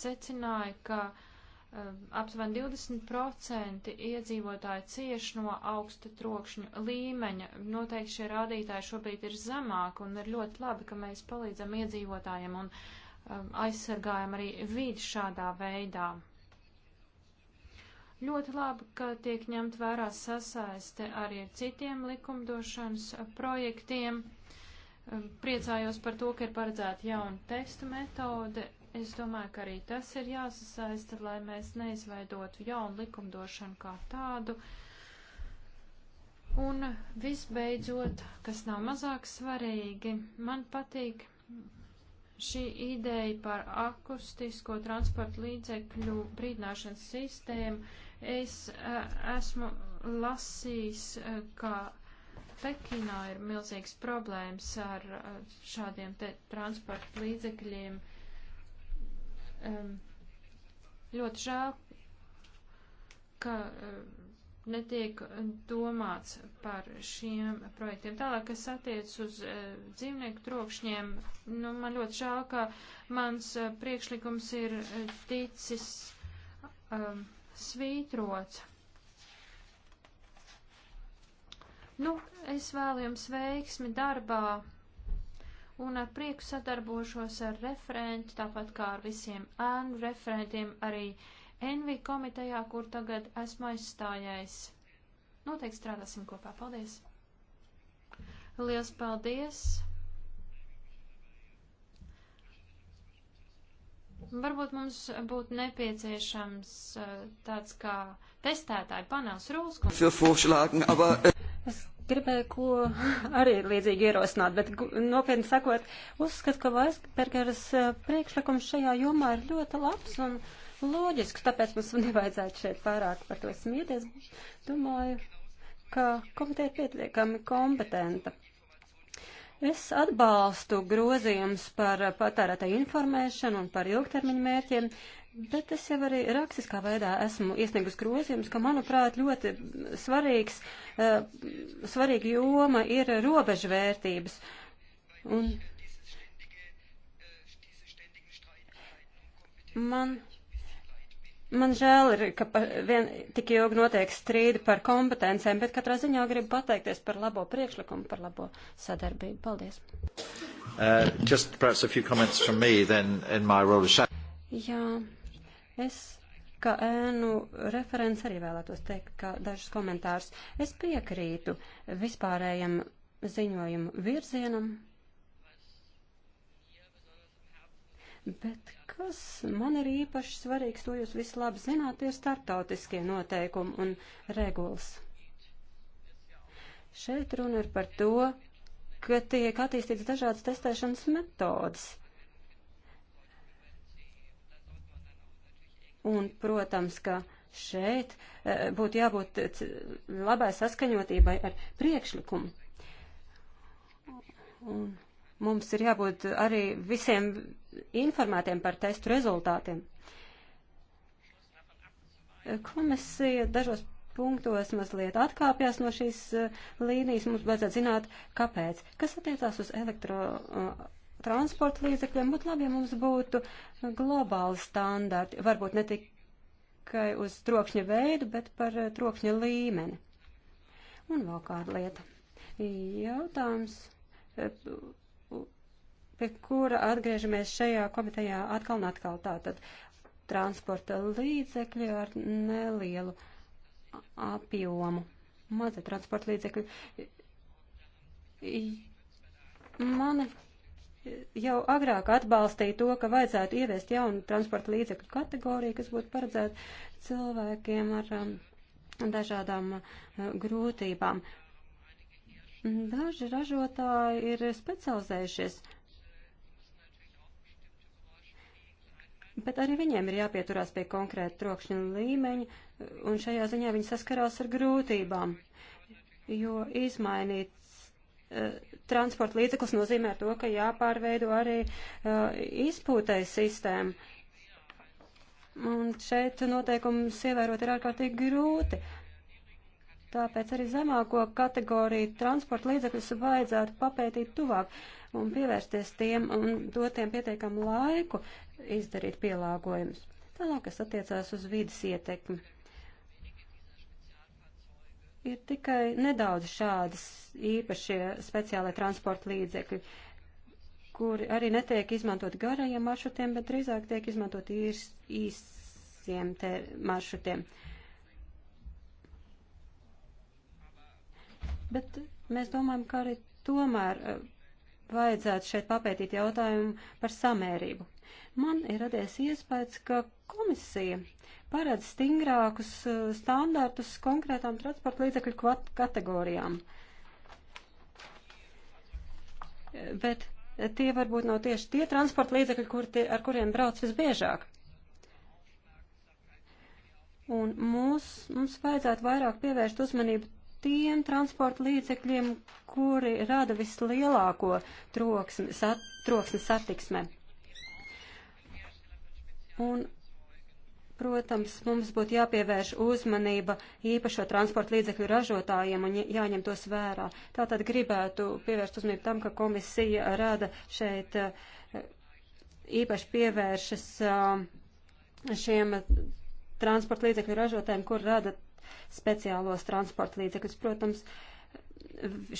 secināja, ka um, aptuveni 20% iedzīvotāji cieš no augsta trokšņa līmeņa. Noteikti šie rādītāji šobrīd ir zemāki un ir ļoti labi, ka mēs palīdzam iedzīvotājiem un um, aizsargājam arī vidi šādā veidā. Ļoti labi, ka tiek ņemt vērā sasaiste arī ar citiem likumdošanas projektiem. Um, priecājos par to, ka ir paredzēta jauna testu metode Es domāju, ka arī tas ir jāsasaista, lai mēs neizveidotu jaunu likumdošanu kā tādu. Un visbeidzot, kas nav mazāk svarīgi, man patīk šī ideja par akustisko transporta līdzekļu brīdināšanas sistēmu. Es e, esmu lasījis, e, ka Pekinā ir milzīgs problēmas ar e, šādiem transporta līdzekļiem. Uh, um, ļoti žēl, ka um, netiek domāts par šiem projektiem. Tālāk, kas attiec uz uh, dzīvnieku trokšņiem, nu, man ļoti žēl, ka mans uh, priekšlikums ir uh, ticis um, svītrots. Nu, es vēlu jums veiksmi darbā un ar prieku sadarbošos ar referentu, tāpat kā ar visiem ēnu referentiem arī Envi komitejā, kur tagad esmu aizstājējis. Noteikti strādāsim kopā. Paldies! Liels paldies! Varbūt mums būtu nepieciešams eh, tāds kā testētāju panels rūsku. Äh, es gribēju ko arī līdzīgi ierosināt, bet nopietni sakot, uzskatu, ka Vaisbergeras eh, priekšlikums šajā jomā ir ļoti labs un loģisks, tāpēc mums nevajadzētu šeit pārāk par to smieties. Domāju, ka komiteja ir pietiekami kompetenta. Es atbalstu grozījumus par patērētāju informēšanu un par ilgtermiņu mērķiem, Bet es jau arī rakstiskā veidā esmu iesniegus grozījumus, ka, manuprāt, ļoti svarīgs, eh, svarīga joma ir robežvērtības. Un man, man žēl ir, ka vien tik ilgi notiek strīdi par kompetencēm, bet katrā ziņā gribu pateikties par labo priekšlikumu, par labo sadarbību. Paldies. Uh, just perhaps a few comments from me then in my role as shadow. Yeah. Es kā ēnu referents arī vēlētos teikt, ka dažus komentārus es piekrītu vispārējam ziņojumu virzienam, bet kas man ir īpaši svarīgs, to jūs visi labi zināt, ir startautiskie noteikumi un regulas. Šeit runa ir par to, ka tiek attīstīts dažādas testēšanas metodas. Un, protams, ka šeit eh, būtu jābūt labai saskaņotībai ar priekšlikumu. Un mums ir jābūt arī visiem informētiem par testu rezultātiem. Komisija dažos punktos mazliet atkāpjas no šīs eh, līnijas. Mums vajadzētu zināt, kāpēc. Kas attiecās uz elektro eh, transporta līdzekļiem, būtu labi, ja mums būtu globāli standarti, varbūt ne tikai uz trokšņa veidu, bet par eh, trokšņa līmeni. Un vēl kāda lieta. Jautājums, eh, pie kura atgriežamies šajā komitejā atkal un atkal tātad transporta līdzekļi ar nelielu apjomu, mazie transporta līdzekļi. Mani jau agrāk atbalstīja to, ka vajadzētu ieviest jaunu transporta līdzekļu kategoriju, kas būtu paredzēta cilvēkiem ar um, dažādām uh, grūtībām. Daži ražotāji ir specializējušies, bet arī viņiem ir jāpieturās pie konkrēta trokšņa līmeņa, un šajā ziņā viņi saskarās ar grūtībām, jo izmainīt transporta līdzeklis nozīmē to, ka jāpārveido arī uh, izpūtēja sistēma. Un šeit noteikumus ievērot ir ārkārtīgi grūti. Tāpēc arī zemāko kategoriju transporta līdzekļus vajadzētu papētīt tuvāk un pievērsties tiem un dot tiem pietiekamu laiku izdarīt pielāgojumus. Tālāk, kas attiecās uz vidas ietekmi ir tikai nedaudz šādas īpašie speciālai transporta līdzekļi, kuri arī netiek izmantot garajiem maršrutiem, bet drīzāk tiek izmantot īs, īsiem maršrutiem. Bet mēs domājam, ka arī tomēr eh, vajadzētu šeit papētīt jautājumu par samērību. Man ir radies iespējas, ka komisija paredz stingrākus eh, standartus konkrētām transporta līdzekļu kategorijām. Bet tie varbūt nav tieši tie transporta līdzekļi, kur tie, ar kuriem brauc visbiežāk. Un mūs, mums vajadzētu vairāk pievērst uzmanību tiem transporta līdzekļiem, kuri rada vislielāko troksni, sat, troksni satiksme. Un Protams, mums būtu jāpievērš uzmanība īpašo transporta līdzekļu ražotājiem un jāņem tos vērā. Tātad gribētu pievērst uzmanību tam, ka komisija rada šeit eh, īpaši pievēršas eh, šiem transporta līdzekļu ražotājiem, kur rada speciālos transporta līdzekļus. Protams,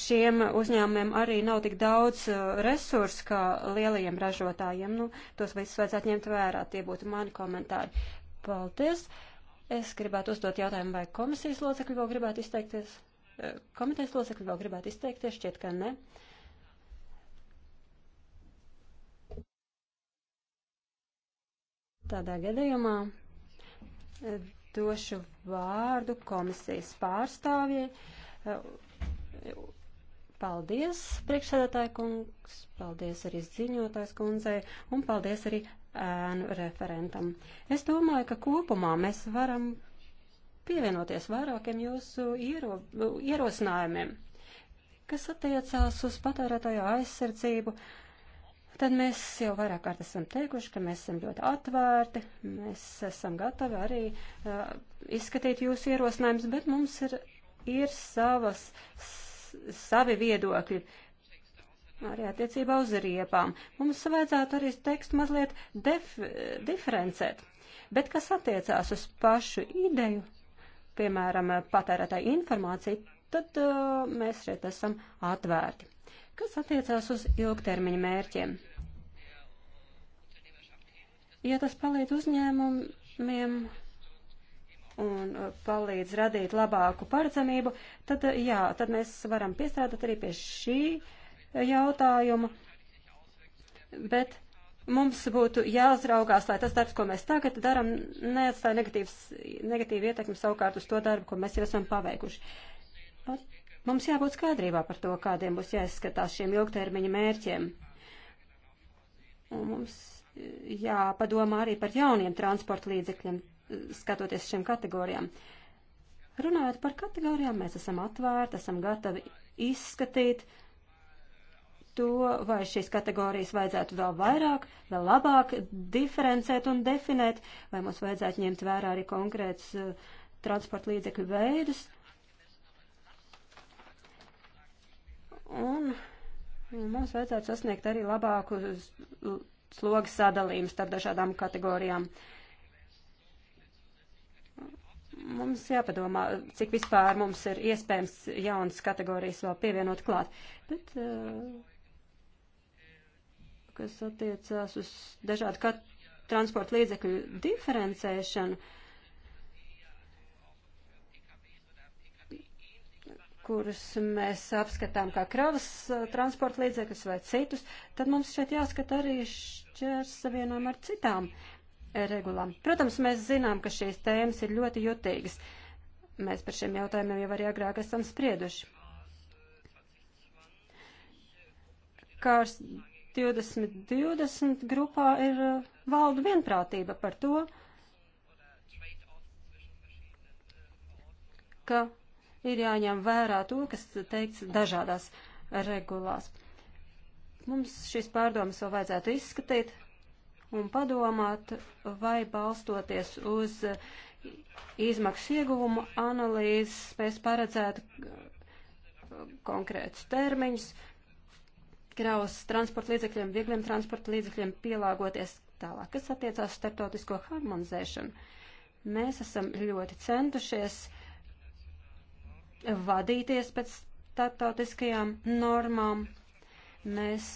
šiem uzņēmumiem arī nav tik daudz eh, resursu kā lielajiem ražotājiem. Nu, tos visus vajadzētu ņemt vērā. Tie būtu mani komentāri. Paldies! Es gribētu uzdot jautājumu, vai komisijas locekļi vēl gribētu izteikties? Eh, komitejas locekļi vēl gribētu izteikties? Šķiet, ka ne. Tādā gadījumā eh, došu vārdu komisijas pārstāvjai. Eh, paldies, priekšsēdētāja kungs, paldies arī ziņotājs kundzei un paldies arī ēnu referentam. Es domāju, ka kopumā mēs varam pievienoties vairākiem jūsu iero, ierosinājumiem, kas attiecās uz patērētāju aizsardzību. Tad mēs jau vairāk kārt esam teikuši, ka mēs esam ļoti atvērti, mēs esam gatavi arī uh, izskatīt jūsu ierosinājumus, bet mums ir, ir savas, savi viedokļi. Uh, arī attiecībā uz riepām. Mums vajadzētu arī tekstu mazliet def, diferencēt. Bet kas attiecās uz pašu ideju, piemēram, patērētāju informāciju, tad uh, mēs šeit esam atvērti. Kas attiecās uz ilgtermiņa mērķiem? Ja tas palīdz uzņēmumiem un uh, palīdz radīt labāku paredzamību, tad uh, jā, tad mēs varam piestrādāt arī pie šī uh, jautājumu, bet mums būtu jāuzraugās, lai tas darbs, ko mēs tagad darām, neatstāja negatīvu ietekmi savukārt uz to darbu, ko mēs jau esam paveikuši. Mums jābūt skaidrībā par to, kādiem būs jāizskatās šiem ilgtermiņa mērķiem. Un mums jāpadomā arī par jauniem transporta līdzekļiem, skatoties šiem kategorijām. Runājot par kategorijām, mēs esam atvērti, esam gatavi izskatīt uh, to, vai šīs kategorijas vajadzētu vēl vairāk, vēl labāk diferencēt un definēt, vai mums vajadzētu ņemt vērā arī konkrēts uh, transporta līdzekļu veidus. Un mums vajadzētu sasniegt arī labāku slogu sadalījumu starp dažādām kategorijām. Mums jāpadomā, cik vispār mums ir iespējams jaunas kategorijas vēl pievienot klāt. Bet, uh, kas attiecās uz dažādu transporta līdzekļu diferencēšanu, kurus mēs apskatām kā kravas eh, transporta līdzekļus vai citus, tad mums šeit jāskata arī šķērs savienojumu ar citām regulām. Protams, mēs zinām, ka šīs tēmas ir ļoti jutīgas. Mēs par šiem jautājumiem jau arī agrāk esam sprieduši. Kārs 2020 grupā ir eh, valda vienprātība par to, ka ir jāņem vērā to, kas teikts dažādās regulās. Mums šīs pārdomas vēl vajadzētu izskatīt un padomāt, vai balstoties uz eh, izmaksu ieguvumu analīzes spēs paredzēt eh, konkrētus termiņus kravas transporta līdzekļiem, viegliem transporta līdzekļiem pielāgoties tālāk, kas attiecās starptautisko harmonizēšanu. Mēs esam ļoti centušies vadīties pēc starptautiskajām normām. Mēs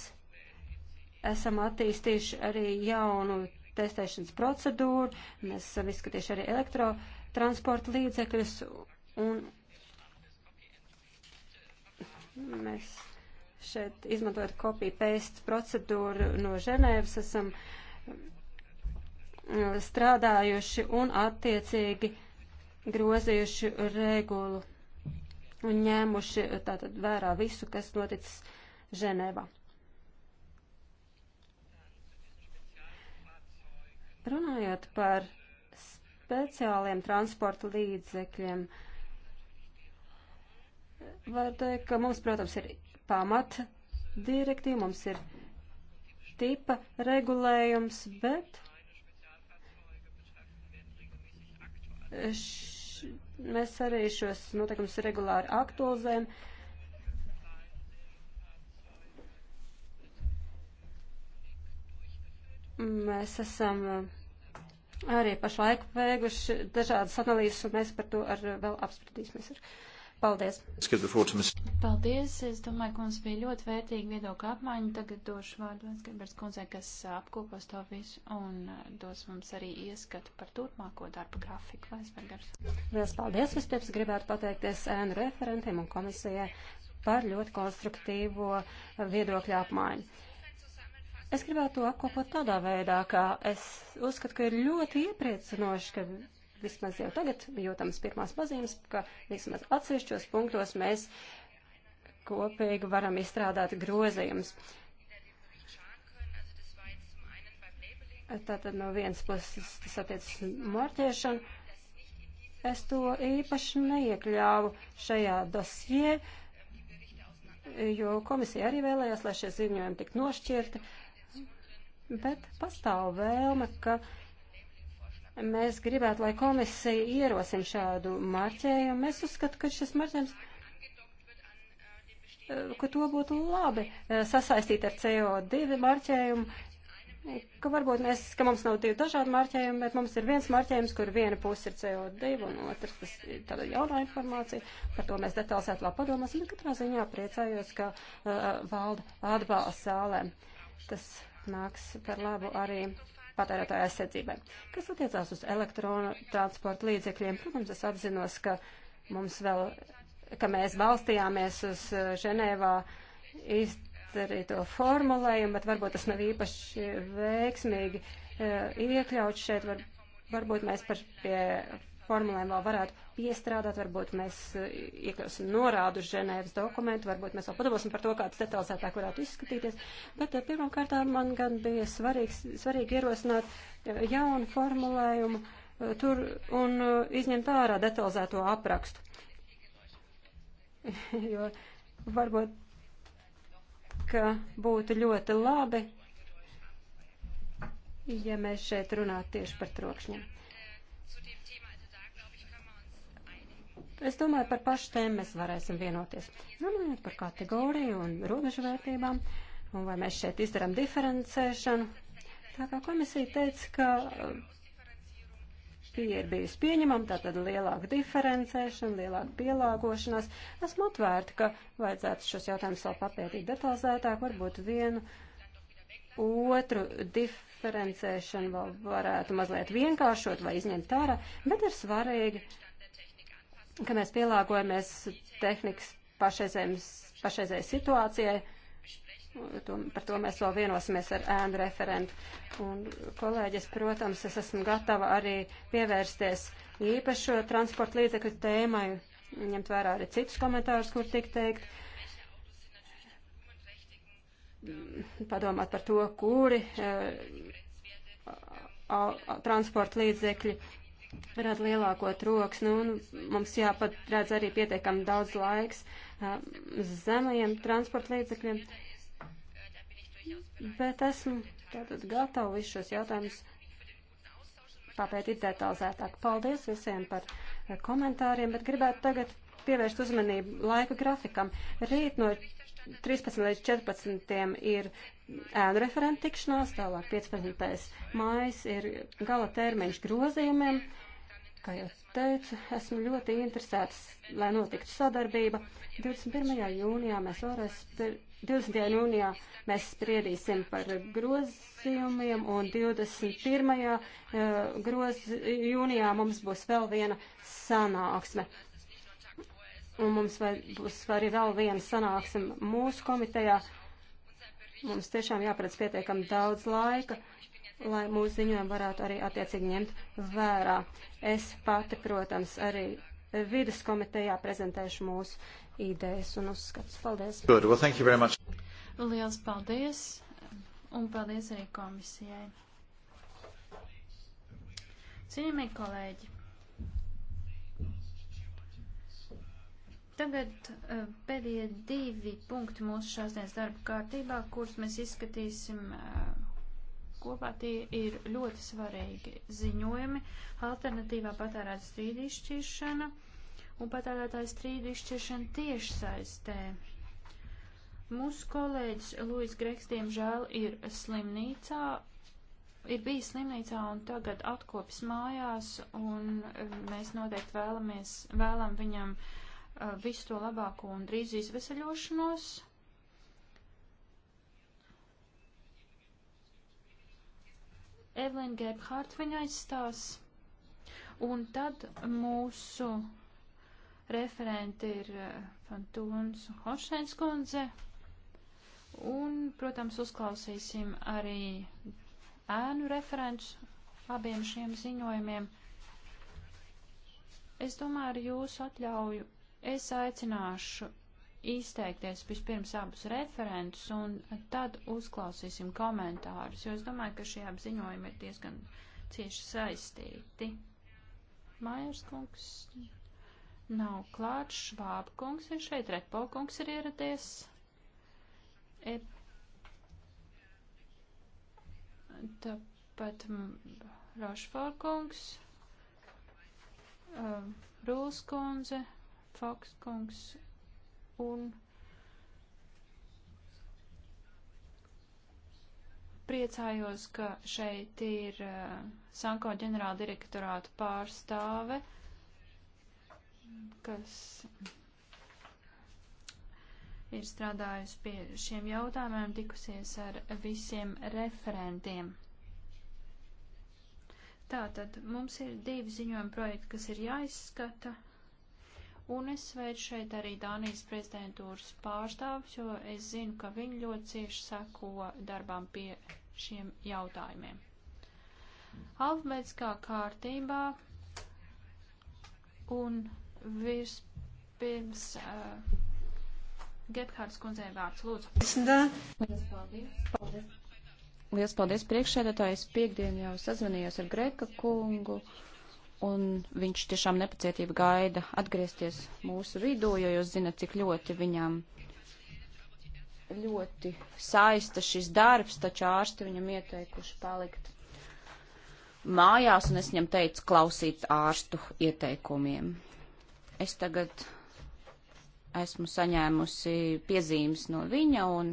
esam attīstījuši arī jaunu testēšanas procedūru, mēs esam izskatījuši arī elektrotransporta līdzekļus un mēs šeit izmantojot copy-paste procedūru no Ženēvas, esam uh, strādājuši un attiecīgi grozījuši regulu un ņēmuši uh, tātad vērā visu, kas noticis Ženēvā. Runājot par speciāliem transporta līdzekļiem, var teikt, ka mums, protams, ir pamat direktīva, mums ir tipa regulējums, bet š, mēs arī šos noteikumus regulāri aktualizējam. Mēs esam uh, arī pašlaik veikuši dažādas analīzes, un mēs par to ar vēl apspritīsimies. Ar. Paldies! Paldies! Es domāju, ka mums bija ļoti vērtīga viedokļa apmaiņa. Tagad došu vārdu Vācgarbers kundzei, kas uh, apkopos to visu un uh, dos mums arī ieskatu par turpmāko darba grafiku. Vaisbergers. Lielas paldies! Vispirms gribētu pateikties ēnu referentiem un komisijai par ļoti konstruktīvo viedokļu apmaiņu. Es gribētu to apkopot tādā veidā, ka es uzskatu, ka ir ļoti iepriecinoši, ka vismaz jau tagad jūtams pirmās pazīmes, ka vismaz atsevišķos punktos mēs kopīgi varam izstrādāt grozījumus. Tātad no vienas puses tas attiecas marķēšanu. Es to īpaši neiekļāvu šajā dosjē, jo komisija arī vēlējās, lai šie ziņojumi tik nošķirti, bet pastāv vēlme, ka uh, Mēs gribētu, lai komisija ierosina šādu marķējumu. Mēs uzskatām, ka šis marķējums, eh, ka to būtu labi eh, sasaistīt ar CO2 marķējumu, ka varbūt mēs, ka mums nav divi dažādi marķējumi, bet mums ir viens marķējums, kur viena puse ir CO2 un otrs, tas ir tāda jaunā informācija, par to mēs detalizēt vēl padomāsim, bet katrā ziņā priecājos, ka uh, valda atbalsts zālēm. Tas nāks par labu arī patērētāja aizsardzībai. Kas attiecās uz elektronu transporta līdzekļiem, protams, es apzinos, ka mums vēl, ka mēs balstījāmies uz eh, Ženēvā izdarīto formulējumu, bet varbūt tas nav īpaši veiksmīgi eh, iekļauts šeit. Var, varbūt mēs par pie formulēm vēl varētu piestrādāt, varbūt mēs eh, iekļausim norādu Ženēvas dokumentu, varbūt mēs vēl padosim par to, kā tas detalizētāk varētu izskatīties. Bet eh, pirmkārt man gan bija svarīgs, svarīgi ierosināt eh, jaunu formulējumu tur un izņemt ārā detalizēto aprakstu. jo varbūt, ka būtu ļoti labi, ja mēs šeit runātu tieši par trokšņiem. Es domāju, par pašu tēmu mēs varēsim vienoties. Runājot par kategoriju un robežvērtībām, un vai mēs šeit izdarām diferencēšanu, tā kā komisija teica, ka pieeja uh, ir bijusi pieņemama, tātad lielāka diferencēšana, lielāka pielāgošanās. Esmu atvērta, ka vajadzētu šos jautājumus vēl papētīt detalizētāk, varbūt vienu otru diferencēšanu vēl varētu mazliet vienkāršot vai izņemt ārā, bet ir svarīgi ka mēs pielāgojamies tehnikas pašreizējai situācijai. To, par to mēs vēl vienosimies ar ēnu referentu. Un, kolēģis, protams, es esmu gatava arī pievērsties īpašo transporta līdzekļu tēmai, ņemt vērā arī citus komentārus, kur tik teikt. Padomāt par to, kuri uh, transporta līdzekļi rada lielāko troksni, nu, un mums jāpat redz arī pietiekami daudz laiks zemajiem transporta līdzekļiem. Bet esmu tātad gatava visus šos jautājumus papētīt detalizētāk. Paldies visiem par komentāriem, bet gribētu tagad pievērst uzmanību laika grafikam. Rīt no 13 līdz 14 ir ēnu referenta tikšanās, tālāk 15. mājas ir gala termiņš grozījumiem. Kā jau teicu, esmu ļoti interesēts, lai notiktu sadarbība. 21. jūnijā mēs vēlreiz, 20. jūnijā mēs spriedīsim par grozījumiem un 21. Eh, groz, jūnijā mums būs vēl viena sanāksme. Un mums vai, būs arī vēl viena sanāksme mūsu komitejā. Mums tiešām jāparedz pietiekam daudz laika lai mūsu ziņojumu varētu arī attiecīgi ņemt vērā. Es pati, protams, arī vidas komitejā prezentēšu mūsu idejas un uzskatus. Paldies! Good. Well, thank you very much. Liels paldies! Un paldies arī komisijai. Cienījamie kolēģi! Tagad uh, pēdējie divi punkti mūsu šās dienas darba kārtībā, kurus mēs izskatīsim uh, kopā tie ir ļoti svarīgi ziņojumi. Alternatīvā patērēta strīdu izšķiršana un patērētāja strīdu izšķiršana tiešsaistē. Mūsu kolēģis Luis Greks, diemžēl, ir slimnīcā, ir bijis slimnīcā un tagad atkopjas mājās, un um, mēs noteikti vēlamies, vēlam viņam uh, visu to labāko un drīz izveseļošanos. Evelīna Gebhārt viņu aizstās. Un tad mūsu referenti ir Fantūns eh, Hošēns kundze. Un, protams, uzklausīsim arī ēnu referents abiem šiem ziņojumiem. Es domāju, ar jūsu atļauju es aicināšu izteikties vispirms abus referentus un tad uzklausīsim komentārus, jo es domāju, ka šie apziņojumi ir diezgan cieši saistīti. Mājers kungs nav klāts, Švāba kungs ir šeit, Repo kungs ir ieradies. E, tāpat Rošfor kungs, e, Rūls kundze, Foks kungs un priecājos, ka šeit ir uh, Sanko ģenerāla direktorāta pārstāve, kas ir strādājusi pie šiem jautājumiem, tikusies ar visiem referentiem. Tātad mums ir divi ziņojuma projekti, kas ir jāizskata. Un es sveicu šeit arī Dānijas prezidentūras pārstāvus, jo es zinu, ka viņi ļoti cieši seko darbām pie šiem jautājumiem. Alfabētiskā kārtībā un vispirms uh, Gebhārds kundzei vārds lūdzu. Paldies, paldies. Lielas paldies priekšsēdētājs. Piekdien jau sazvanījos ar Greka kungu. Uh, un viņš tiešām nepacietību gaida atgriezties mūsu vidū, jo jūs zinat, cik ļoti viņam ļoti saista šis darbs, taču ārsti viņam ieteikuši palikt mājās, un es viņam teicu klausīt ārstu ieteikumiem. Es tagad esmu saņēmusi piezīmes no viņa un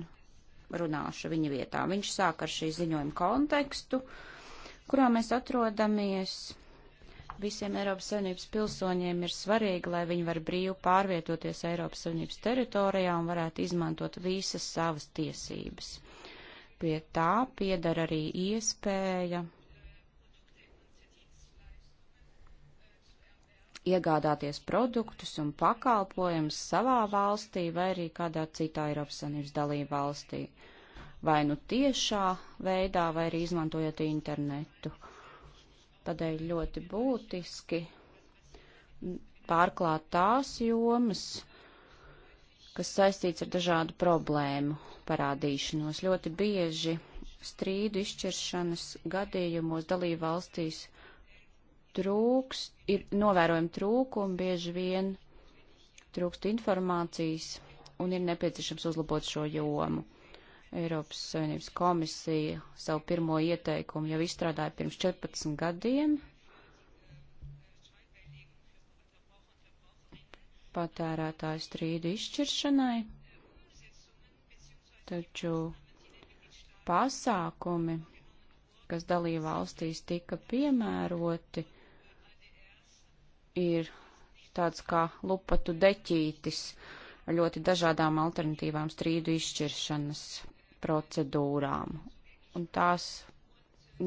runāšu viņa vietā. Viņš sāk ar šī ziņojuma kontekstu, kurā mēs atrodamies visiem Eiropas Savienības pilsoņiem ir svarīgi, lai viņi var brīvi pārvietoties Eiropas Savienības teritorijā un varētu izmantot visas savas tiesības. Pie tā piedara arī iespēja iegādāties produktus un pakalpojumus savā valstī vai arī kādā citā Eiropas Savienības dalību valstī, vai nu tiešā veidā, vai arī izmantojot internetu Tādēļ ļoti būtiski pārklāt tās jomas, kas saistīts ar dažādu problēmu parādīšanos. Ļoti bieži strīdu izšķiršanas gadījumos dalībvalstīs trūks, ir novērojami trūkumi, bieži vien trūkst informācijas un ir nepieciešams uzlabot šo jomu. Eiropas Savienības komisija savu pirmo ieteikumu jau izstrādāja pirms 14 gadiem. patērētāju strīdu izšķiršanai, taču pasākumi, kas dalībvalstīs tika piemēroti, ir tāds kā lupatu deķītis ļoti dažādām alternatīvām strīdu izšķiršanas procedūrām, un tās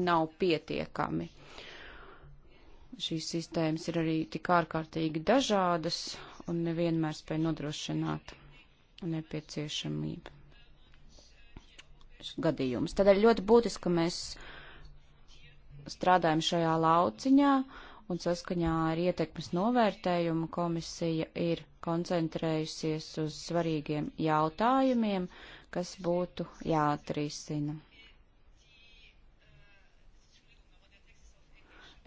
nav pietiekami. Šīs sistēmas ir arī tik ārkārtīgi dažādas un nevienmēr spēj nodrošināt nepieciešamību gadījumus. Tādēļ ļoti būtiski, ka mēs strādājam šajā lauciņā un saskaņā ar ietekmes novērtējumu komisija ir koncentrējusies uz svarīgiem jautājumiem, kas būtu jāatrisina.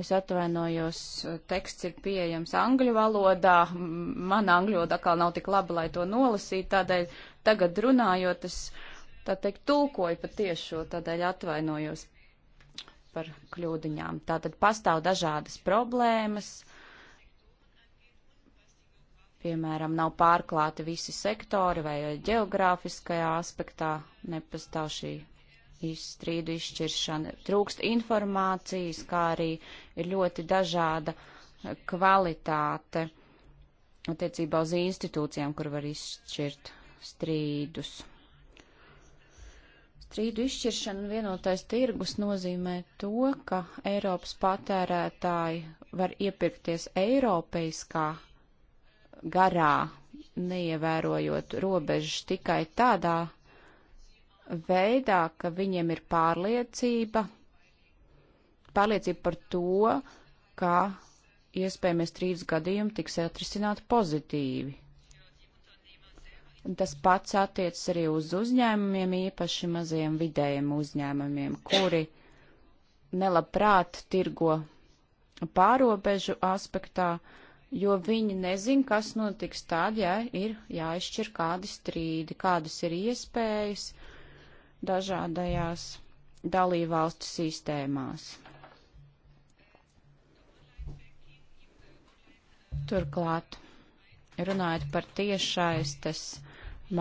Es atvainojos, teksts ir pieejams angļu valodā, man angļu valoda atkal nav tik laba, lai to nolasītu, tādēļ tagad runājot, es tā teikt tulkoju patiešo, tādēļ atvainojos par kļūdiņām. Tātad pastāv dažādas problēmas, uh, piemēram, nav pārklāti visi sektori vai geogrāfiskajā aspektā nepastāv šī strīdu izšķiršana, trūkst informācijas, kā arī ir ļoti dažāda kvalitāte attiecībā uz institūcijām, kur var izšķirt strīdus. Strīdu izšķiršana vienotais tirgus nozīmē to, ka Eiropas patērētāji var iepirkties eiropeiskā garā, neievērojot robežas tikai tādā veidā, ka viņiem ir pārliecība, pārliecība par to, ka iespējamies trīs gadījumi tiks atrisināti pozitīvi. Un tas pats attiecas arī uz uzņēmumiem, īpaši maziem vidējiem uzņēmumiem, kuri nelabprāt tirgo pārobežu aspektā, uh, jo viņi nezin, kas notiks tad, ja ir jāizšķir kādi strīdi, kādas ir iespējas dažādajās dalībvalstu sistēmās. Turklāt, runājot par tiešaistes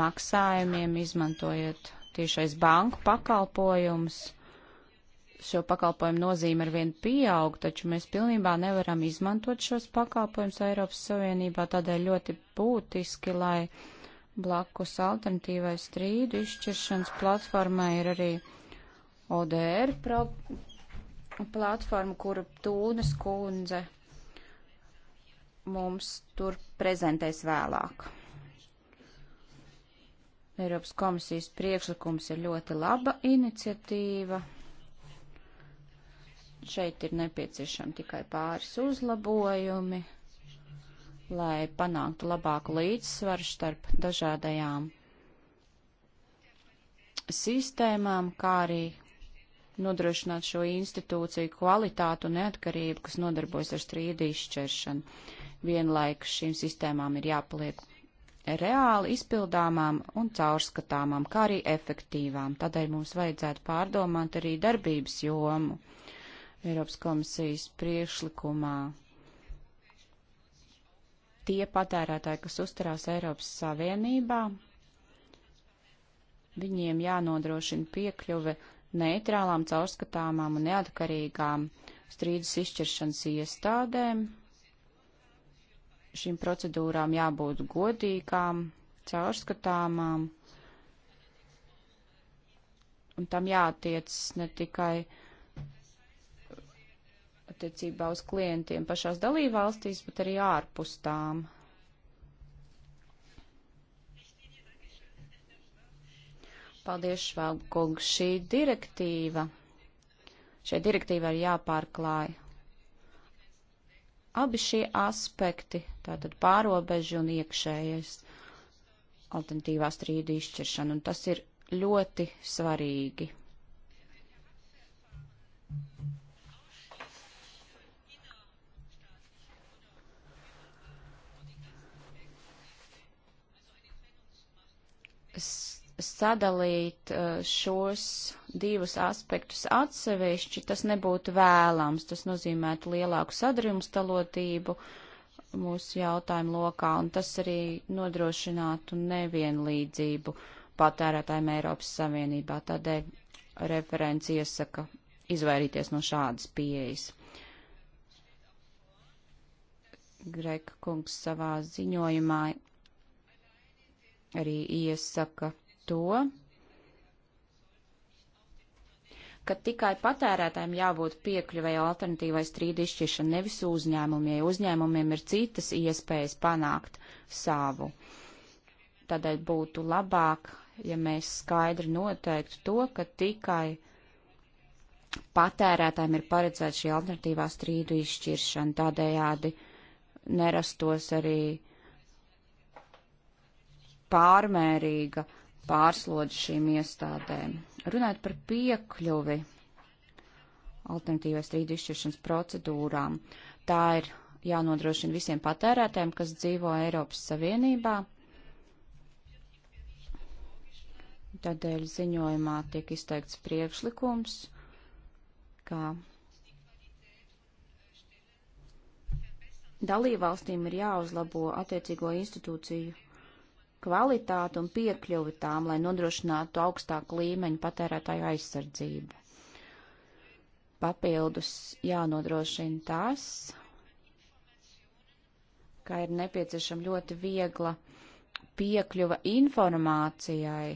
maksājumiem, izmantojot tiešais banku pakalpojumus, šo pakalpojumu nozīme ar vien pieaug, taču mēs pilnībā nevaram izmantot šos pakalpojumus Eiropas Savienībā, tādēļ ļoti būtiski, lai blakus alternatīvai strīdu izšķiršanas platformai ir arī ODR platforma, kuru Tūnas kundze mums tur prezentēs vēlāk. Eiropas komisijas priekšlikums ir ļoti laba iniciatīva. Šeit ir nepieciešami tikai pāris uzlabojumi, lai panāktu labāku līdzsvaru starp dažādajām sistēmām, kā arī nodrošināt šo institūciju kvalitātu un neatkarību, kas nodarbojas ar strīdu izšķiršanu. Vienlaikus šīm sistēmām ir jāpaliek reāli izpildāmām un caurskatāmām, kā arī efektīvām. Tādēļ mums vajadzētu pārdomāt arī darbības jomu. Eiropas komisijas priekšlikumā. Tie patērētāji, kas uzturās Eiropas Savienībā, viņiem jānodrošina piekļuve neitrālām, caurskatāmām un neatkarīgām strīdus izšķiršanas iestādēm. Šīm procedūrām jābūt godīgām, caurskatāmām, un tam jātiec ne tikai uh, attiecībā uz klientiem pašās dalībvalstīs, bet arī ārpus tām. Paldies, Švalkungs. Šī direktīva, šai direktīvai ir jāpārklāj abi šie aspekti, tātad pārobežu un iekšējais alternatīvā strīdu izšķiršana, un tas ir ļoti svarīgi. sadalīt uh, šos divus aspektus atsevišķi, tas nebūtu vēlams. Tas nozīmētu lielāku sadrimstalotību mūsu jautājumu lokā, un tas arī nodrošinātu nevienlīdzību patērētājiem Eiropas Savienībā. Tādēļ referents iesaka izvairīties no šādas pieejas. Greka kungs savā ziņojumā arī iesaka to, ka tikai patērētājiem jābūt piekļuvēja alternatīvai strīdu izšķiršana, nevis uzņēmumiem. Uzņēmumiem ir citas iespējas panākt savu. Tādēļ būtu labāk, ja mēs skaidri noteiktu to, ka tikai patērētājiem ir paredzēta šī alternatīvā strīdu izšķiršana. Tādējādi nerastos arī uh, pārmērīga pārslodze šīm iestādēm. Runājot par piekļuvi alternatīvai strīdu izšķiršanas procedūrām, tā ir jānodrošina visiem patērētājiem, kas dzīvo Eiropas Savienībā. Tādēļ ziņojumā tiek izteikts priekšlikums, ka dalībvalstīm ir jāuzlabo attiecīgo institūciju kvalitāti un piekļuvi tām, lai nodrošinātu augstāku līmeņu patērētāju aizsardzību. Papildus jānodrošina tas, ka ir nepieciešama ļoti viegla piekļuva informācijai,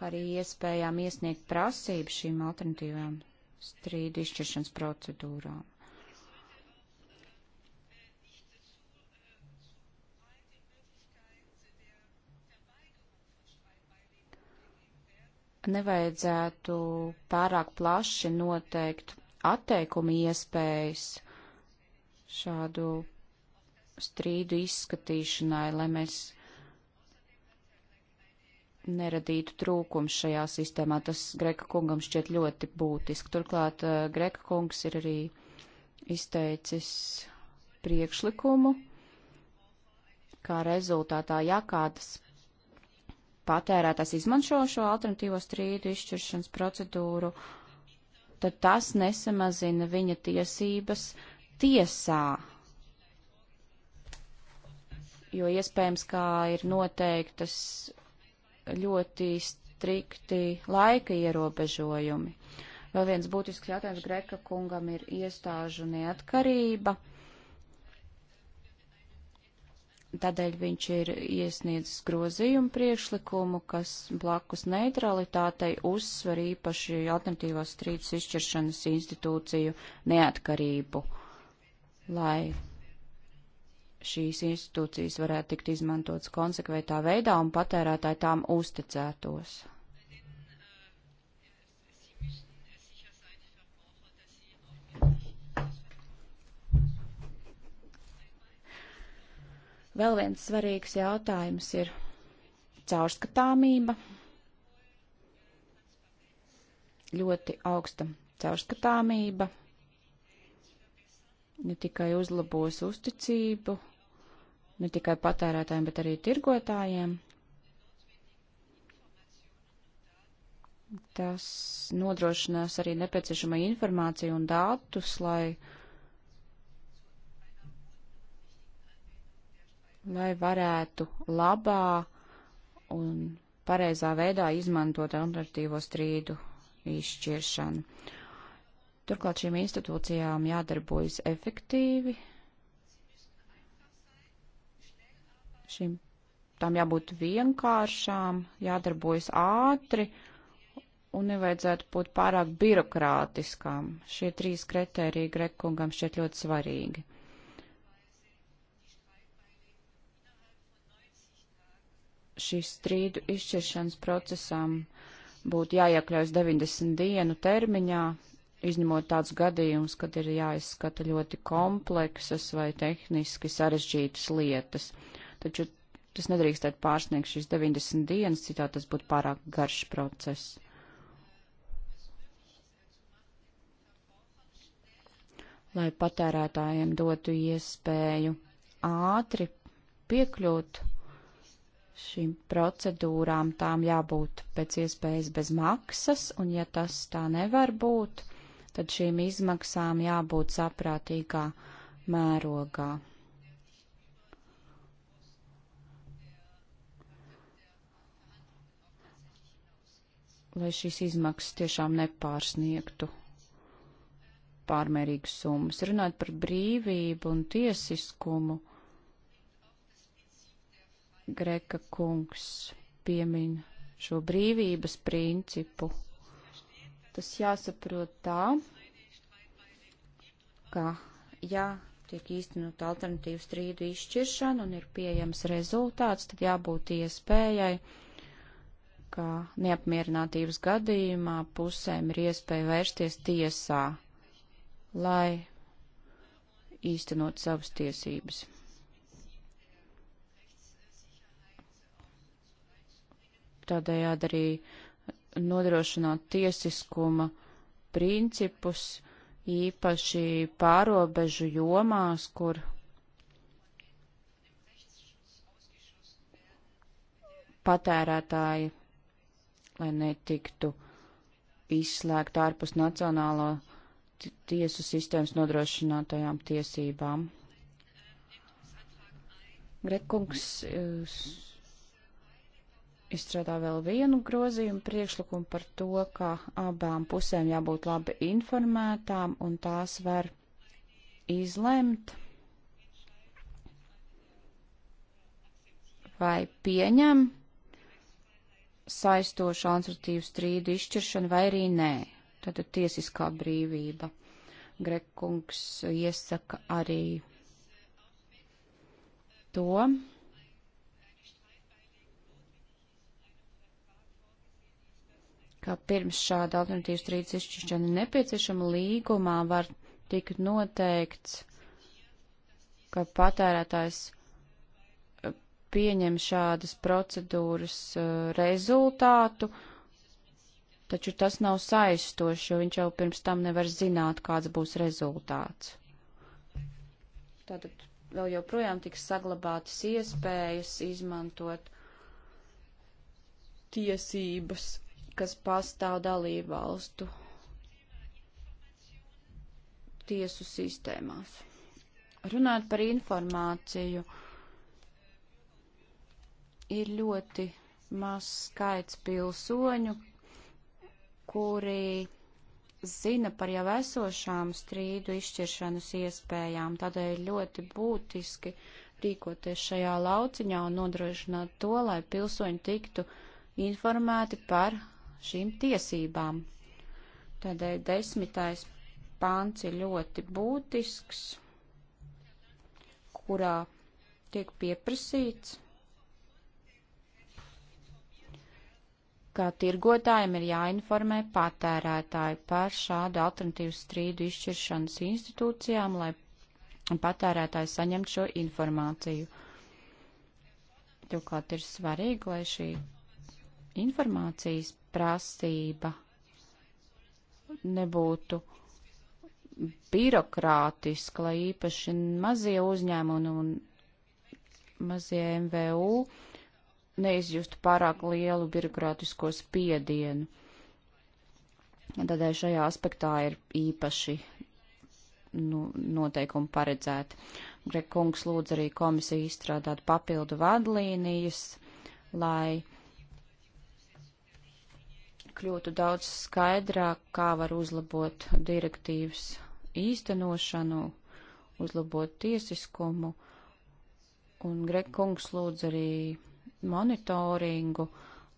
kā arī iespējām iesniegt prasību šīm alternatīvām strīdu izšķiršanas procedūrām. nevajadzētu pārāk plaši noteikt atteikumu iespējas šādu strīdu izskatīšanai, lai mēs neradītu trūkums šajā sistēmā. Tas Greka kungam šķiet ļoti būtiski. Turklāt eh, Greka kungs ir arī izteicis priekšlikumu, kā rezultātā, ja kādas patērētājs izmanto šo alternatīvo strīdu izšķiršanas procedūru, tad tas nesamazina viņa tiesības tiesā. Jo iespējams, kā ir noteiktas ļoti strikti laika ierobežojumi. Vēl viens būtisks jautājums Greka kungam ir iestāžu neatkarība. Tādēļ viņš ir iesniedzis grozījumu priekšlikumu, kas blakus neutralitātei uzsver īpaši alternatīvās strīdus izšķiršanas institūciju neatkarību, lai šīs institūcijas varētu tikt izmantotas konsekventā veidā un patērētāji tām uzticētos. Vēl viens svarīgs jautājums ir caurskatāmība. Ļoti augsta caurskatāmība ne tikai uzlabos uzticību, ne tikai patērētājiem, bet arī tirgotājiem. Tas nodrošinās arī nepieciešamo informāciju un datus, lai uh, lai varētu labā un pareizā veidā izmantot alternatīvo strīdu izšķiršanu. Turklāt šīm institūcijām jādarbojas efektīvi, šīm tām jābūt vienkāršām, jādarbojas ātri un nevajadzētu būt pārāk birokrātiskām. Šie trīs kritēriji Grekungam šķiet ļoti svarīgi. šīs strīdu izšķiršanas procesam būtu jāiekļaus 90 dienu termiņā, izņemot tādus gadījumus, kad ir jāizskata ļoti kompleksas vai tehniski sarežģītas lietas. Taču tas nedrīkstētu pārsniegt šīs 90 dienas, citā tas būtu pārāk garš process. Lai patērētājiem dotu iespēju ātri piekļūt šīm procedūrām tām jābūt pēc iespējas bez maksas, un ja tas tā nevar būt, tad šīm izmaksām jābūt saprātīgā mērogā. Lai šīs izmaksas tiešām nepārsniegtu pārmērīgas summas. Runāt par brīvību un tiesiskumu Greka kungs piemin šo brīvības principu. Tas jāsaprot tā, ka, ja tiek īstenot alternatīvu strīdu izšķiršanu un ir pieejams rezultāts, tad jābūt iespējai, ka neapmierinātības gadījumā pusēm ir iespēja vērsties tiesā, lai īstenot savas tiesības. tādējādi arī nodrošināt tiesiskuma principus, īpaši pārobežu jomās, kur patērētāji, lai netiktu izslēgt ārpus nacionālo tiesu sistēmas nodrošinātajām tiesībām. Grekungs izstrādā vēl vienu grozījumu priekšlikumu par to, ka abām pusēm jābūt labi informētām un tās var izlemt vai pieņem saistošu administratīvu strīdu izšķiršanu vai arī nē. Tātad tiesiskā brīvība. Grekungs iesaka arī to, ka pirms šāda alternatīvas strīdas izšķiršana nepieciešama līgumā var tikt noteikts, ka patērētājs eh, pieņem šādas procedūras uh, rezultātu, taču tas nav saistoši, jo viņš jau pirms tam nevar zināt, kāds būs rezultāts. Tātad vēl joprojām tiks saglabātas iespējas izmantot tiesības kas pastāv dalību valstu tiesu sistēmās. Runāt par informāciju ir ļoti maz skaits pilsoņu, kuri zina par jau esošām strīdu izšķiršanas iespējām, tādēļ ļoti būtiski rīkoties šajā lauciņā un nodrošināt to, lai pilsoņi tiktu informēti par šīm tiesībām. Tādēļ desmitais pāns ir ļoti būtisks, kurā tiek pieprasīts, ka tirgotājiem ir jāinformē patērētāji par šādu alternatīvu strīdu izšķiršanas institūcijām, lai patērētāji saņemtu šo informāciju. Turklāt ir svarīgi, lai šī informācijas prasība nebūtu birokrātiska, lai īpaši mazie uzņēmumi un mazie MVU neizjustu pārāk lielu birokrātisko spiedienu. Tādēļ šajā aspektā ir īpaši nu, noteikumi paredzēti. Greg Kungs lūdz arī komisiju izstrādāt papildu vadlīnijas, lai uh, kļūtu daudz skaidrāk, kā var uzlabot direktīvas īstenošanu, uzlabot tiesiskumu, un Gregkungs lūdz arī monitoringu,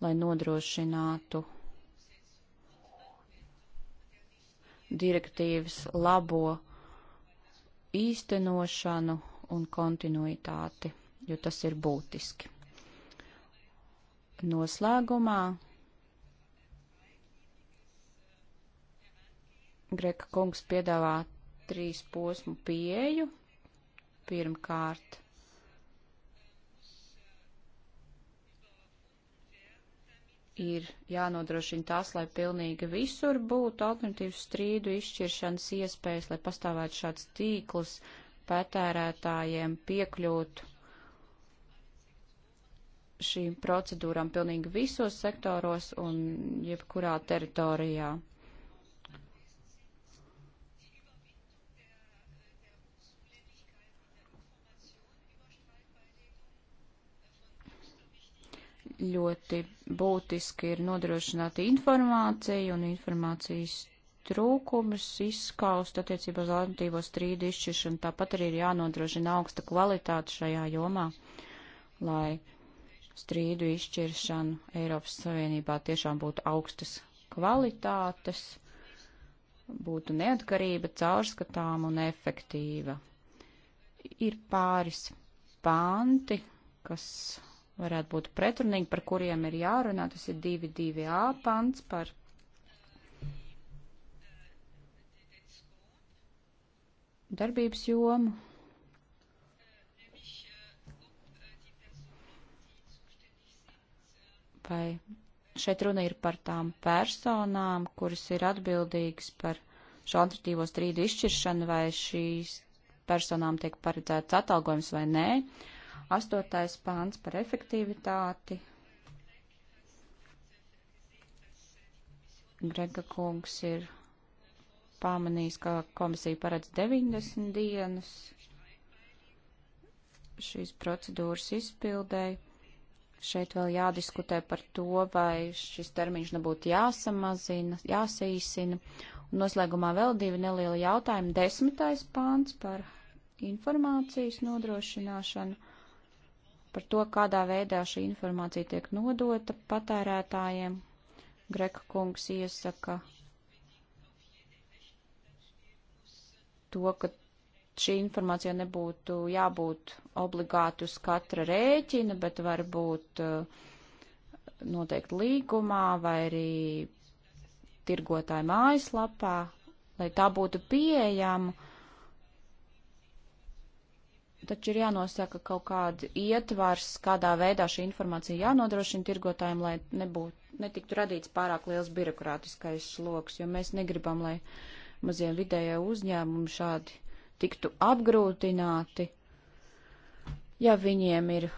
lai nodrošinātu direktīvas labo īstenošanu un kontinuitāti, jo tas ir būtiski. Noslēgumā Greka kungs piedāvā trīs posmu pieeju. Pirmkārt, ir jānodrošina tas, lai pilnīgi visur būtu alternatīvas strīdu izšķiršanas iespējas, lai pastāvētu šāds tīkls patērētājiem piekļūt šīm procedūrām pilnīgi visos sektoros un jebkurā teritorijā. ļoti būtiski ir nodrošināt informāciju un informācijas trūkumus izskaust attiecībā uz alternatīvo strīdu izšķiršanu. Tāpat arī ir jānodrošina augsta kvalitāte šajā jomā, lai strīdu izšķiršana Eiropas Savienībā tiešām būtu augstas kvalitātes, būtu neatkarība, caurskatām un efektīva. Ir pāris panti, kas varētu būt pretrunīgi, par kuriem ir jārunā. Tas ir 2.2a pants par darbības jomu. Vai šeit runa ir par tām personām, kuras ir atbildīgas par šo alternatīvo strīdu izšķiršanu, vai šīs personām tiek paredzēts atalgojums vai nē. Uh, Astotais pāns par efektivitāti. Grega kungs ir pamanījis, ka komisija paredz 90 dienas šīs procedūras izpildēji. Šeit vēl jādiskutē par to, vai šis termiņš nebūtu jāsamazina, jāsīsina. Un noslēgumā vēl divi nelieli jautājumi. Desmitais pāns par informācijas nodrošināšanu par to, kādā veidā šī informācija tiek nodota patērētājiem. Greka kungs iesaka to, ka šī informācija nebūtu jābūt obligāti uz katra rēķina, bet varbūt uh, noteikti līgumā vai arī tirgotāja mājaslapā, lai tā būtu pieejama taču ir jānosaka kaut kāda ietvars, kādā veidā šī informācija jānodrošina tirgotājiem, lai nebūtu, netiktu radīts pārāk liels birokrātiskais sloks, jo mēs negribam, lai mazie vidējie uzņēmumi šādi tiktu apgrūtināti, ja viņiem ir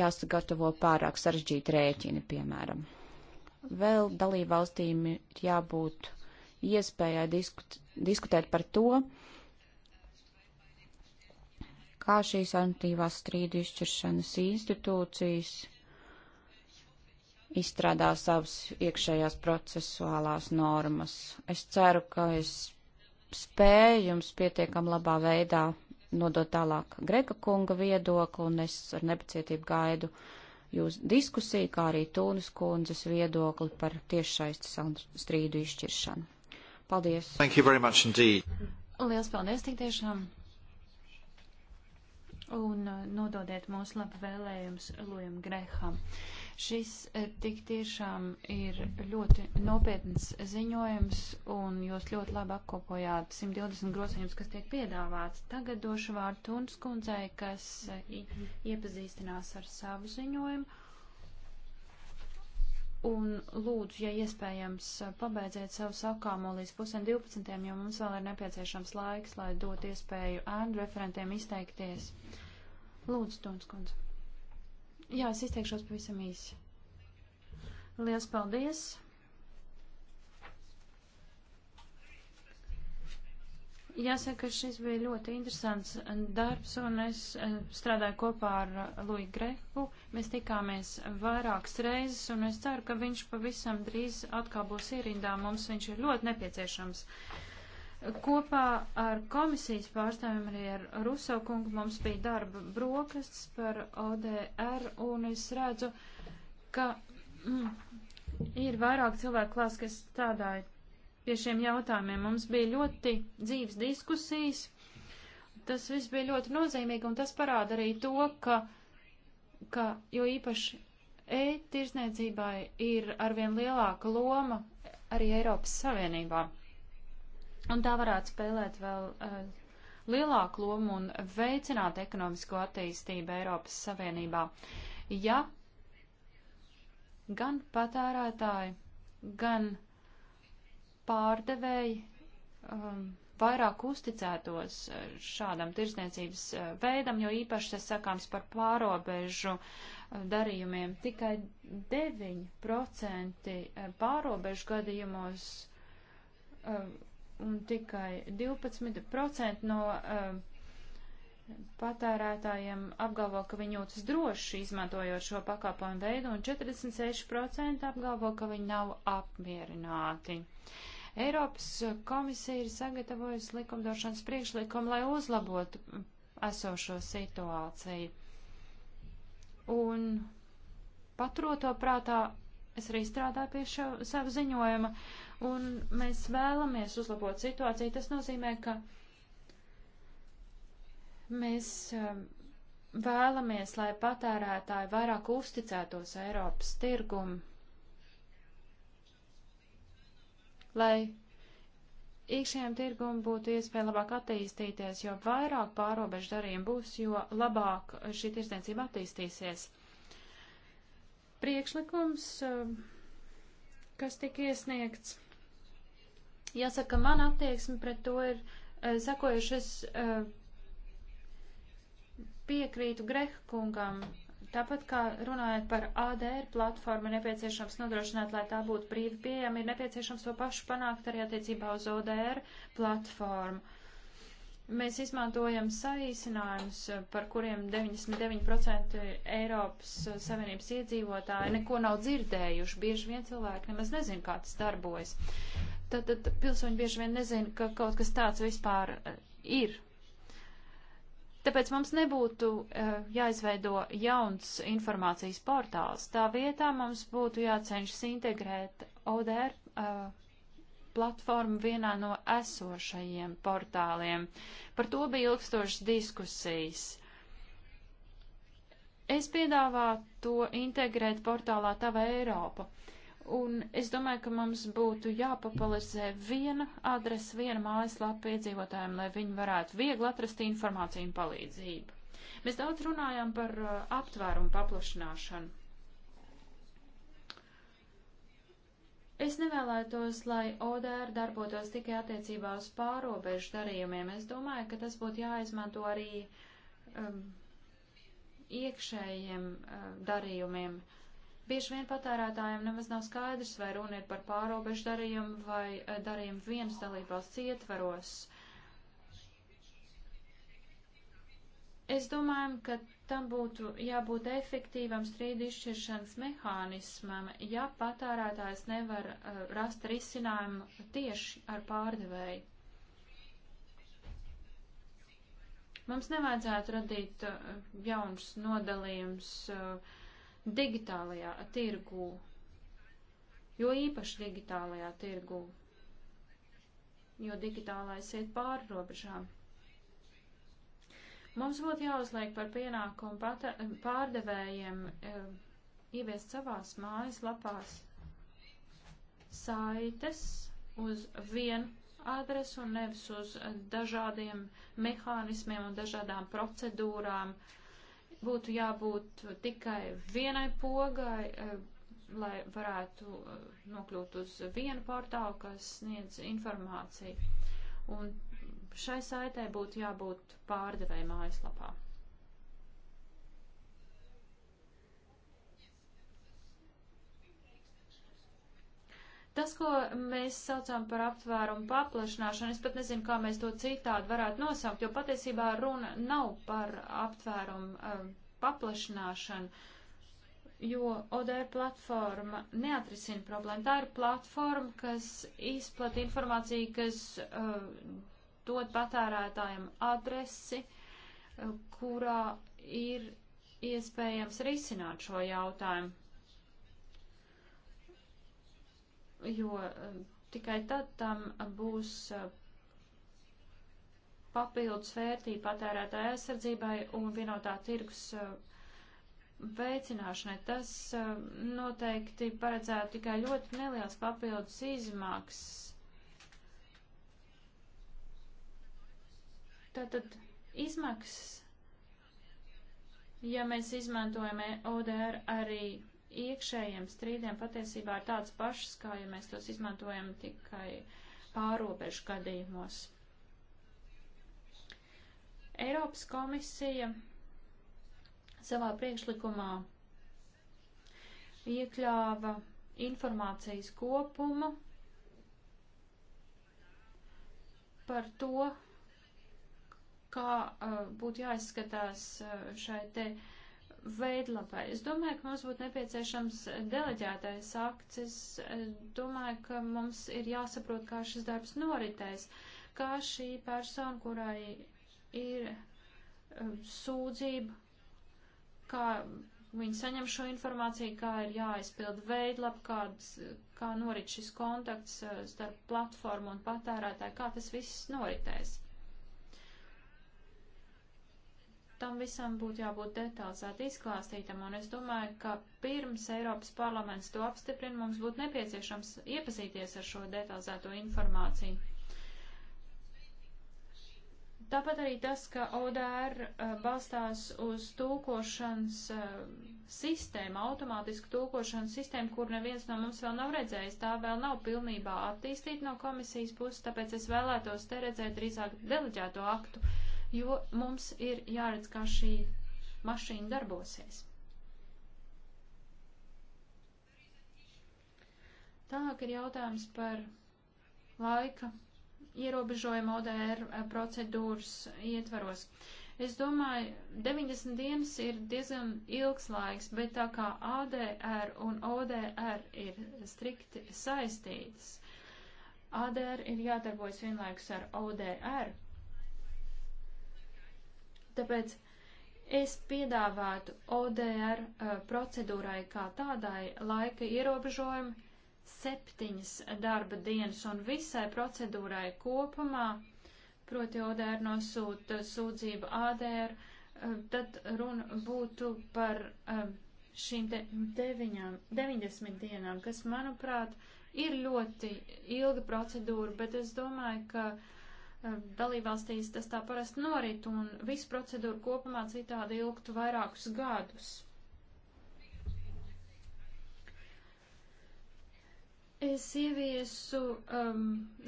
jāsagatavo pārāk sarežģīti rēķini, piemēram. Vēl dalībvalstīm ir jābūt iespējai diskut, diskutēt par to, kā šīs antīvās strīdu izšķiršanas institūcijas izstrādā savas iekšējās procesuālās normas. Es ceru, ka es spēju jums pietiekam labā veidā nodot tālāk Grega kunga viedokli, un es ar nepacietību gaidu jūs diskusiju, kā arī Tūnas kundzes viedokli par tiešsaistes strīdu izšķiršanu. Paldies! Thank you very much indeed! Liels paldies tik tiešām! un eh, nododiet mūsu labu vēlējumus Lujam Greham. Šis eh, tik tiešām ir ļoti nopietns ziņojums, un jūs ļoti labi apkopojāt 120 grozījumus, kas tiek piedāvāts. Tagad došu vārdu Tunskundzei, kas eh, iepazīstinās ar savu ziņojumu Un lūdzu, ja iespējams, pabeidziet savu sakāmo līdz pusdien 12, jo mums vēl ir nepieciešams laiks, lai dot iespēju ēnu referentiem izteikties. Lūdzu, Tonskundze. Jā, es izteikšos pavisam īsi. Liels paldies! Jāsaka, šis bija ļoti interesants eh, darbs, un es eh, strādāju kopā ar eh, Lui Grehu. Mēs tikāmies vairākas reizes, un es ceru, ka viņš pavisam drīz atkal būs ierindā. Mums viņš ir ļoti nepieciešams. Kopā ar komisijas pārstāvjiem arī ar Ruso kungu mums bija darba brokasts par ODR, un es redzu, ka mm, ir vairāk cilvēku klās, kas strādāja pie šiem jautājumiem. Mums bija ļoti dzīves diskusijas. Tas viss bija ļoti nozīmīgi, un tas parāda arī to, ka, ka jo īpaši e-tirzniecībai ir arvien lielāka loma arī Eiropas Savienībā. Un tā varētu spēlēt vēl uh, lielāku lomu un veicināt ekonomisko attīstību Eiropas Savienībā, ja gan patērētāji, gan pārdevēji um, vairāk uzticētos uh, šādam tirsniecības uh, veidam, jo īpaši tas sakāms par pārobežu uh, darījumiem. Tikai 9% pārobežu gadījumos un tikai 12% no patērētājiem apgalvo, ka viņi jūtas droši izmantojot šo pakāpojumu veidu, un 46% apgalvo, ka viņi nav apmierināti. Uh, Eiropas komisija ir sagatavojusi likumdošanas priekšlikumu, lai uzlabotu esošo situāciju. Un paturot to prātā, es arī strādāju pie šo, savu ziņojuma, un mēs vēlamies uzlabot situāciju. Tas nozīmē, ka mēs um, vēlamies, lai patērētāji vairāk uzticētos Eiropas tirgumu lai iekšējiem tirgum būtu iespēja labāk attīstīties, jo vairāk pārobežu darījumu būs, jo labāk šī tirdzniecība attīstīsies. Priekšlikums, um, kas tika iesniegts, jāsaka, man attieksme pret to ir uh, sakojuši, es uh, piekrītu Grehkungam Tāpat kā runājot par ADR platformu, ir nepieciešams nodrošināt, lai tā būtu brīvi pieejama, ir nepieciešams to pašu panākt arī attiecībā uz ODR platformu. Mēs izmantojam saīsinājumus, par kuriem 99% Eiropas Savienības iedzīvotāji neko nav dzirdējuši. Bieži vien cilvēki nemaz nezin, kā tas darbojas. Tad, tad pilsoņi bieži vien nezin, ka kaut kas tāds vispār eh, ir Tāpēc mums nebūtu uh, jāizveido jauns informācijas portāls. Tā vietā mums būtu jācenšas integrēt ODR uh, eh, platformu vienā no esošajiem portāliem. Par to bija ilgstošas diskusijas. Es piedāvātu to integrēt portālā Tava Eiropa. Uh, Un es domāju, ka mums būtu jāpopularizē viena adrese, viena mājaslapa iedzīvotājiem, lai viņi varētu viegli atrast informāciju un palīdzību. Mēs daudz runājam par uh, aptvērumu paplašināšanu. Es nevēlētos, lai ODR darbotos tikai attiecībā uz pārobežu darījumiem. Es domāju, ka tas būtu jāizmanto arī um, iekšējiem uh, darījumiem. Uh, Bieži vien patērētājiem nemaz nav skaidrs, vai runa ir par pārobežu darījumu vai eh, darījumu vienas dalībvalsts ietvaros. Es domāju, ka tam būtu jābūt efektīvam strīdu izšķiršanas mehānismam, ja patērētājs nevar uh, rast risinājumu tieši ar pārdevēju. Mums nevajadzētu radīt uh, eh, jaunus nodalījumus uh, digitālajā tirgū, jo īpaši digitālajā tirgū, jo digitālais iet pāri robežām. Mums būtu jāuzliek par pienākumu pata, pārdevējiem e, ieviest savās mājas lapās saites uz vienu adresu un nevis uz dažādiem mehānismiem un dažādām procedūrām, uh, būtu jābūt tikai vienai pogai, eh, lai varētu eh, nokļūt uz vienu portālu, kas sniedz informāciju. Un šai saitē būtu jābūt pārdevēja mājaslapā. Tas, ko mēs saucam par aptvērumu paplašināšanu, es pat nezinu, kā mēs to citādi varētu nosaukt, jo patiesībā runa nav par aptvērumu uh, paplašināšanu, jo ODR platforma neatrisina problēmu. Tā ir platforma, kas izplata informāciju, kas uh, dod patērētājiem adresi, uh, kurā ir iespējams risināt šo jautājumu. jo eh, tikai tad tam būs eh, papildus vērtība patērētāja aizsardzībai un vienotā tirgus eh, veicināšanai. Tas noteikti paredzētu tikai ļoti neliels papildus izmaksas. Tātad izmaksas, ja mēs izmantojam e ODR arī iekšējiem strīdiem patiesībā ir tāds pašs, kā ja mēs tos izmantojam tikai pārobežu gadījumos. Eiropas komisija savā priekšlikumā iekļāva informācijas kopumu par to, kā uh, būtu jāizskatās uh, šai te uh, veidlapai. Es domāju, ka mums būtu nepieciešams deleģētais akts. Es eh, domāju, ka mums ir jāsaprot, kā šis darbs noritēs, kā šī persona, kurai ir eh, sūdzība, kā viņi saņem šo informāciju, kā ir jāizpild veidlap, kāds, kā norit šis kontakts eh, starp platformu un patērētāju, kā tas viss noritēs. tam visam būtu jābūt detalizēti izklāstītam, un es domāju, ka pirms Eiropas parlaments to apstiprina, mums būtu nepieciešams iepazīties ar šo detalizēto informāciju. Tāpat arī tas, ka ODR eh, balstās uz tūkošanas eh, sistēmu, automātisku tūkošanas sistēmu, kur neviens no mums vēl nav redzējis. Tā vēl nav pilnībā attīstīta no komisijas puses, tāpēc es vēlētos te redzēt drīzāk deleģēto aktu, jo mums ir jāredz, kā šī mašīna darbosies. Tālāk ir jautājums par laika ierobežojumu ODR eh, procedūras ietvaros. Es domāju, 90 dienas ir diezgan ilgs laiks, bet tā kā ADR un ODR ir strikti saistītas, ADR ir jādarbojas vienlaikus ar ODR, Tāpēc es piedāvātu ODR uh, eh, procedūrai kā tādai laika ierobežojumu septiņas darba dienas un visai procedūrai kopumā, proti ODR nosūta sūdzību ADR, uh, eh, tad runa būtu par uh, šīm de deviņām, 90 dienām, kas, manuprāt, ir ļoti ilga procedūra, bet es domāju, ka uh, dalībvalstīs tas tā parasti norit, un visu procedūru kopumā citādi ilgtu vairākus gadus. Es ieviesu um,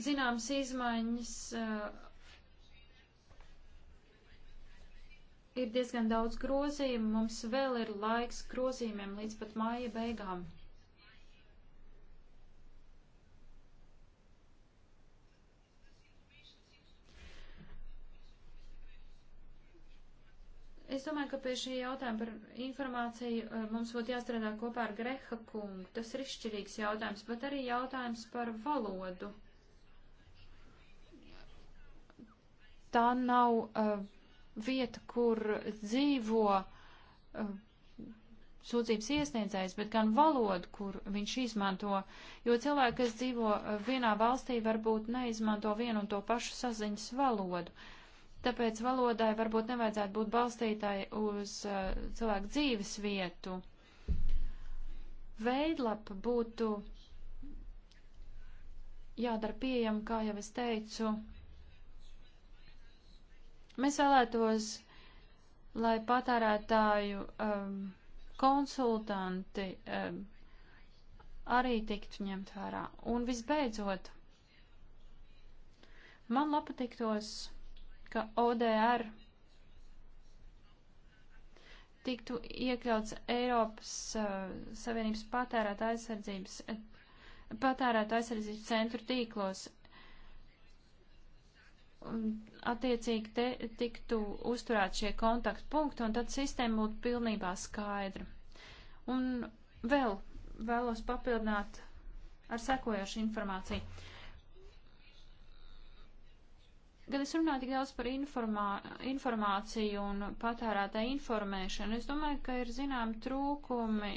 zināmas izmaiņas. Uh, ir diezgan daudz grozījumu, mums vēl ir laiks grozījumiem līdz pat māja beigām. Es domāju, ka pie šī jautājuma par informāciju eh, mums būtu jāstrādā kopā ar Greha kungu. Tas ir izšķirīgs jautājums, bet arī jautājums par valodu. Tā nav uh, vieta, kur dzīvo uh, sūdzības iesniedzējs, bet gan valodu, kur viņš izmanto. Jo cilvēki, kas dzīvo vienā valstī, varbūt neizmanto vienu un to pašu saziņas valodu. Uh, Tāpēc valodai varbūt nevajadzētu būt balstītāji uz uh, cilvēku dzīves vietu. Veidlapa būtu jādara pieejama, kā jau es teicu. Mēs vēlētos, lai patērētāju um, konsultanti um, arī tiktu ņemt vērā. Un visbeidzot, man lapa tiktos ka ODR tiktu iekļauts Eiropas uh, Savienības patērēta aizsardzības, patērēta aizsardzības centru tīklos. Un attiecīgi te tiktu uzturēt šie kontaktpunkti, un tad sistēma būtu pilnībā skaidra. Un vēl vēlos papildināt ar sekojošu informāciju. Kad es runāju tik daudz par informā, informāciju un patērētā informēšanu, es domāju, ka ir zinām trūkumi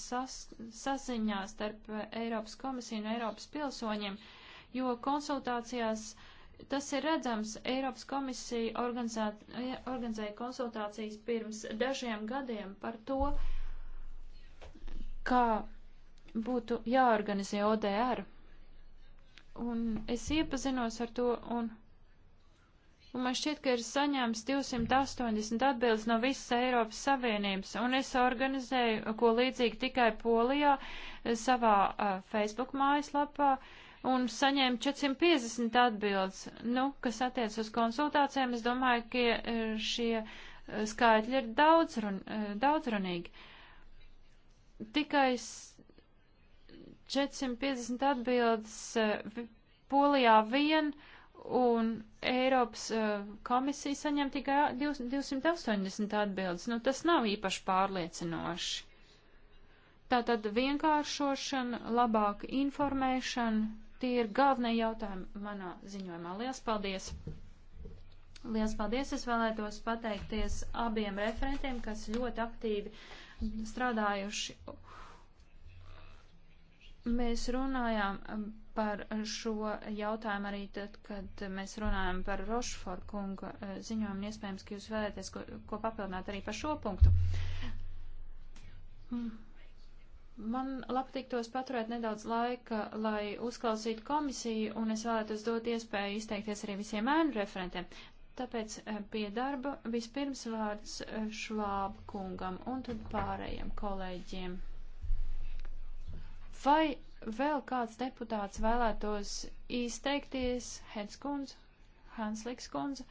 sas, saziņā starp Eiropas komisiju un Eiropas pilsoņiem, jo konsultācijās tas ir redzams. Eiropas komisija organizē, organizēja konsultācijas pirms dažiem gadiem par to, kā būtu jāorganizē ODR. Un es iepazinos ar to, un un man šķiet, ka ir saņēmis 280 atbildes no visas Eiropas Savienības, un es organizēju ko līdzīgi tikai Polijā eh, savā uh, Facebook mājaslapā, un saņēmu 450 atbildes. Nu, kas attiec uz konsultācijām, es domāju, ka eh, šie skaitļi ir daudzrun, daudzrunīgi. Tikai 450 atbildes Polijā vien. Uh, un Eiropas uh, komisija saņem tikai 280 atbildes. Nu, tas nav īpaši pārliecinoši. Tātad vienkāršošana, labāka informēšana, tie ir galvenie jautājumi manā ziņojumā. Lielas paldies! Lielas paldies! Es vēlētos pateikties abiem referentiem, kas ļoti aktīvi strādājuši. Mēs runājām um, par šo jautājumu arī tad, kad mēs runājam par Rošforu kungu eh, ziņojumu. Iespējams, ka jūs vēlēties ko, ko papildināt arī par šo punktu. Mm. Man labtiktos paturēt nedaudz laika, lai uzklausītu komisiju, un es vēlētos dot iespēju izteikties arī visiem ēnu referentiem. Tāpēc eh, pie darba vispirms vārds eh, Švāba kungam un tad pārējiem kolēģiem. Vai vēl kāds deputāts vēlētos izteikties? Heds kundze, Hansliks kundze,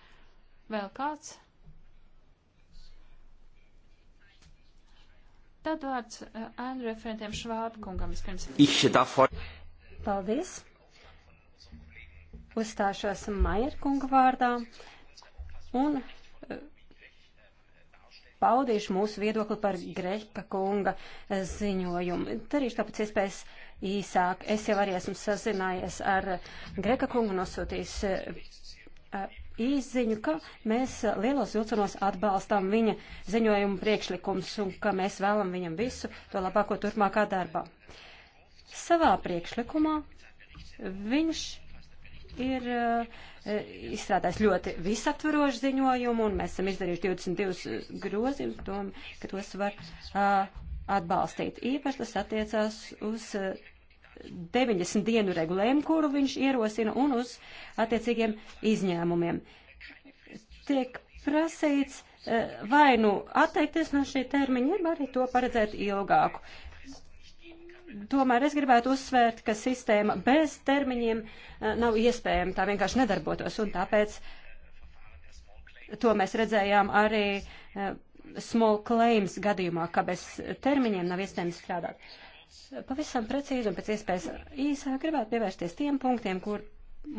vēl kāds? Tad vārds eh, ēnu referentiem Švāba kungam vispirms. Paldies. Uzstāšos Maier kunga vārdā un eh, paudīšu mūsu viedokli par Greika kunga eh, ziņojumu. Darīšu tāpēc iespējas īsāk. Es jau arī esmu sazinājies ar Greka kungu nosūtījis eh, īziņu, ka mēs lielos vilcienos atbalstām viņa ziņojumu priekšlikums un ka mēs vēlam viņam visu to labāko turpmākā darbā. Savā priekšlikumā viņš ir eh, izstrādājis ļoti visaptvarošu ziņojumu, un mēs esam izdarījuši 22 grozījumus, domāju, ka tos var uh, atbalstīt. Īpaši tas attiecās uz 90 eh, dienu regulējumu, kuru viņš ierosina, un uz attiecīgiem izņēmumiem. Tiek prasīts eh, vai nu atteikties no šī termiņa, vai arī to paredzēt ilgāku. Tomēr es gribētu uzsvērt, ka sistēma bez termiņiem eh, nav iespējama, tā vienkārši nedarbotos, un tāpēc to mēs redzējām arī small claims gadījumā, ka bez termiņiem nav iespējams strādāt. Pavisam precīzi un pēc iespējas īsāk gribētu pievērsties tiem punktiem, kur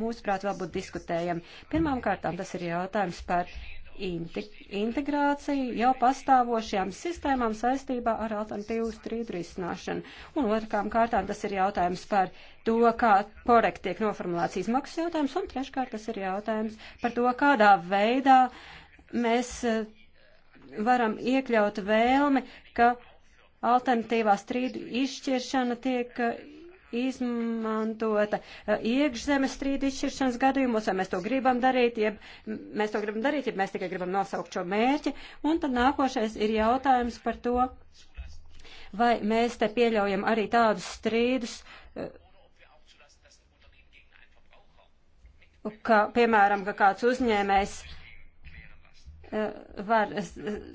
mūsuprāt vēl būtu diskutējami. Pirmām kārtām tas ir jautājums par integrāciju jau pastāvošajām sistēmām saistībā ar alternatīvu strīdu risināšanu. Un otrām kārtām tas ir jautājums par to, kā porek tiek noformulēts izmaksas jautājums, un treškārt tas ir jautājums par to, kādā veidā mēs varam iekļaut vēlmi, ka alternatīvā strīdu izšķiršana tiek uh, izmantota uh, iekšzemes strīdu izšķiršanas gadījumos, vai mēs to gribam darīt, jeb mēs to gribam darīt, jeb mēs tikai gribam nosaukt šo mērķi. Un tad nākošais ir jautājums par to, vai mēs te pieļaujam arī tādus strīdus, uh, ka, piemēram, ka kāds uzņēmējs uh, Eh, var eh,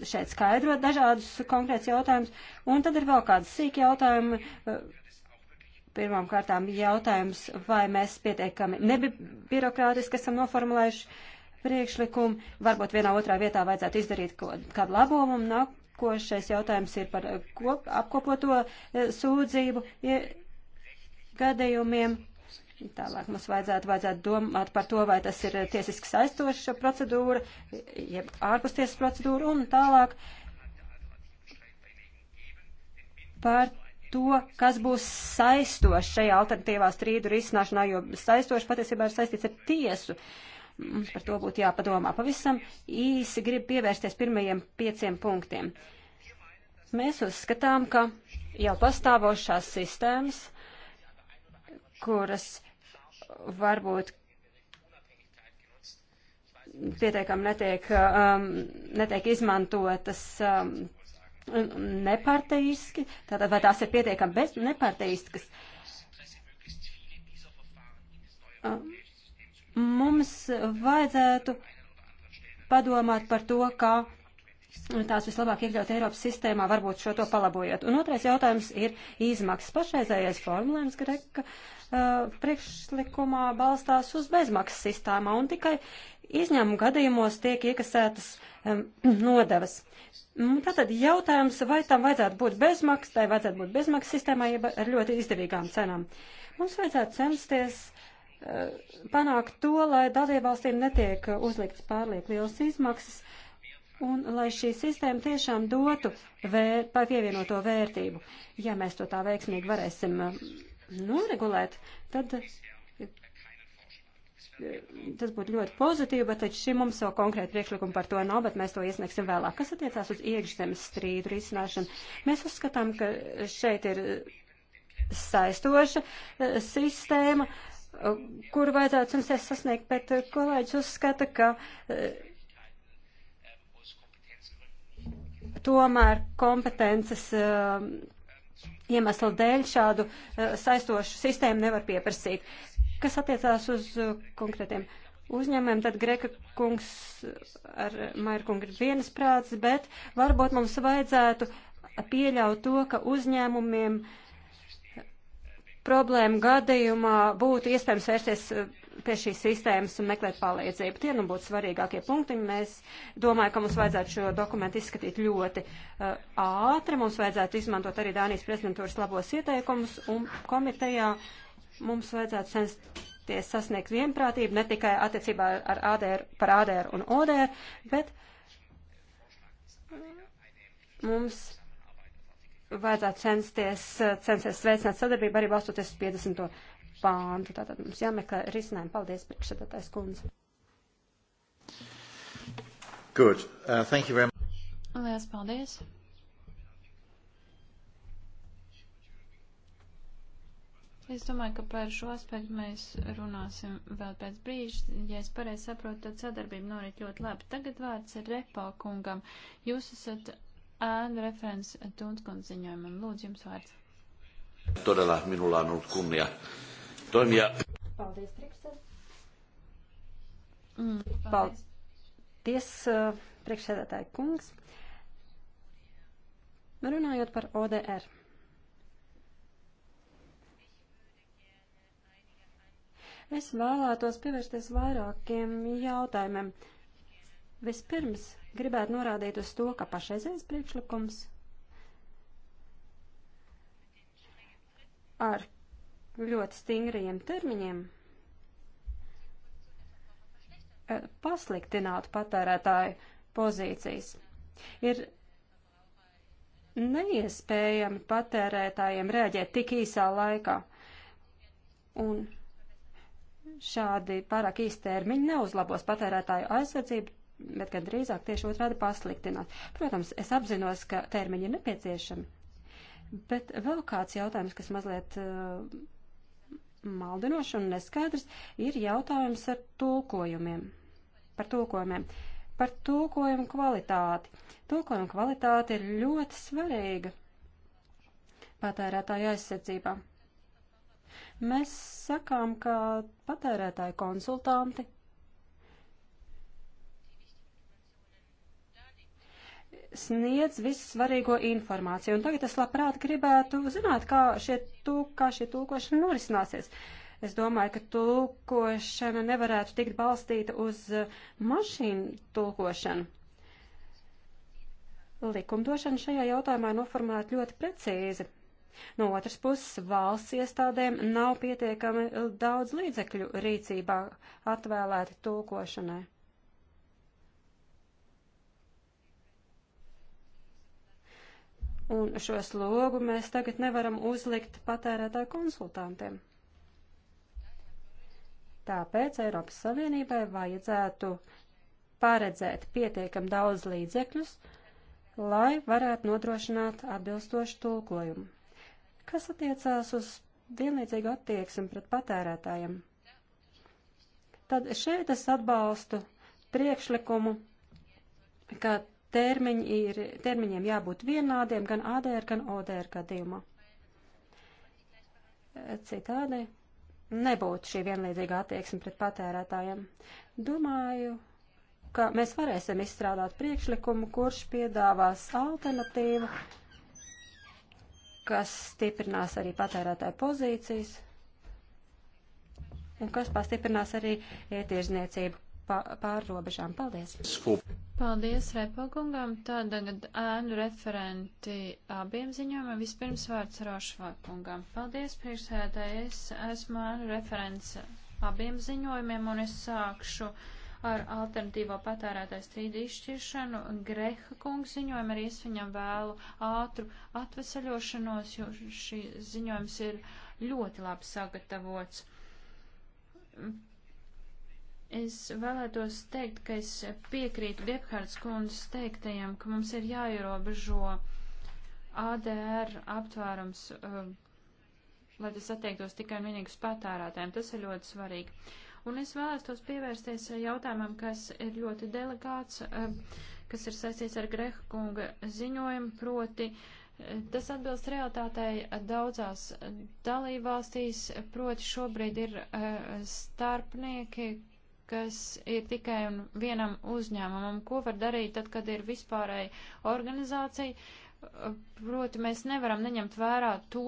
šeit skaidrot dažādus konkrēts jautājumus. Un tad ir vēl kāds sīk jautājumi. Eh, pirmām kārtām jautājums, vai mēs pietiekami nebirokrātiski esam noformulējuši priekšlikumu. Varbūt vienā otrā vietā vajadzētu izdarīt kādu labojumu. Nākošais jautājums ir par kop, apkopoto sūdzību gadījumiem. Tālāk mums vajadzētu, vajadzētu domāt par to, vai tas ir tiesiski saistoša procedūra, jeb ārpustiesas procedūra un tālāk par to, kas būs saistošs šajā alternatīvā strīdu risināšanā, jo saistošs patiesībā ir saistīts ar tiesu. Mums par to būtu jāpadomā. Pavisam īsi grib pievērsties pirmajiem pieciem punktiem. Mēs uzskatām, ka jau pastāvošās sistēmas, kuras varbūt pietiekami netiek, um, netiek izmantotas um, neparteiski, tātad vai tās ir pietiekami bez neparteiskas. Um, mums vajadzētu padomāt par to, kā tās vislabāk iekļaut Eiropas sistēmā, varbūt šo to palabojot. Un otrais jautājums ir izmaksas. Pašreizējais formulējums Greka uh, priekšlikumā balstās uz bezmaksas sistēmā un tikai izņēmumu gadījumos tiek iekasētas um, nodevas. Mm, tātad jautājums, vai tam vajadzētu būt bezmaksas, tai vajadzētu būt bezmaksas sistēmai, ja ar ļoti izdevīgām cenām. Mums vajadzētu censties uh, panākt to, lai dalībvalstīm netiek uh, uzliktas pārlieku lielas izmaksas, uh, un lai šī sistēma tiešām dotu vēr, pievienoto vērtību. Ja mēs to tā veiksmīgi varēsim um, noregulēt, tad tas būtu ļoti pozitīvi, bet taču šim mums vēl konkrēti priekšlikumi par to nav, bet mēs to iesniegsim vēlāk. Kas attiecās uz iekšzemes strīdu risināšanu? Mēs uzskatām, ka šeit ir saistoša eh, sistēma, eh, kuru vajadzētu censties sasniegt, bet eh, kolēģis uzskata, ka Tomēr kompetences eh, iemesla dēļ šādu eh, saistošu sistēmu nevar pieprasīt. Kas attiecās uz eh, konkrētiem uzņēmumiem, tad Greka kungs ar Mairkungu ir vienas prāts, bet varbūt mums vajadzētu pieļaut to, ka uzņēmumiem problēmu gadījumā būtu iespējams vērsties pie šīs sistēmas un meklēt palīdzību. Tie nu būtu svarīgākie punkti. Mēs domājam, ka mums vajadzētu šo dokumentu izskatīt ļoti uh, ātri. Mums vajadzētu izmantot arī Dānijas prezidentūras labos ieteikumus un komitejā mums vajadzētu censties sasniegt vienprātību ne tikai attiecībā ar ADR, par ADR un ODR, bet mums vajadzētu censties, censties veicināt sadarbību arī balstoties uz 50 pāntu. Tātad mums jāmeklē risinājumi. Paldies, priekšsēdētājs kundze. Good. Uh, thank you very much. Lielas paldies. Es domāju, ka par šo aspektu mēs runāsim vēl pēc brīža. Ja es pareizi saprotu, tad sadarbība norit ļoti labi. Tagad vārds ir Repo kungam. Jūs esat ēnu referents Tunskundziņojumam. Lūdzu, jums vārds. Todella, minulla on ollut kunnia toimia. Paldies, priekšsēd. Mm, paldies, paldies eh, priekšsēdētāji kungs. Runājot par ODR. Es vēlētos pievērsties vairākiem jautājumiem. Vispirms gribētu norādīt uz to, ka pašreizējais priekšlikums ar ļoti stingriem termiņiem e, pasliktinātu patērētāju pozīcijas. Ir neiespējami patērētājiem rēģēt tik īsā laikā, un šādi pārāk īsti termiņi neuzlabos patērētāju aizsardzību, bet gan drīzāk tieši otrādi pasliktināt. Protams, es apzinos, ka termiņi ir nepieciešami, bet vēl kāds jautājums, kas mazliet uh, maldinošs un neskaidrs, ir jautājums ar tulkojumiem. Par tulkojumiem. Par tulkojumu kvalitāti. Tulkojuma kvalitāte ir ļoti svarīga patērētāja aizsardzībā. Mēs sakām, ka patērētāji konsultanti sniedz vissvarīgo informāciju. Un tagad es labprāt gribētu zināt, kā šie, tūk, kā šie tulkošana norisināsies. Es domāju, ka tulkošana nevarētu tikt balstīta uz eh, mašīnu tulkošanu. Likumdošana šajā jautājumā ir noformulēta ļoti precīzi. No otras puses, valsts iestādēm nav pietiekami daudz līdzekļu rīcībā atvēlēti tulkošanai. Un šo slogu mēs tagad nevaram uzlikt patērētāju konsultantiem. Tāpēc Eiropas Savienībai vajadzētu paredzēt pietiekam daudz līdzekļus, lai varētu nodrošināt atbilstošu tulkojumu. Kas attiecās uz vienlīdzīgu attieksmi pret patērētājiem? Tad šeit es atbalstu priekšlikumu, ka termiņi ir, termiņiem jābūt vienādiem gan ADR, gan ODR gadījumā. Citādi nebūtu šī vienlīdzīga attieksme pret patērētājiem. Domāju, ka mēs varēsim izstrādāt priekšlikumu, kurš piedāvās alternatīvu, kas stiprinās arī patērētāju pozīcijas un kas pastiprinās arī ietiežniecību pārrobežām. Paldies! Skup. Paldies Repagungam. Tagad ēnu referenti abiem ziņām. Vispirms vārds Rošvākungam. Paldies priekšsēdētāji. Es esmu ēnu referents abiem ziņojumiem un es sākšu ar alternatīvo patērētāju strīdu izšķiršanu. Greha kungs ziņojumu arī es viņam vēlu ātru atvesaļošanos, jo šī ziņojums ir ļoti labi sagatavots. Es vēlētos teikt, ka es piekrītu Gebhards kundzes teiktajam, ka mums ir jāierobežo ADR aptvērums, um, lai tas attiektos tikai un vienīgi uz patērētājiem. Tas ir ļoti svarīgi. Un es vēlētos pievērsties jautājumam, kas ir ļoti delikāts, um, kas ir saistīts ar Greha kunga ziņojumu, proti um, tas atbilst realitātei daudzās dalībvalstīs, proti šobrīd ir uh, starpnieki, kas ir tikai un vienam uzņēmumam. Ko var darīt tad, kad ir vispārēja organizācija? Proti, mēs nevaram neņemt vērā to,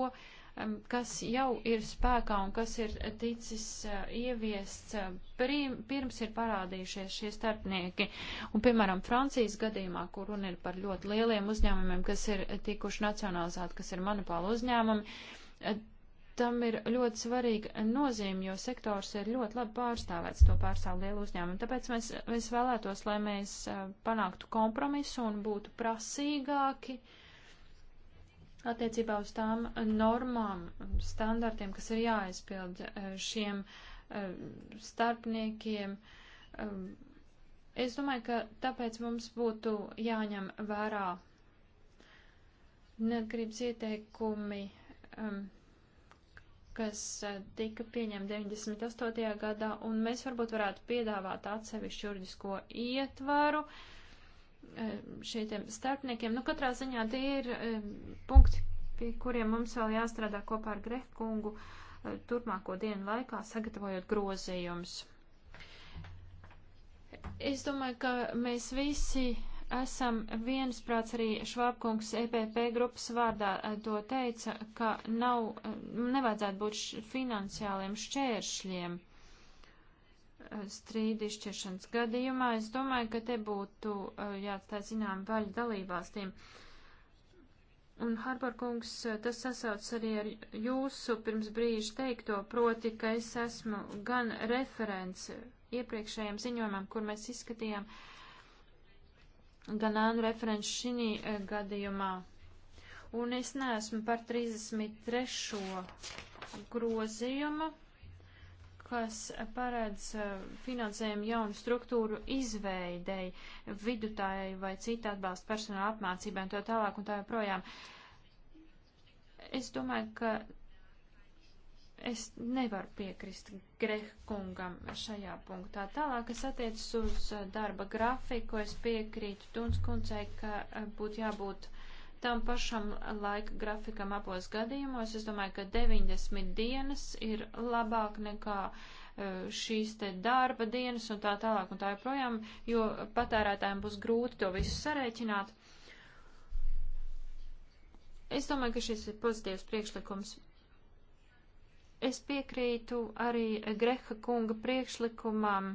um, kas jau ir spēkā un kas ir ticis uh, ieviests, pirms ir parādījušies šie starpnieki. Un, piemēram, Francijas gadījumā, kur runa ir par ļoti lieliem uzņēmumiem, kas ir tikuši nacionalizēti, kas ir monopāla uzņēmumi, tam ir ļoti svarīga nozīme, jo sektors ir ļoti labi pārstāvēts, to pārstāv lielu uzņēmumu. Tāpēc mēs, mēs vēlētos, lai mēs panāktu kompromisu un būtu prasīgāki attiecībā uz tām normām, standartiem, kas ir jāaizpild šiem starpniekiem. Es domāju, ka tāpēc mums būtu jāņem vērā neatkarības ieteikumi. Um, kas e, tika pieņemta 98. gadā, un mēs varbūt varētu piedāvāt atsevišķu juridisko ietvaru e, šiem starpniekiem. Nu, katrā ziņā tie ir e, punkti, pie kuriem mums vēl jāstrādā kopā ar Grehkungu turpmāko dienu laikā, sagatavojot grozījumus. Es domāju, ka mēs visi esam viensprāts arī Švābkungs EPP grupas vārdā e, to teica, ka nav, e, nevajadzētu būt finansiāliem šķēršļiem e, strīdi izšķiršanas gadījumā. Es domāju, ka te būtu jāatstāj zinām vaļa dalībvalstīm. Un Harborkungs, tas sasauc arī ar jūsu pirms brīža teikto, proti, ka es esmu gan referents iepriekšējiem ziņojumam, kur mēs izskatījām uh, gan ēnu referents šī e, gadījumā. Un es neesmu par 33. grozījumu, kas paredz e, finansējumu jaunu struktūru izveidei, vidutāji vai cita atbalsta personāla apmācībām, to tālāk un tā joprojām. Es domāju, ka Es nevaru piekrist Grehkungam šajā punktā. Tālāk, kas attiecas uz eh, darba grafiku, es piekrītu Tunskundzei, ka eh, būtu jābūt tam pašam laika grafikam abos gadījumos. Es domāju, ka 90 dienas ir labāk nekā eh, šīs te darba dienas un tā tālāk un tā joprojām, jo patērētājiem būs grūti to visu sarēķināt. Es domāju, ka šis ir pozitīvs priekšlikums. Es piekrītu arī Greha kunga priekšlikumam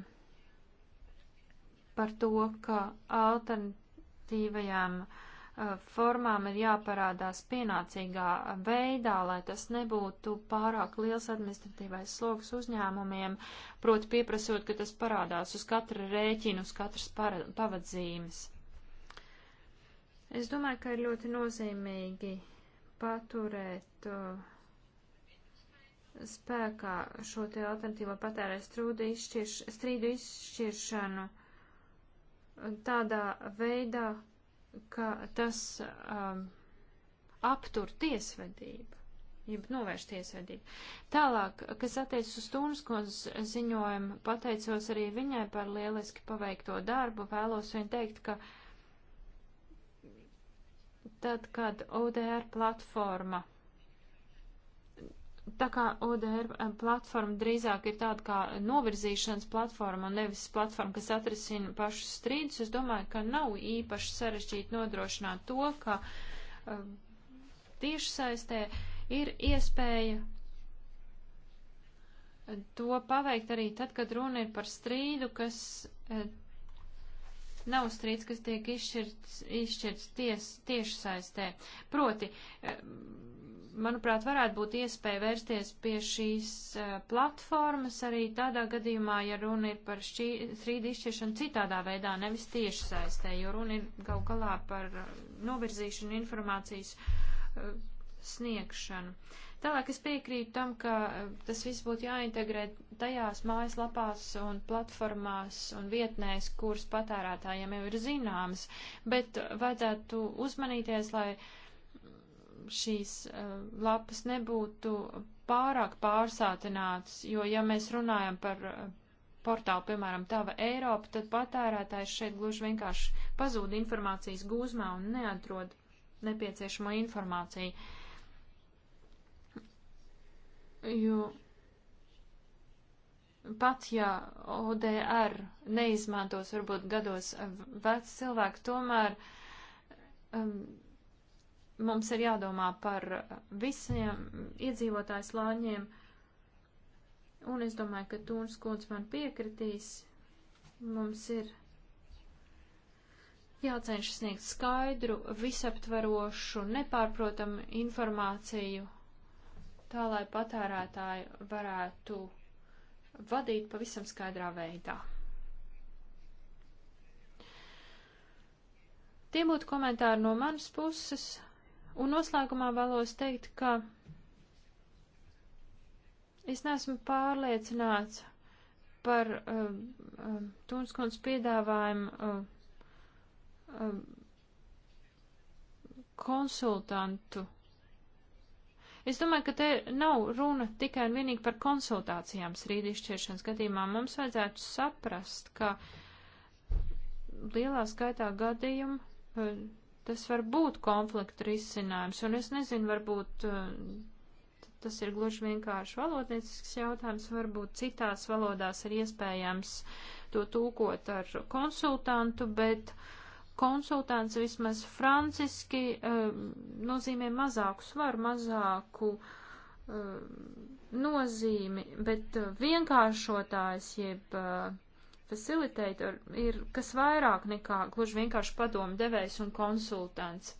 par to, ka alternatīvajām uh, formām ir jāparādās pienācīgā veidā, lai tas nebūtu pārāk liels administratīvais sloks uzņēmumiem, proti pieprasot, ka tas parādās uz katra rēķina, uz katras pavadzīmes. Es domāju, ka ir ļoti nozīmīgi paturēt uh, spēkā šo te alternatīvo patērēju strūdu izšķirš, strīdu izšķiršanu tādā veidā, ka tas um, aptur tiesvedību, jeb novērš tiesvedību. Tālāk, kas attiec uz Tūnskundas ziņojumu, pateicos arī viņai par lieliski paveikto darbu, vēlos viņai teikt, ka tad, kad ODR platforma tā kā ODR eh, platforma drīzāk ir tāda kā novirzīšanas platforma un nevis platforma, kas atrisina pašus strīdus, es domāju, ka nav īpaši sarežģīti nodrošināt to, ka uh, tiešsaistē ir iespēja to paveikt arī tad, kad runa ir par strīdu, kas uh, nav strīds, kas tiek izšķirts, izšķirts ties, tiešsaistē. Proti, uh, manuprāt, varētu būt iespēja vērsties pie šīs e, platformas arī tādā gadījumā, ja runa ir par šķī, 3D izšķiršanu citādā veidā, nevis tieši saistē, jo runa ir gal galā par e, novirzīšanu informācijas e, sniegšanu. Tālāk es piekrītu tam, ka tas viss būtu jāintegrē tajās mājaslapās un platformās un vietnēs, kuras patērētājiem jau ir zināmas, bet vajadzētu uzmanīties, lai uh, šīs eh, lapas nebūtu pārāk pārsātinātas, jo ja mēs runājam par eh, portālu, piemēram, Tava Eiropa, tad patērētājs šeit gluži vienkārši pazūd informācijas gūzmā un neatrod nepieciešamo informāciju. Jo pat ja ODR neizmantos varbūt gados eh, vecs cilvēks, tomēr um, mums ir jādomā par visiem iedzīvotāju slāņiem, un es domāju, ka Tūns Kūns man piekritīs. Mums ir jācenšas sniegt skaidru, visaptverošu, nepārprotamu informāciju, tā lai patērētāji varētu vadīt pavisam skaidrā veidā. Tie būtu komentāri no manas puses. Un noslēgumā vēlos teikt, ka es neesmu pārliecināts par uh, um, uh, um, Tunskundas piedāvājumu uh, uh, konsultantu. Es domāju, ka te nav runa tikai un vienīgi par konsultācijām strīdišķiešanas gadījumā. Mums vajadzētu saprast, ka lielā skaitā gadījumu uh, tas var būt konflikta risinājums, un es nezinu, varbūt uh, tas ir gluži vienkārši valodniecisks jautājums, varbūt citās valodās ir iespējams to tūkot ar konsultantu, bet konsultants vismaz franciski uh, nozīmē mazāku svaru, mazāku uh, nozīmi, bet vienkāršotājs jeb Facilitator ir kas vairāk nekā gluži vienkārši padomu devējs un konsultants.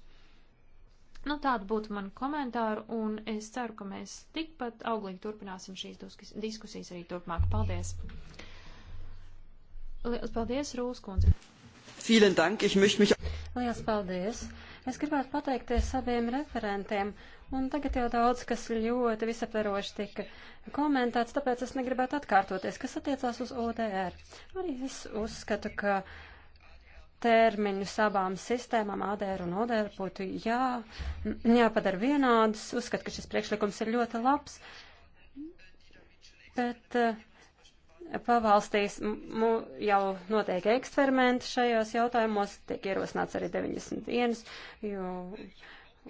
Nu, tāda būtu mana komentāra, un es ceru, ka mēs tikpat auglīgi turpināsim šīs diskusijas arī turpmāk. Paldies! Lielas paldies, Rūs kundze! Vielen dank, ich möchte mich... Lielas paldies! Es gribētu pateikties abiem referentiem Un tagad jau daudz, kas ļoti visaptveroši tika komentēts, tāpēc es negribētu atkārtoties, kas attiecās uz ODR. Arī es uzskatu, ka termiņus abām sistēmām, ADR un ODR, būtu jā, jāpadara vienādus. Uzskatu, ka šis priekšlikums ir ļoti labs, bet uh, pavalstīs mu, jau notiek eksperimenti šajos jautājumos, tiek ierosināts arī 90 dienas, jo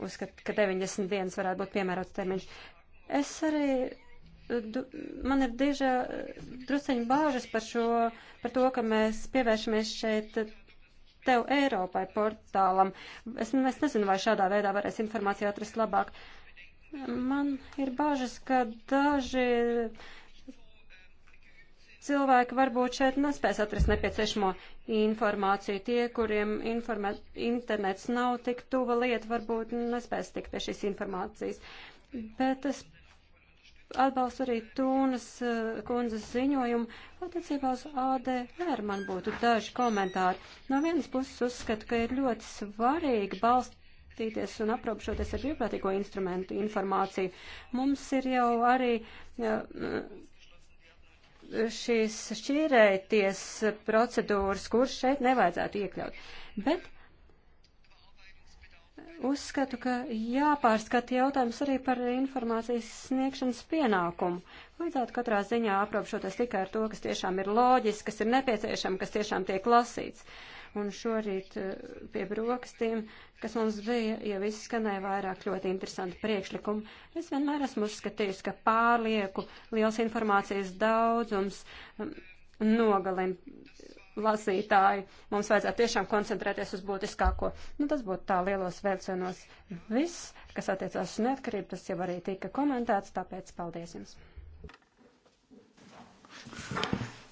uzskata, ka 90 dienas varētu būt piemērots termiņš. Es arī, du, man ir diža drusceņi bāžas par, šo, par to, ka mēs pievēršamies šeit tev Eiropai portālam. Es, es nezinu, vai šādā veidā varēs informāciju atrast labāk. Man ir bāžas, ka daži cilvēki varbūt šeit nespēs atrast nepieciešamo informāciju. Tie, kuriem informē, internets nav tik tuva lieta, varbūt nespēs tikt pie šīs informācijas. Bet es atbalstu arī Tūnas eh, kundzes ziņojumu. Attiecībā uz ADR man būtu daži komentāri. No vienas puses uzskatu, ka ir ļoti svarīgi balstīties un aprobežoties ar brīvprātīgo instrumentu informāciju. Mums ir jau arī. Ja, eh, šīs šķīrēties procedūras, kuras šeit nevajadzētu iekļaut. Bet uzskatu, ka jāpārskata jautājums arī par informācijas sniegšanas pienākumu. Vajadzētu katrā ziņā aprobežoties tikai ar to, kas tiešām ir loģiski, kas ir nepieciešams, kas tiešām tiek lasīts. Uh, un šorīt eh, pie brokastīm, kas mums bija, jau izskanēja vairāk ļoti interesanti priekšlikumi. Es vienmēr esmu uzskatījis, ka pārlieku liels informācijas daudzums mm, nogalina lasītāji. Mums vajadzētu tiešām koncentrēties uz būtiskāko. Nu, tas būtu tā lielos vērcienos viss, kas attiecās uz neatkarību, tas jau arī tika komentēts, tāpēc paldies jums.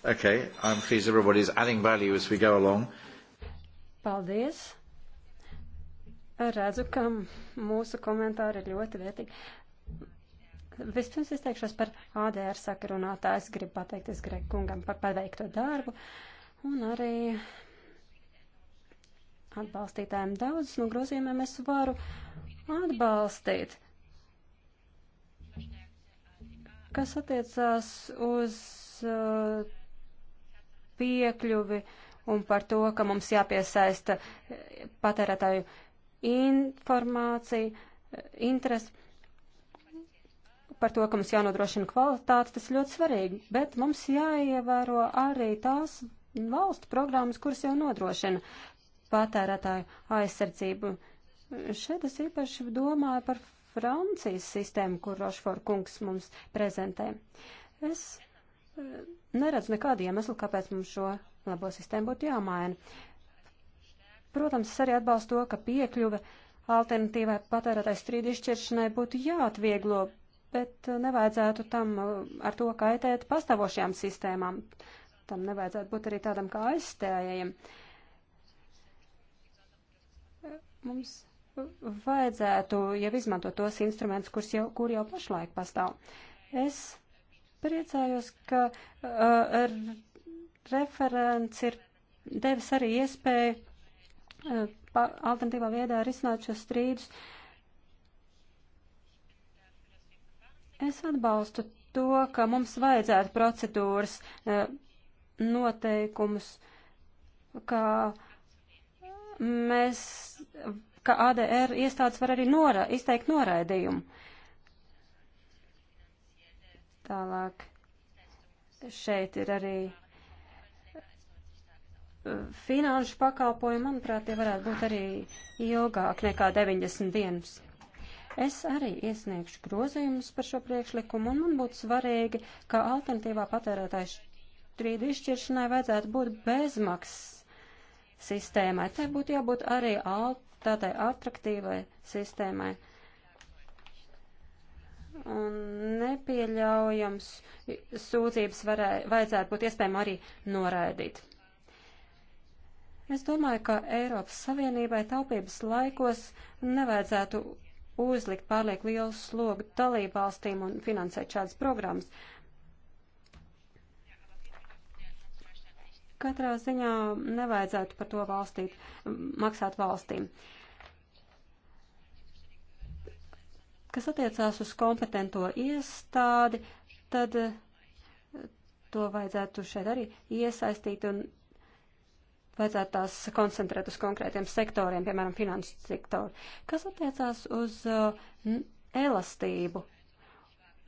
Okay, I'm pleased everybody's adding value as we go along. Paldies! Redzu, ka mūsu komentāri ir ļoti vietīgi. Vispirms izteikšos par ADR sakarunātāju. Es gribu pateikties Greg kungam par paveikto darbu un arī atbalstītājiem daudzus no grozījumiem es varu atbalstīt. Kas attiecās uz uh, piekļuvi uh, un par to, ka mums jāpiesaista patērētāju informācija, interesi par to, ka mums jānodrošina kvalitāte, tas ir ļoti svarīgi, bet mums jāievēro arī tās valstu programmas, kuras jau nodrošina patērētāju aizsardzību. Šeit es īpaši domāju par Francijas sistēmu, kur Rošfor kungs mums prezentē. Es eh, neredzu nekādu iemeslu, kāpēc mums šo labo sistēmu būtu jāmaina. Protams, es arī atbalstu to, ka piekļuve alternatīvai patērētāju strīdu izšķiršanai būtu jāatvieglo, bet eh, nevajadzētu tam eh, ar to kaitēt pastāvošajām sistēmām. Tam nevajadzētu būt arī tādam kā aizstājējiem. Mums vajadzētu jau izmantot tos instrumentus, kurus jau, kur jau pašlaik pastāv. Es priecājos, ka uh, Referents ir devis arī iespēju eh, alternatīvā veidā risināt šos strīdus. Es atbalstu to, ka mums vajadzētu procedūras eh, noteikumus, ka mēs, ka ADR iestādes var arī nora, izteikt noraidījumu. Tālāk šeit ir arī finanšu pakalpojumi, manuprāt, tie varētu būt arī ilgāk nekā 90 dienas. Es arī iesniegšu grozījumus par šo priekšlikumu, un man būtu svarīgi, ka alternatīvā patērētāju strīdu izšķiršanai vajadzētu būt bezmaksas sistēmai. Tai būtu jābūt arī tādai atraktīvai sistēmai. Un nepieļaujams sūdzības varē, vajadzētu būt iespējama arī noraidīt. Es domāju, ka Eiropas Savienībai taupības laikos nevajadzētu uzlikt pārliek lielu slogu dalībvalstīm un finansēt šādas programmas. Katrā ziņā nevajadzētu par to valstīt, maksāt valstīm. Kas attiecās uz kompetento iestādi, tad to vajadzētu šeit arī iesaistīt un vajadzētu tās koncentrēt uz konkrētiem sektoriem, piemēram, finanšu sektoru, kas attiecās uz uh, elastību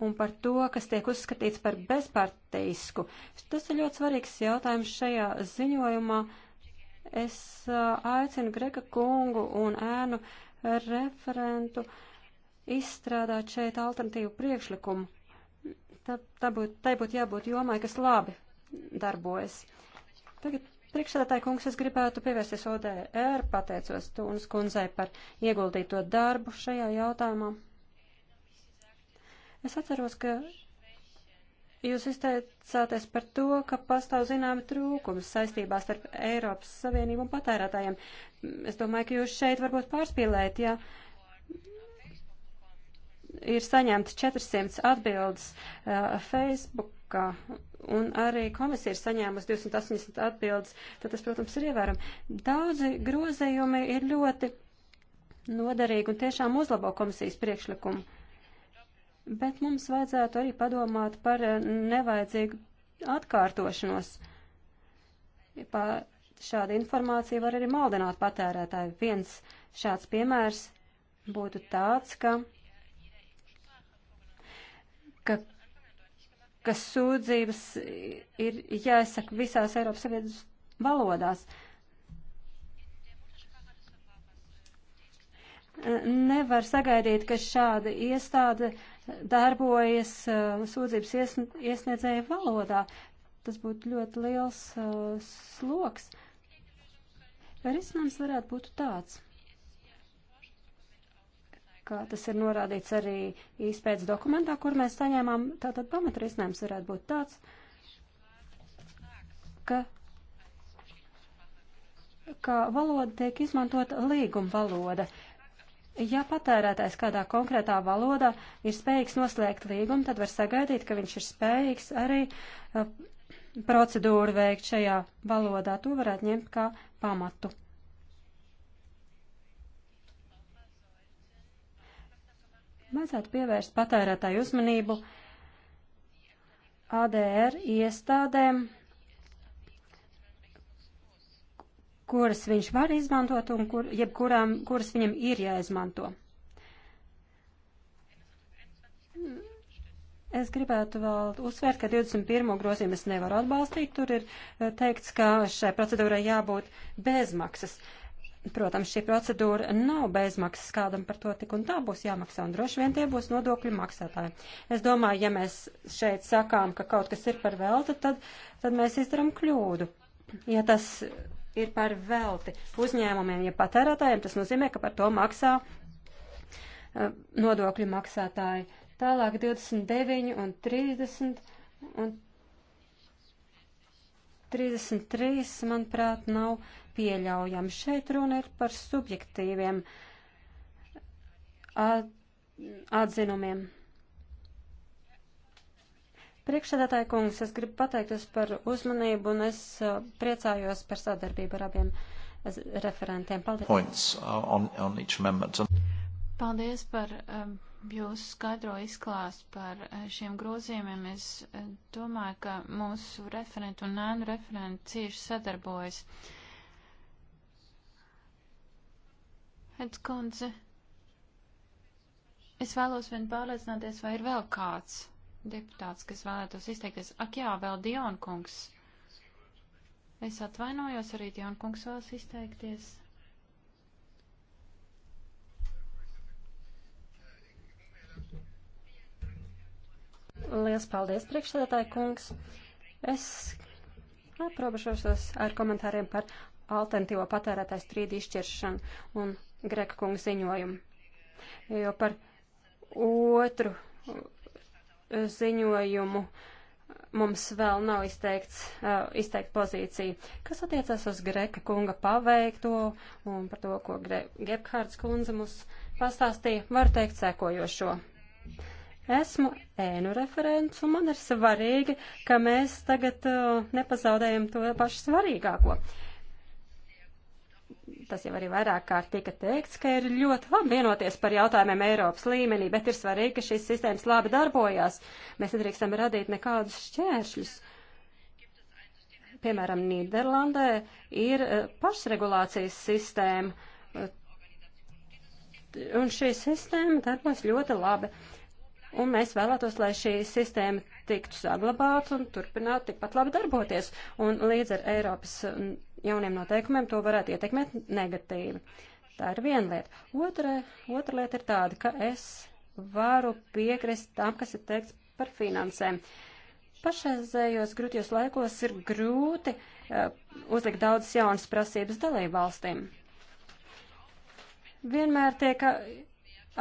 un par to, kas tiek uzskatīts par bezpartīsku. Tas ir ļoti svarīgs jautājums šajā ziņojumā. Es uh, aicinu Grega kungu un ēnu referentu izstrādāt šeit alternatīvu priekšlikumu. Tā, tā būtu būt jābūt jomai, kas labi darbojas. Tagad Priekšsēdētāji kungs, es gribētu pievērsties ODR, pateicos Tūnas kundzei par ieguldīto darbu šajā jautājumā. Es atceros, ka jūs izteicāties par to, ka pastāv zināmi trūkumi saistībā starp Eiropas Savienību un patērētājiem. Es domāju, ka jūs šeit varbūt pārspīlējat, ja ir saņemts 400 atbildes uh, Facebook laikā, un arī komisija ir saņēmusi 280 atbildes, tad tas, protams, ir ievēram. Daudzi grozījumi ir ļoti noderīgi un tiešām uzlabo komisijas priekšlikumu. Bet mums vajadzētu arī padomāt par eh, nevajadzīgu atkārtošanos. Pa šāda informācija var arī maldināt patērētāju. Viens šāds piemērs būtu tāds, ka, ka ka sūdzības ir jāizsaka visās Eiropas Savienības valodās. Nevar sagaidīt, ka šāda iestāde darbojas uh, sūdzības iesn iesniedzēja valodā. Tas būtu ļoti liels uh, sloks. Risinājums varētu būt tāds kā tas ir norādīts arī izpētes dokumentā, kur mēs saņēmām, tātad pamatrisnēms varētu būt tāds, ka, ka valoda tiek izmantota līguma valoda. Ja patērētājs kādā konkrētā valodā ir spējīgs noslēgt līgumu, tad var sagaidīt, ka viņš ir spējīgs arī uh, procedūru veikt šajā valodā. To varētu ņemt kā pamatu. Vajadzētu pievērst patērētāju uzmanību ADR iestādēm, kuras viņš var izmantot un kur, jebkurām, kuras viņam ir jāizmanto. Es gribētu vēl uzsvērt, ka 21. grozījumu es nevaru atbalstīt. Tur ir eh, teikts, ka šai procedūrai jābūt bezmaksas. Uh, Protams, šī procedūra nav bezmaksas, kādam par to tik un tā būs jāmaksā, un droši vien tie būs nodokļu maksātāji. Es domāju, ja mēs šeit sakām, ka kaut kas ir par velti, tad, tad mēs izdarām kļūdu. Ja tas ir par velti uzņēmumiem, ja patērētājiem, tas nozīmē, ka par to maksā eh, nodokļu maksātāji. Tālāk 29 un 30 un 33, manuprāt, nav pieļaujami. Šeit runa ir par subjektīviem atzinumiem. Priekšsēdētāja kungs, es gribu pateikties par uzmanību un es priecājos par sadarbību ar abiem referentiem. Paldies. Uh, on, on Paldies par um, jūsu skaidro izklāstu par uh, šiem grozījumiem. Es uh, domāju, ka mūsu referenti un nēnu referenti cieši sadarbojas. Uh, Edskundze, es vēlos vien pārliecināties, vai ir vēl kāds deputāts, kas vēlētos izteikties. Ak jā, vēl Dionkungs. Es atvainojos, arī Dionkungs vēlas izteikties. Liels paldies, priekšsēdētāji kungs. Es aprobežošos ar komentāriem par alternatīvo patērētāju strīdu izšķiršanu un Greka kunga ziņojumu. Jo par otru uh, ziņojumu mums vēl nav izteikts, uh, izteikta pozīcija. Kas attiecās uz Greka kunga paveikto un par to, ko Gre Gebhards kundze mums pastāstīja, var teikt sekojošo. Esmu ēnu referents, un man ir svarīgi, ka mēs tagad uh, nepazaudējam to pašu svarīgāko. Uh, tas jau arī vairāk kārt tika teikts, ka ir ļoti labi vienoties par jautājumiem Eiropas līmenī, bet ir svarīgi, ka šīs sistēmas labi darbojās. Mēs nedrīkstam radīt nekādus šķēršļus. Piemēram, Nīderlandē ir eh, pašregulācijas sistēma, eh, un šī sistēma darbojas ļoti labi. Un mēs vēlētos, lai šī sistēma tiktu saglabāta un turpinātu tikpat labi darboties. Un līdz ar Eiropas mm, jauniem noteikumiem to varētu ietekmēt negatīvi. Tā ir viena lieta. Otra, otra lieta ir tāda, ka es varu piekrist tam, kas ir teikts par finansēm. Pašreizējos grūtījos laikos ir grūti uh, uzlikt daudzas jaunas prasības dalību valstīm. Vienmēr tiek eh,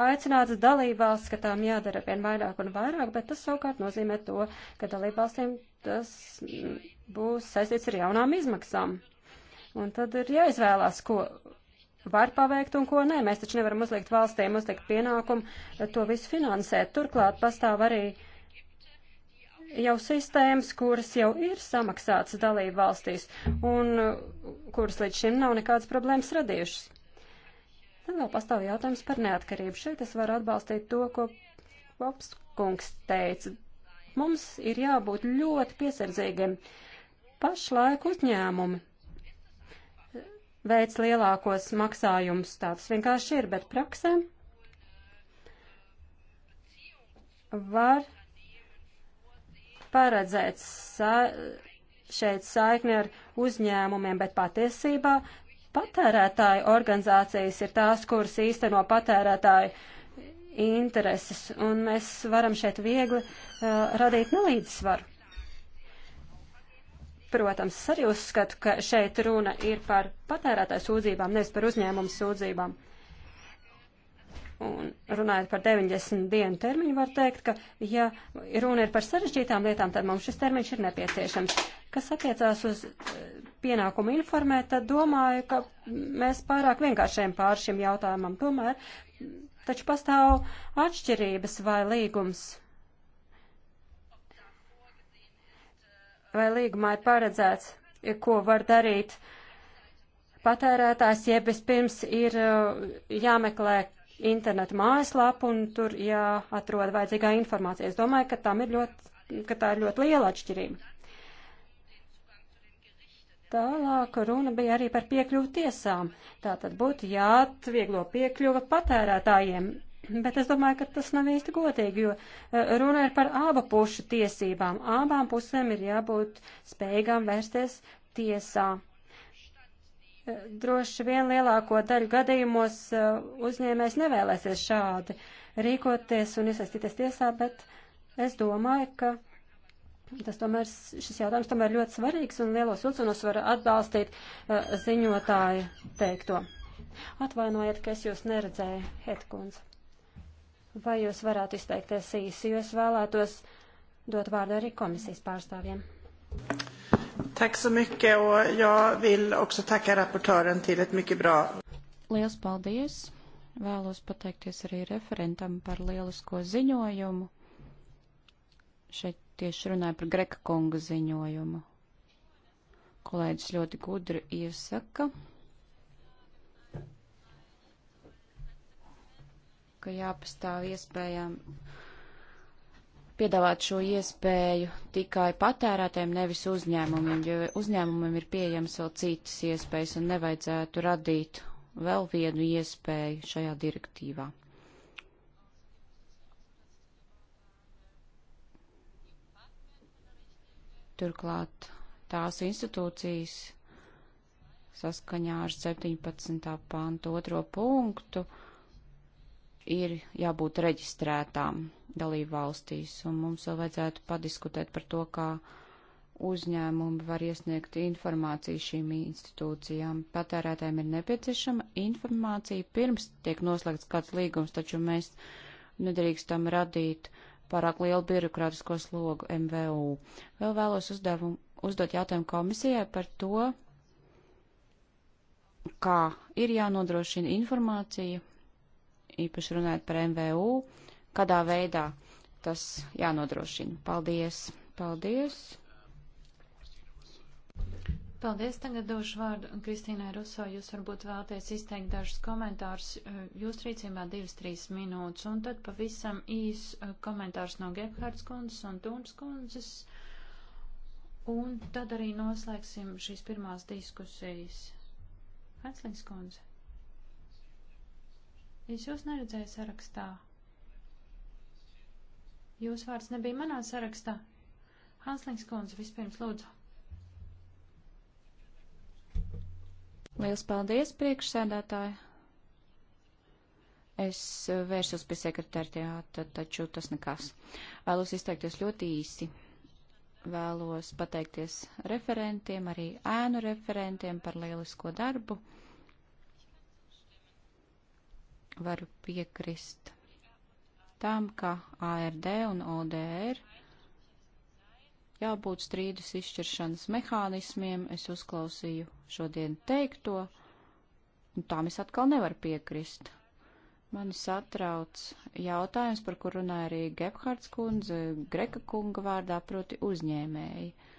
aicināts dalībvalsts, ka tām jādara vien vairāk un vairāk, bet tas savukārt nozīmē to, ka dalībvalstīm tas mm, būs saistīts ar jaunām izmaksām. Un tad ir jāizvēlās, ko var paveikt un ko nē. Mēs taču nevaram uzlikt valstīm, uzlikt pienākumu eh, to visu finansēt. Turklāt pastāv arī jau sistēmas, kuras jau ir samaksātas dalību valstīs un eh, kuras līdz šim nav nekādas problēmas radījušas. Tad vēl pastāv jautājums par neatkarību. Šeit es varu atbalstīt to, ko Pops kungs teica. Mums ir jābūt ļoti piesardzīgiem. Pašlaik uzņēmumi veids lielākos maksājumus. Tāds vienkārši ir, bet praksē var paredzēt sa šeit saikni ar uzņēmumiem, bet patiesībā patērētāju organizācijas ir tās, kuras īsteno patērētāju intereses, un mēs varam šeit viegli uh, radīt nelīdzsvaru. Protams, es arī uzskatu, ka šeit runa ir par patērētāju sūdzībām, nevis par uzņēmumu sūdzībām. Un runājot par 90 dienu termiņu, var teikt, ka, ja runa ir par sarežģītām lietām, tad mums šis termiņš ir nepieciešams. Kas attiecās uz eh, pienākumu informēt, tad domāju, ka mēs pārāk vienkāršiem pār šim jautājumam. Tomēr taču pastāv atšķirības vai līgums vai līgumā ir paredzēts, ko var darīt patērētājs, ja vispirms ir uh, jāmeklē internetu mājaslapu un tur jāatrod vajadzīgā informācija. Es domāju, ka, tam ir ļoti, ka tā ir ļoti liela atšķirība. Tālāk runa bija arī par piekļuvu tiesām. Tātad būtu jāatvieglo piekļuva patērētājiem Bet es domāju, ka tas nav īsti godīgi, jo eh, runa ir par abu pušu tiesībām. Abām pusēm ir jābūt spējīgām vērsties tiesā. Droši vien lielāko daļu gadījumos eh, uzņēmējs nevēlēsies šādi rīkoties un iesaistīties tiesā, bet es domāju, ka tas tomēr, šis jautājums tomēr ļoti svarīgs un lielos vilcienos var atbalstīt eh, ziņotāju teikto. Atvainojiet, ka es jūs neredzēju, Hetkundze. Vai jūs varētu izteikties īsi, jo es vēlētos dot vārdu arī komisijas pārstāvjiem? Tack så mycket och jag vill också tacka rapportören till ett mycket bra. Liels paldies! Vēlos pateikties arī referentam par lielisko ziņojumu. Šeit tieši runāja par Greka kunga ziņojumu. Kolēģis ļoti gudri iesaka ka jāpastāv iespējām piedāvāt šo iespēju tikai patērētēm, nevis uzņēmumiem, jo uzņēmumiem ir pieejamas vēl citas iespējas un nevajadzētu radīt vēl vienu iespēju šajā direktīvā. Turklāt tās institūcijas saskaņā ar 17. pantu otro punktu ir jābūt reģistrētām dalību valstīs, un mums vēl vajadzētu padiskutēt par to, kā uzņēmumi var iesniegt informāciju šīm institūcijām. Patērētājiem ir nepieciešama informācija pirms tiek noslēgts kāds līgums, taču mēs nedrīkstam radīt pārāk lielu birokrātisko slogu MVU. Vēl vēlos uzdevumu, uzdot jautājumu komisijai par to, kā ir jānodrošina informācija īpaši runājot par MVU, kādā veidā tas jānodrošina. Paldies! Paldies! Paldies, tagad došu vārdu Kristīnai Ruso. Jūs varbūt vēlaties izteikt dažus komentārus. Jūs rīcībā 2-3 minūtes, un tad pavisam īs komentārs no Gebhards kundzes un Tūns kundzes. Un tad arī noslēgsim šīs pirmās diskusijas. Hanslings kundze. Es jūs neredzēju sarakstā. Jūsu vārds nebija manā sarakstā. Hanslings kundze vispirms lūdzu. Liels paldies, priekšsēdētāji! Es vēršos pie sekretariāta, taču tas nekas. Vēlos izteikties ļoti īsi. Vēlos pateikties referentiem, arī ēnu referentiem par lielisko darbu varu piekrist tam, ka ARD un ODR jābūt strīdus izšķiršanas mehānismiem. Es uzklausīju šodien teikto, un tām es atkal nevaru piekrist. Mani satrauc jautājums, par kur runāja arī Gebhards kundze, Greka kunga vārdā, proti uzņēmēji. Uh,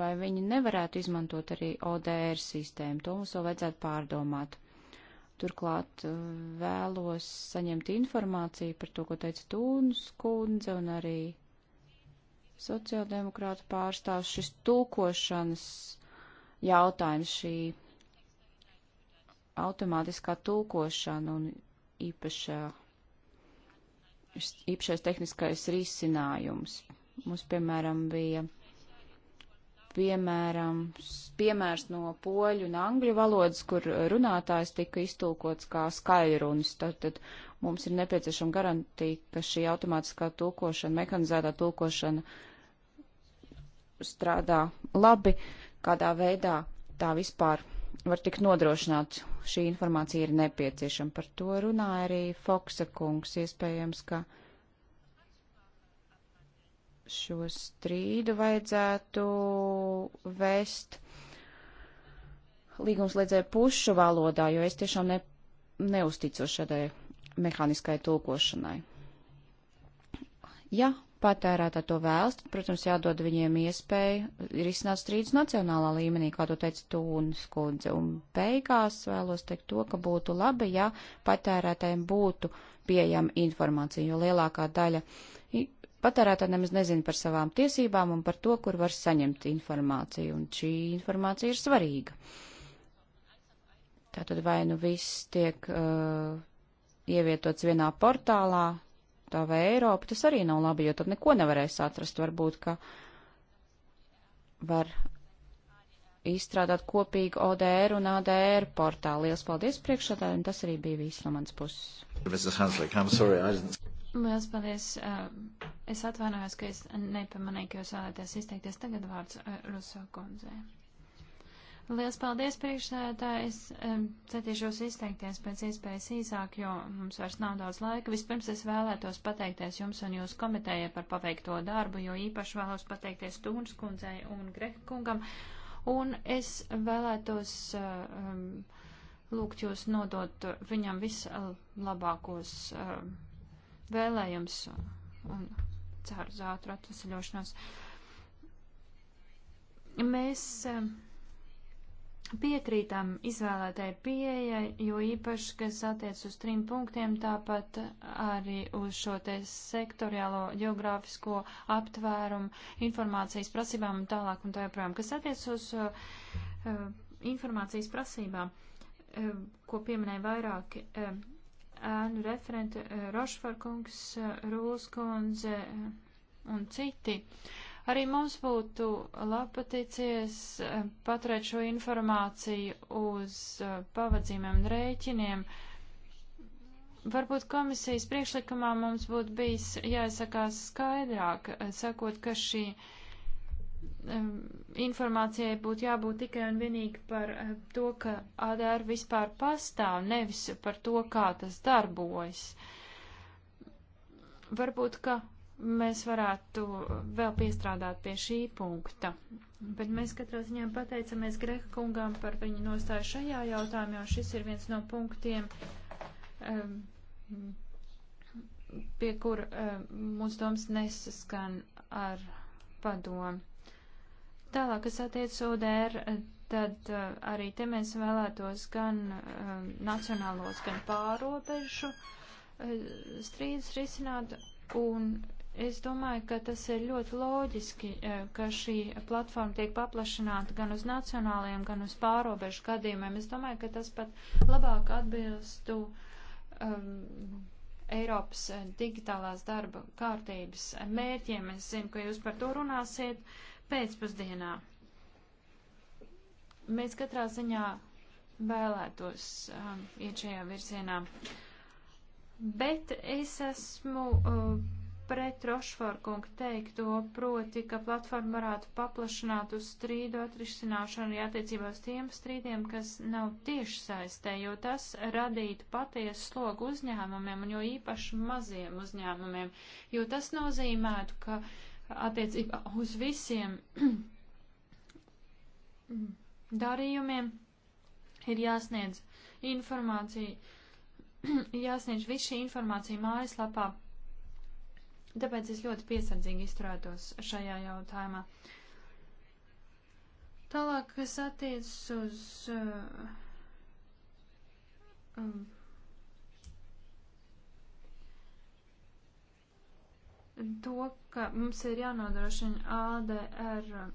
vai viņi nevarētu izmantot arī ODR sistēmu. To mums vēl vajadzētu pārdomāt. Turklāt uh, vēlos saņemt informāciju par to, ko teica Tūnas kundze un arī sociāldemokrāta pārstāvs. Šis tulkošanas jautājums, šī automātiskā tulkošana un īpašā, īpašais tehniskais risinājums. Mums, piemēram, bija piemēram, piemērs no poļu un angļu valodas, kur runātājs tika iztulkots kā skaļrunis. Tad, tad mums ir nepieciešama garantija, ka šī automātiskā tulkošana, mehanizētā tulkošana strādā labi, kādā veidā tā vispār var tikt nodrošināts. Šī informācija ir nepieciešama. Par to runāja arī Foksa kungs. Iespējams, ka. Uh, šo strīdu vajadzētu vest līgumslēdzēju pušu valodā, jo es tiešām ne, neusticos šādai mehāniskai tulkošanai. Ja patērētā to vēlas, tad, protams, jādod viņiem iespēju risināt strīdus nacionālā līmenī, kā to teica Tūnas kundze. Un beigās vēlos teikt to, ka būtu labi, ja patērētājiem būtu pieejama informācija, jo lielākā daļa uh, Patērētāji nemaz nezina par savām tiesībām un par to, kur var saņemt informāciju, un šī informācija ir svarīga. Tātad vai nu viss tiek uh, ievietots vienā portālā, tā vai Eiropa, tas arī nav labi, jo tad neko nevarēs atrast. Varbūt, ka var izstrādāt kopīgu ODR un ADR portālu. Lielas paldies priekšādājiem, tas arī bija viss no manas puses. Lielas paldies. Eh, es atvainojos, ka es nepamanīju, ka jūs vēlēties izteikties tagad vārds eh, Ruso kundzē. Lielas paldies priekšsēdētāji. Es eh, centīšos izteikties pēc iespējas īsāk, jo mums vairs nav daudz laika. Vispirms es vēlētos pateikties jums un jūsu komitējai par paveikto darbu, jo īpaši vēlos pateikties Tūnas kundzei un Greha kungam. Un es vēlētos. Um, lūgt jūs nodot viņam vislabākos uh, vēlējums un ceru uz ātru atvesaļošanos. Mēs um, piekrītam izvēlētai pieejai, jo īpaši, kas attiec uz trim punktiem, tāpat arī uz šo te sektoriālo geogrāfisko aptvērumu, informācijas prasībām un tālāk un tā joprojām. Kas attiec uz uh, uh informācijas prasībām, uh, ko pieminēja vairāki. Uh, ēnu referente eh, Rošvarkungs, eh, Rūskundze eh, un citi. Arī mums būtu labpaticies paturēt šo informāciju uz pavadzīmēm un rēķiniem. Varbūt komisijas priekšlikumā mums būtu bijis jāizsakās skaidrāk, sakot, ka šī uh, informācijai būtu jābūt tikai un vienīgi par eh, to, ka ADR vispār pastāv, nevis par to, kā tas darbojas. Varbūt, ka mēs varētu vēl piestrādāt pie šī punkta. Bet mēs katrā ziņā pateicamies Greka kungām par viņu nostāju šajā jautājumā, jo šis ir viens no punktiem, pie kur mūsu domas nesaskan ar padomu. Tālāk, kas attiec ODR, tad eh, arī te mēs vēlētos gan um, nacionālos, gan pārobežu uh, strīdus risināt, un es domāju, ka tas ir ļoti loģiski, uh, ka šī platforma tiek paplašināta gan uz nacionālajiem, gan uz pārobežu gadījumiem. Es domāju, ka tas pat labāk atbilstu um, Eiropas digitālās darba kārtības mērķiem. Es zinu, ka jūs par to runāsiet. Uh, pēcpusdienā. Mēs katrā ziņā vēlētos um, iet šajā virzienā. Bet es esmu uh, pret Rošforkunga teikto, proti, ka platforma varētu paplašināt uz strīdu atrisināšanu arī attiecībā uz tiem strīdiem, kas nav tieši saistē, jo tas radītu patiesu slogu uzņēmumiem un jo īpaši maziem uzņēmumiem, jo tas nozīmētu, ka uh, attiecībā uz visiem darījumiem ir jāsniedz informācija, jāsniedz viss šī informācija mājaslapā. Tāpēc es ļoti piesardzīgi izturētos šajā jautājumā. Tālāk, kas attiecas uz. Uh, um, to, ka mums ir jānodrošina ADR um,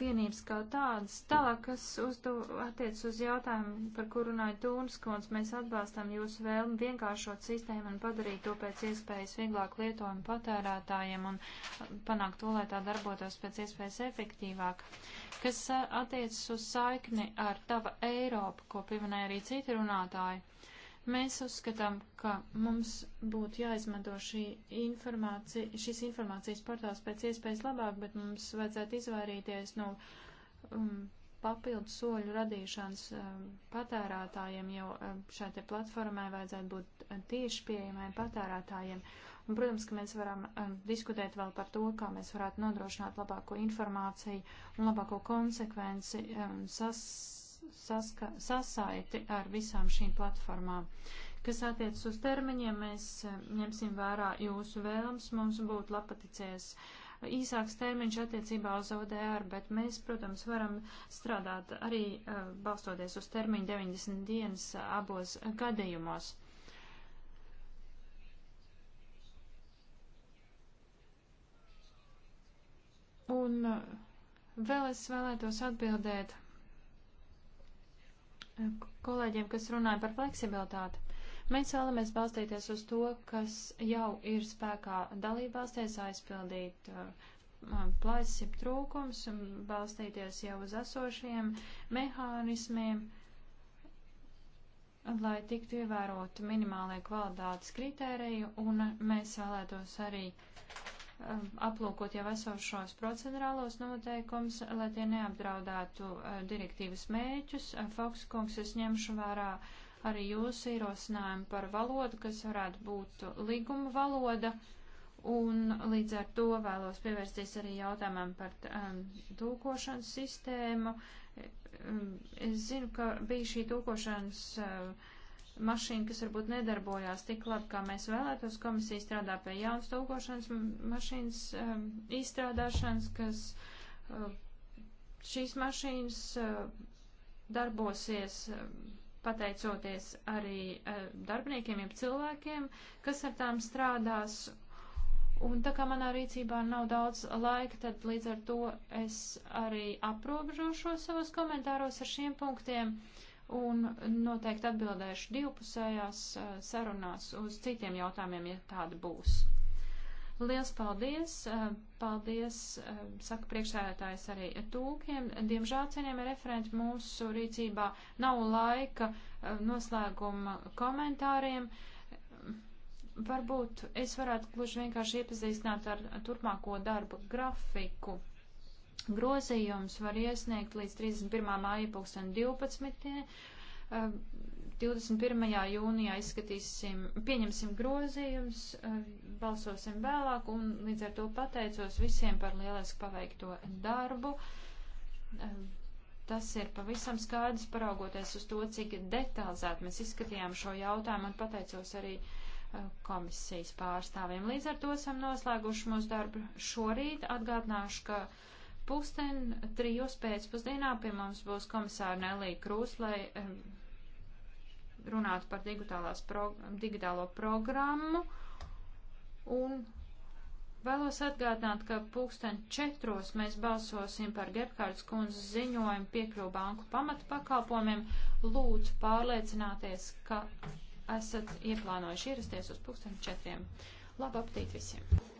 vienības kā tādas. Tālāk, kas uzdu, attiec uz jautājumu, par kuru runāja Tūnskons, mēs atbalstam jūsu vēlmi vienkāršot sistēmu un padarīt to pēc iespējas vieglāk lietojumu patērētājiem un uh, panākt to, lai tā darbotos pēc iespējas efektīvāk. Kas uh, attiecas uz saikni ar tava Eiropu, ko pieminēja arī citi runātāji. Mēs uzskatām, ka mums būtu jāizmanto šī informācija, šis informācijas portāls pēc iespējas labāk, bet mums vajadzētu izvairīties no um, papildu soļu radīšanas um, patērētājiem, jo um, šai te platformai vajadzētu būt uh, tieši pieejamai patērētājiem. Un, protams, ka mēs varam um, diskutēt vēl par to, kā mēs varētu nodrošināt labāko informāciju un labāko konsekvenci um, sas saska, sasaiti ar visām šīm platformām. Kas attiecas uz termiņiem, mēs eh, ņemsim vērā jūsu vēlms, mums būtu lapaticies īsāks termiņš attiecībā uz ODR, bet mēs, protams, varam strādāt arī eh, balstoties uz termiņu 90 dienas abos gadījumos. Un eh, vēl es vēlētos atbildēt kolēģiem, kas runāja par fleksibilitāti. Mēs vēlamies balstīties uz to, kas jau ir spēkā dalībvalstīs, aizpildīt uh, plaisip trūkums, balstīties jau uz esošiem mehānismiem, lai tiktu ievērot minimālie kvalitātes kritēriju, un mēs vēlētos arī uh, Um, aplūkot jau esošos procedurālos noteikums, lai tie neapdraudētu uh, direktīvas mēķus. Uh, Fokskungs, es ņemšu vērā arī jūsu ierosinājumu par valodu, kas varētu būt līguma valoda. Un līdz ar to vēlos pievērsties arī jautājumam par um, tūkošanas sistēmu. Um, es zinu, ka bija šī tūkošanas uh, mašīnu, kas varbūt nedarbojās tik labi, kā mēs vēlētos. Komisija strādā pie jaunas tulkošanas mašīnas um, izstrādāšanas, kas um, šīs mašīnas um, darbosies. Um, pateicoties arī uh, darbiniekiem, jeb cilvēkiem, kas ar tām strādās, Un tā kā manā rīcībā nav daudz laika, tad līdz ar to es arī aprobežošos savos komentāros ar šiem punktiem un noteikti atbildēšu divpusējās eh, sarunās uz citiem jautājumiem, ja tāda būs. Liels paldies! Eh, paldies, eh, saka priekšsēdētājs arī tūkiem. Diemžēl, cienījami referenti, mūsu rīcībā nav laika noslēguma komentāriem. Varbūt es varētu gluži vienkārši iepazīstināt ar turpmāko darba grafiku. Grozījums var iesniegt līdz 31. māja 2012. 21. Eh, jūnijā izskatīsim, pieņemsim grozījums, eh, balsosim vēlāk un līdz ar to pateicos visiem par lielisku paveikto darbu. Eh, tas ir pavisam skaidrs, paraugoties uz to, cik detalizēti mēs izskatījām šo jautājumu un pateicos arī komisijas pārstāvjiem. Līdz ar to esam noslēguši mūsu darbu šorīt. Atgādināšu, ka. Pūsten trijos pēcpusdienā pie mums būs komisāra Nelī Krūs, lai runātu par pro, digitālo programmu. Un Vēlos atgādināt, ka pulksten četros mēs balsosim par Gebkārdas kundzes ziņojumu piekļuvu banku pamatu pakalpojumiem. Lūdzu pārliecināties, ka esat ieplānojuši ierasties uz pulksten četriem. Labu aptīt visiem!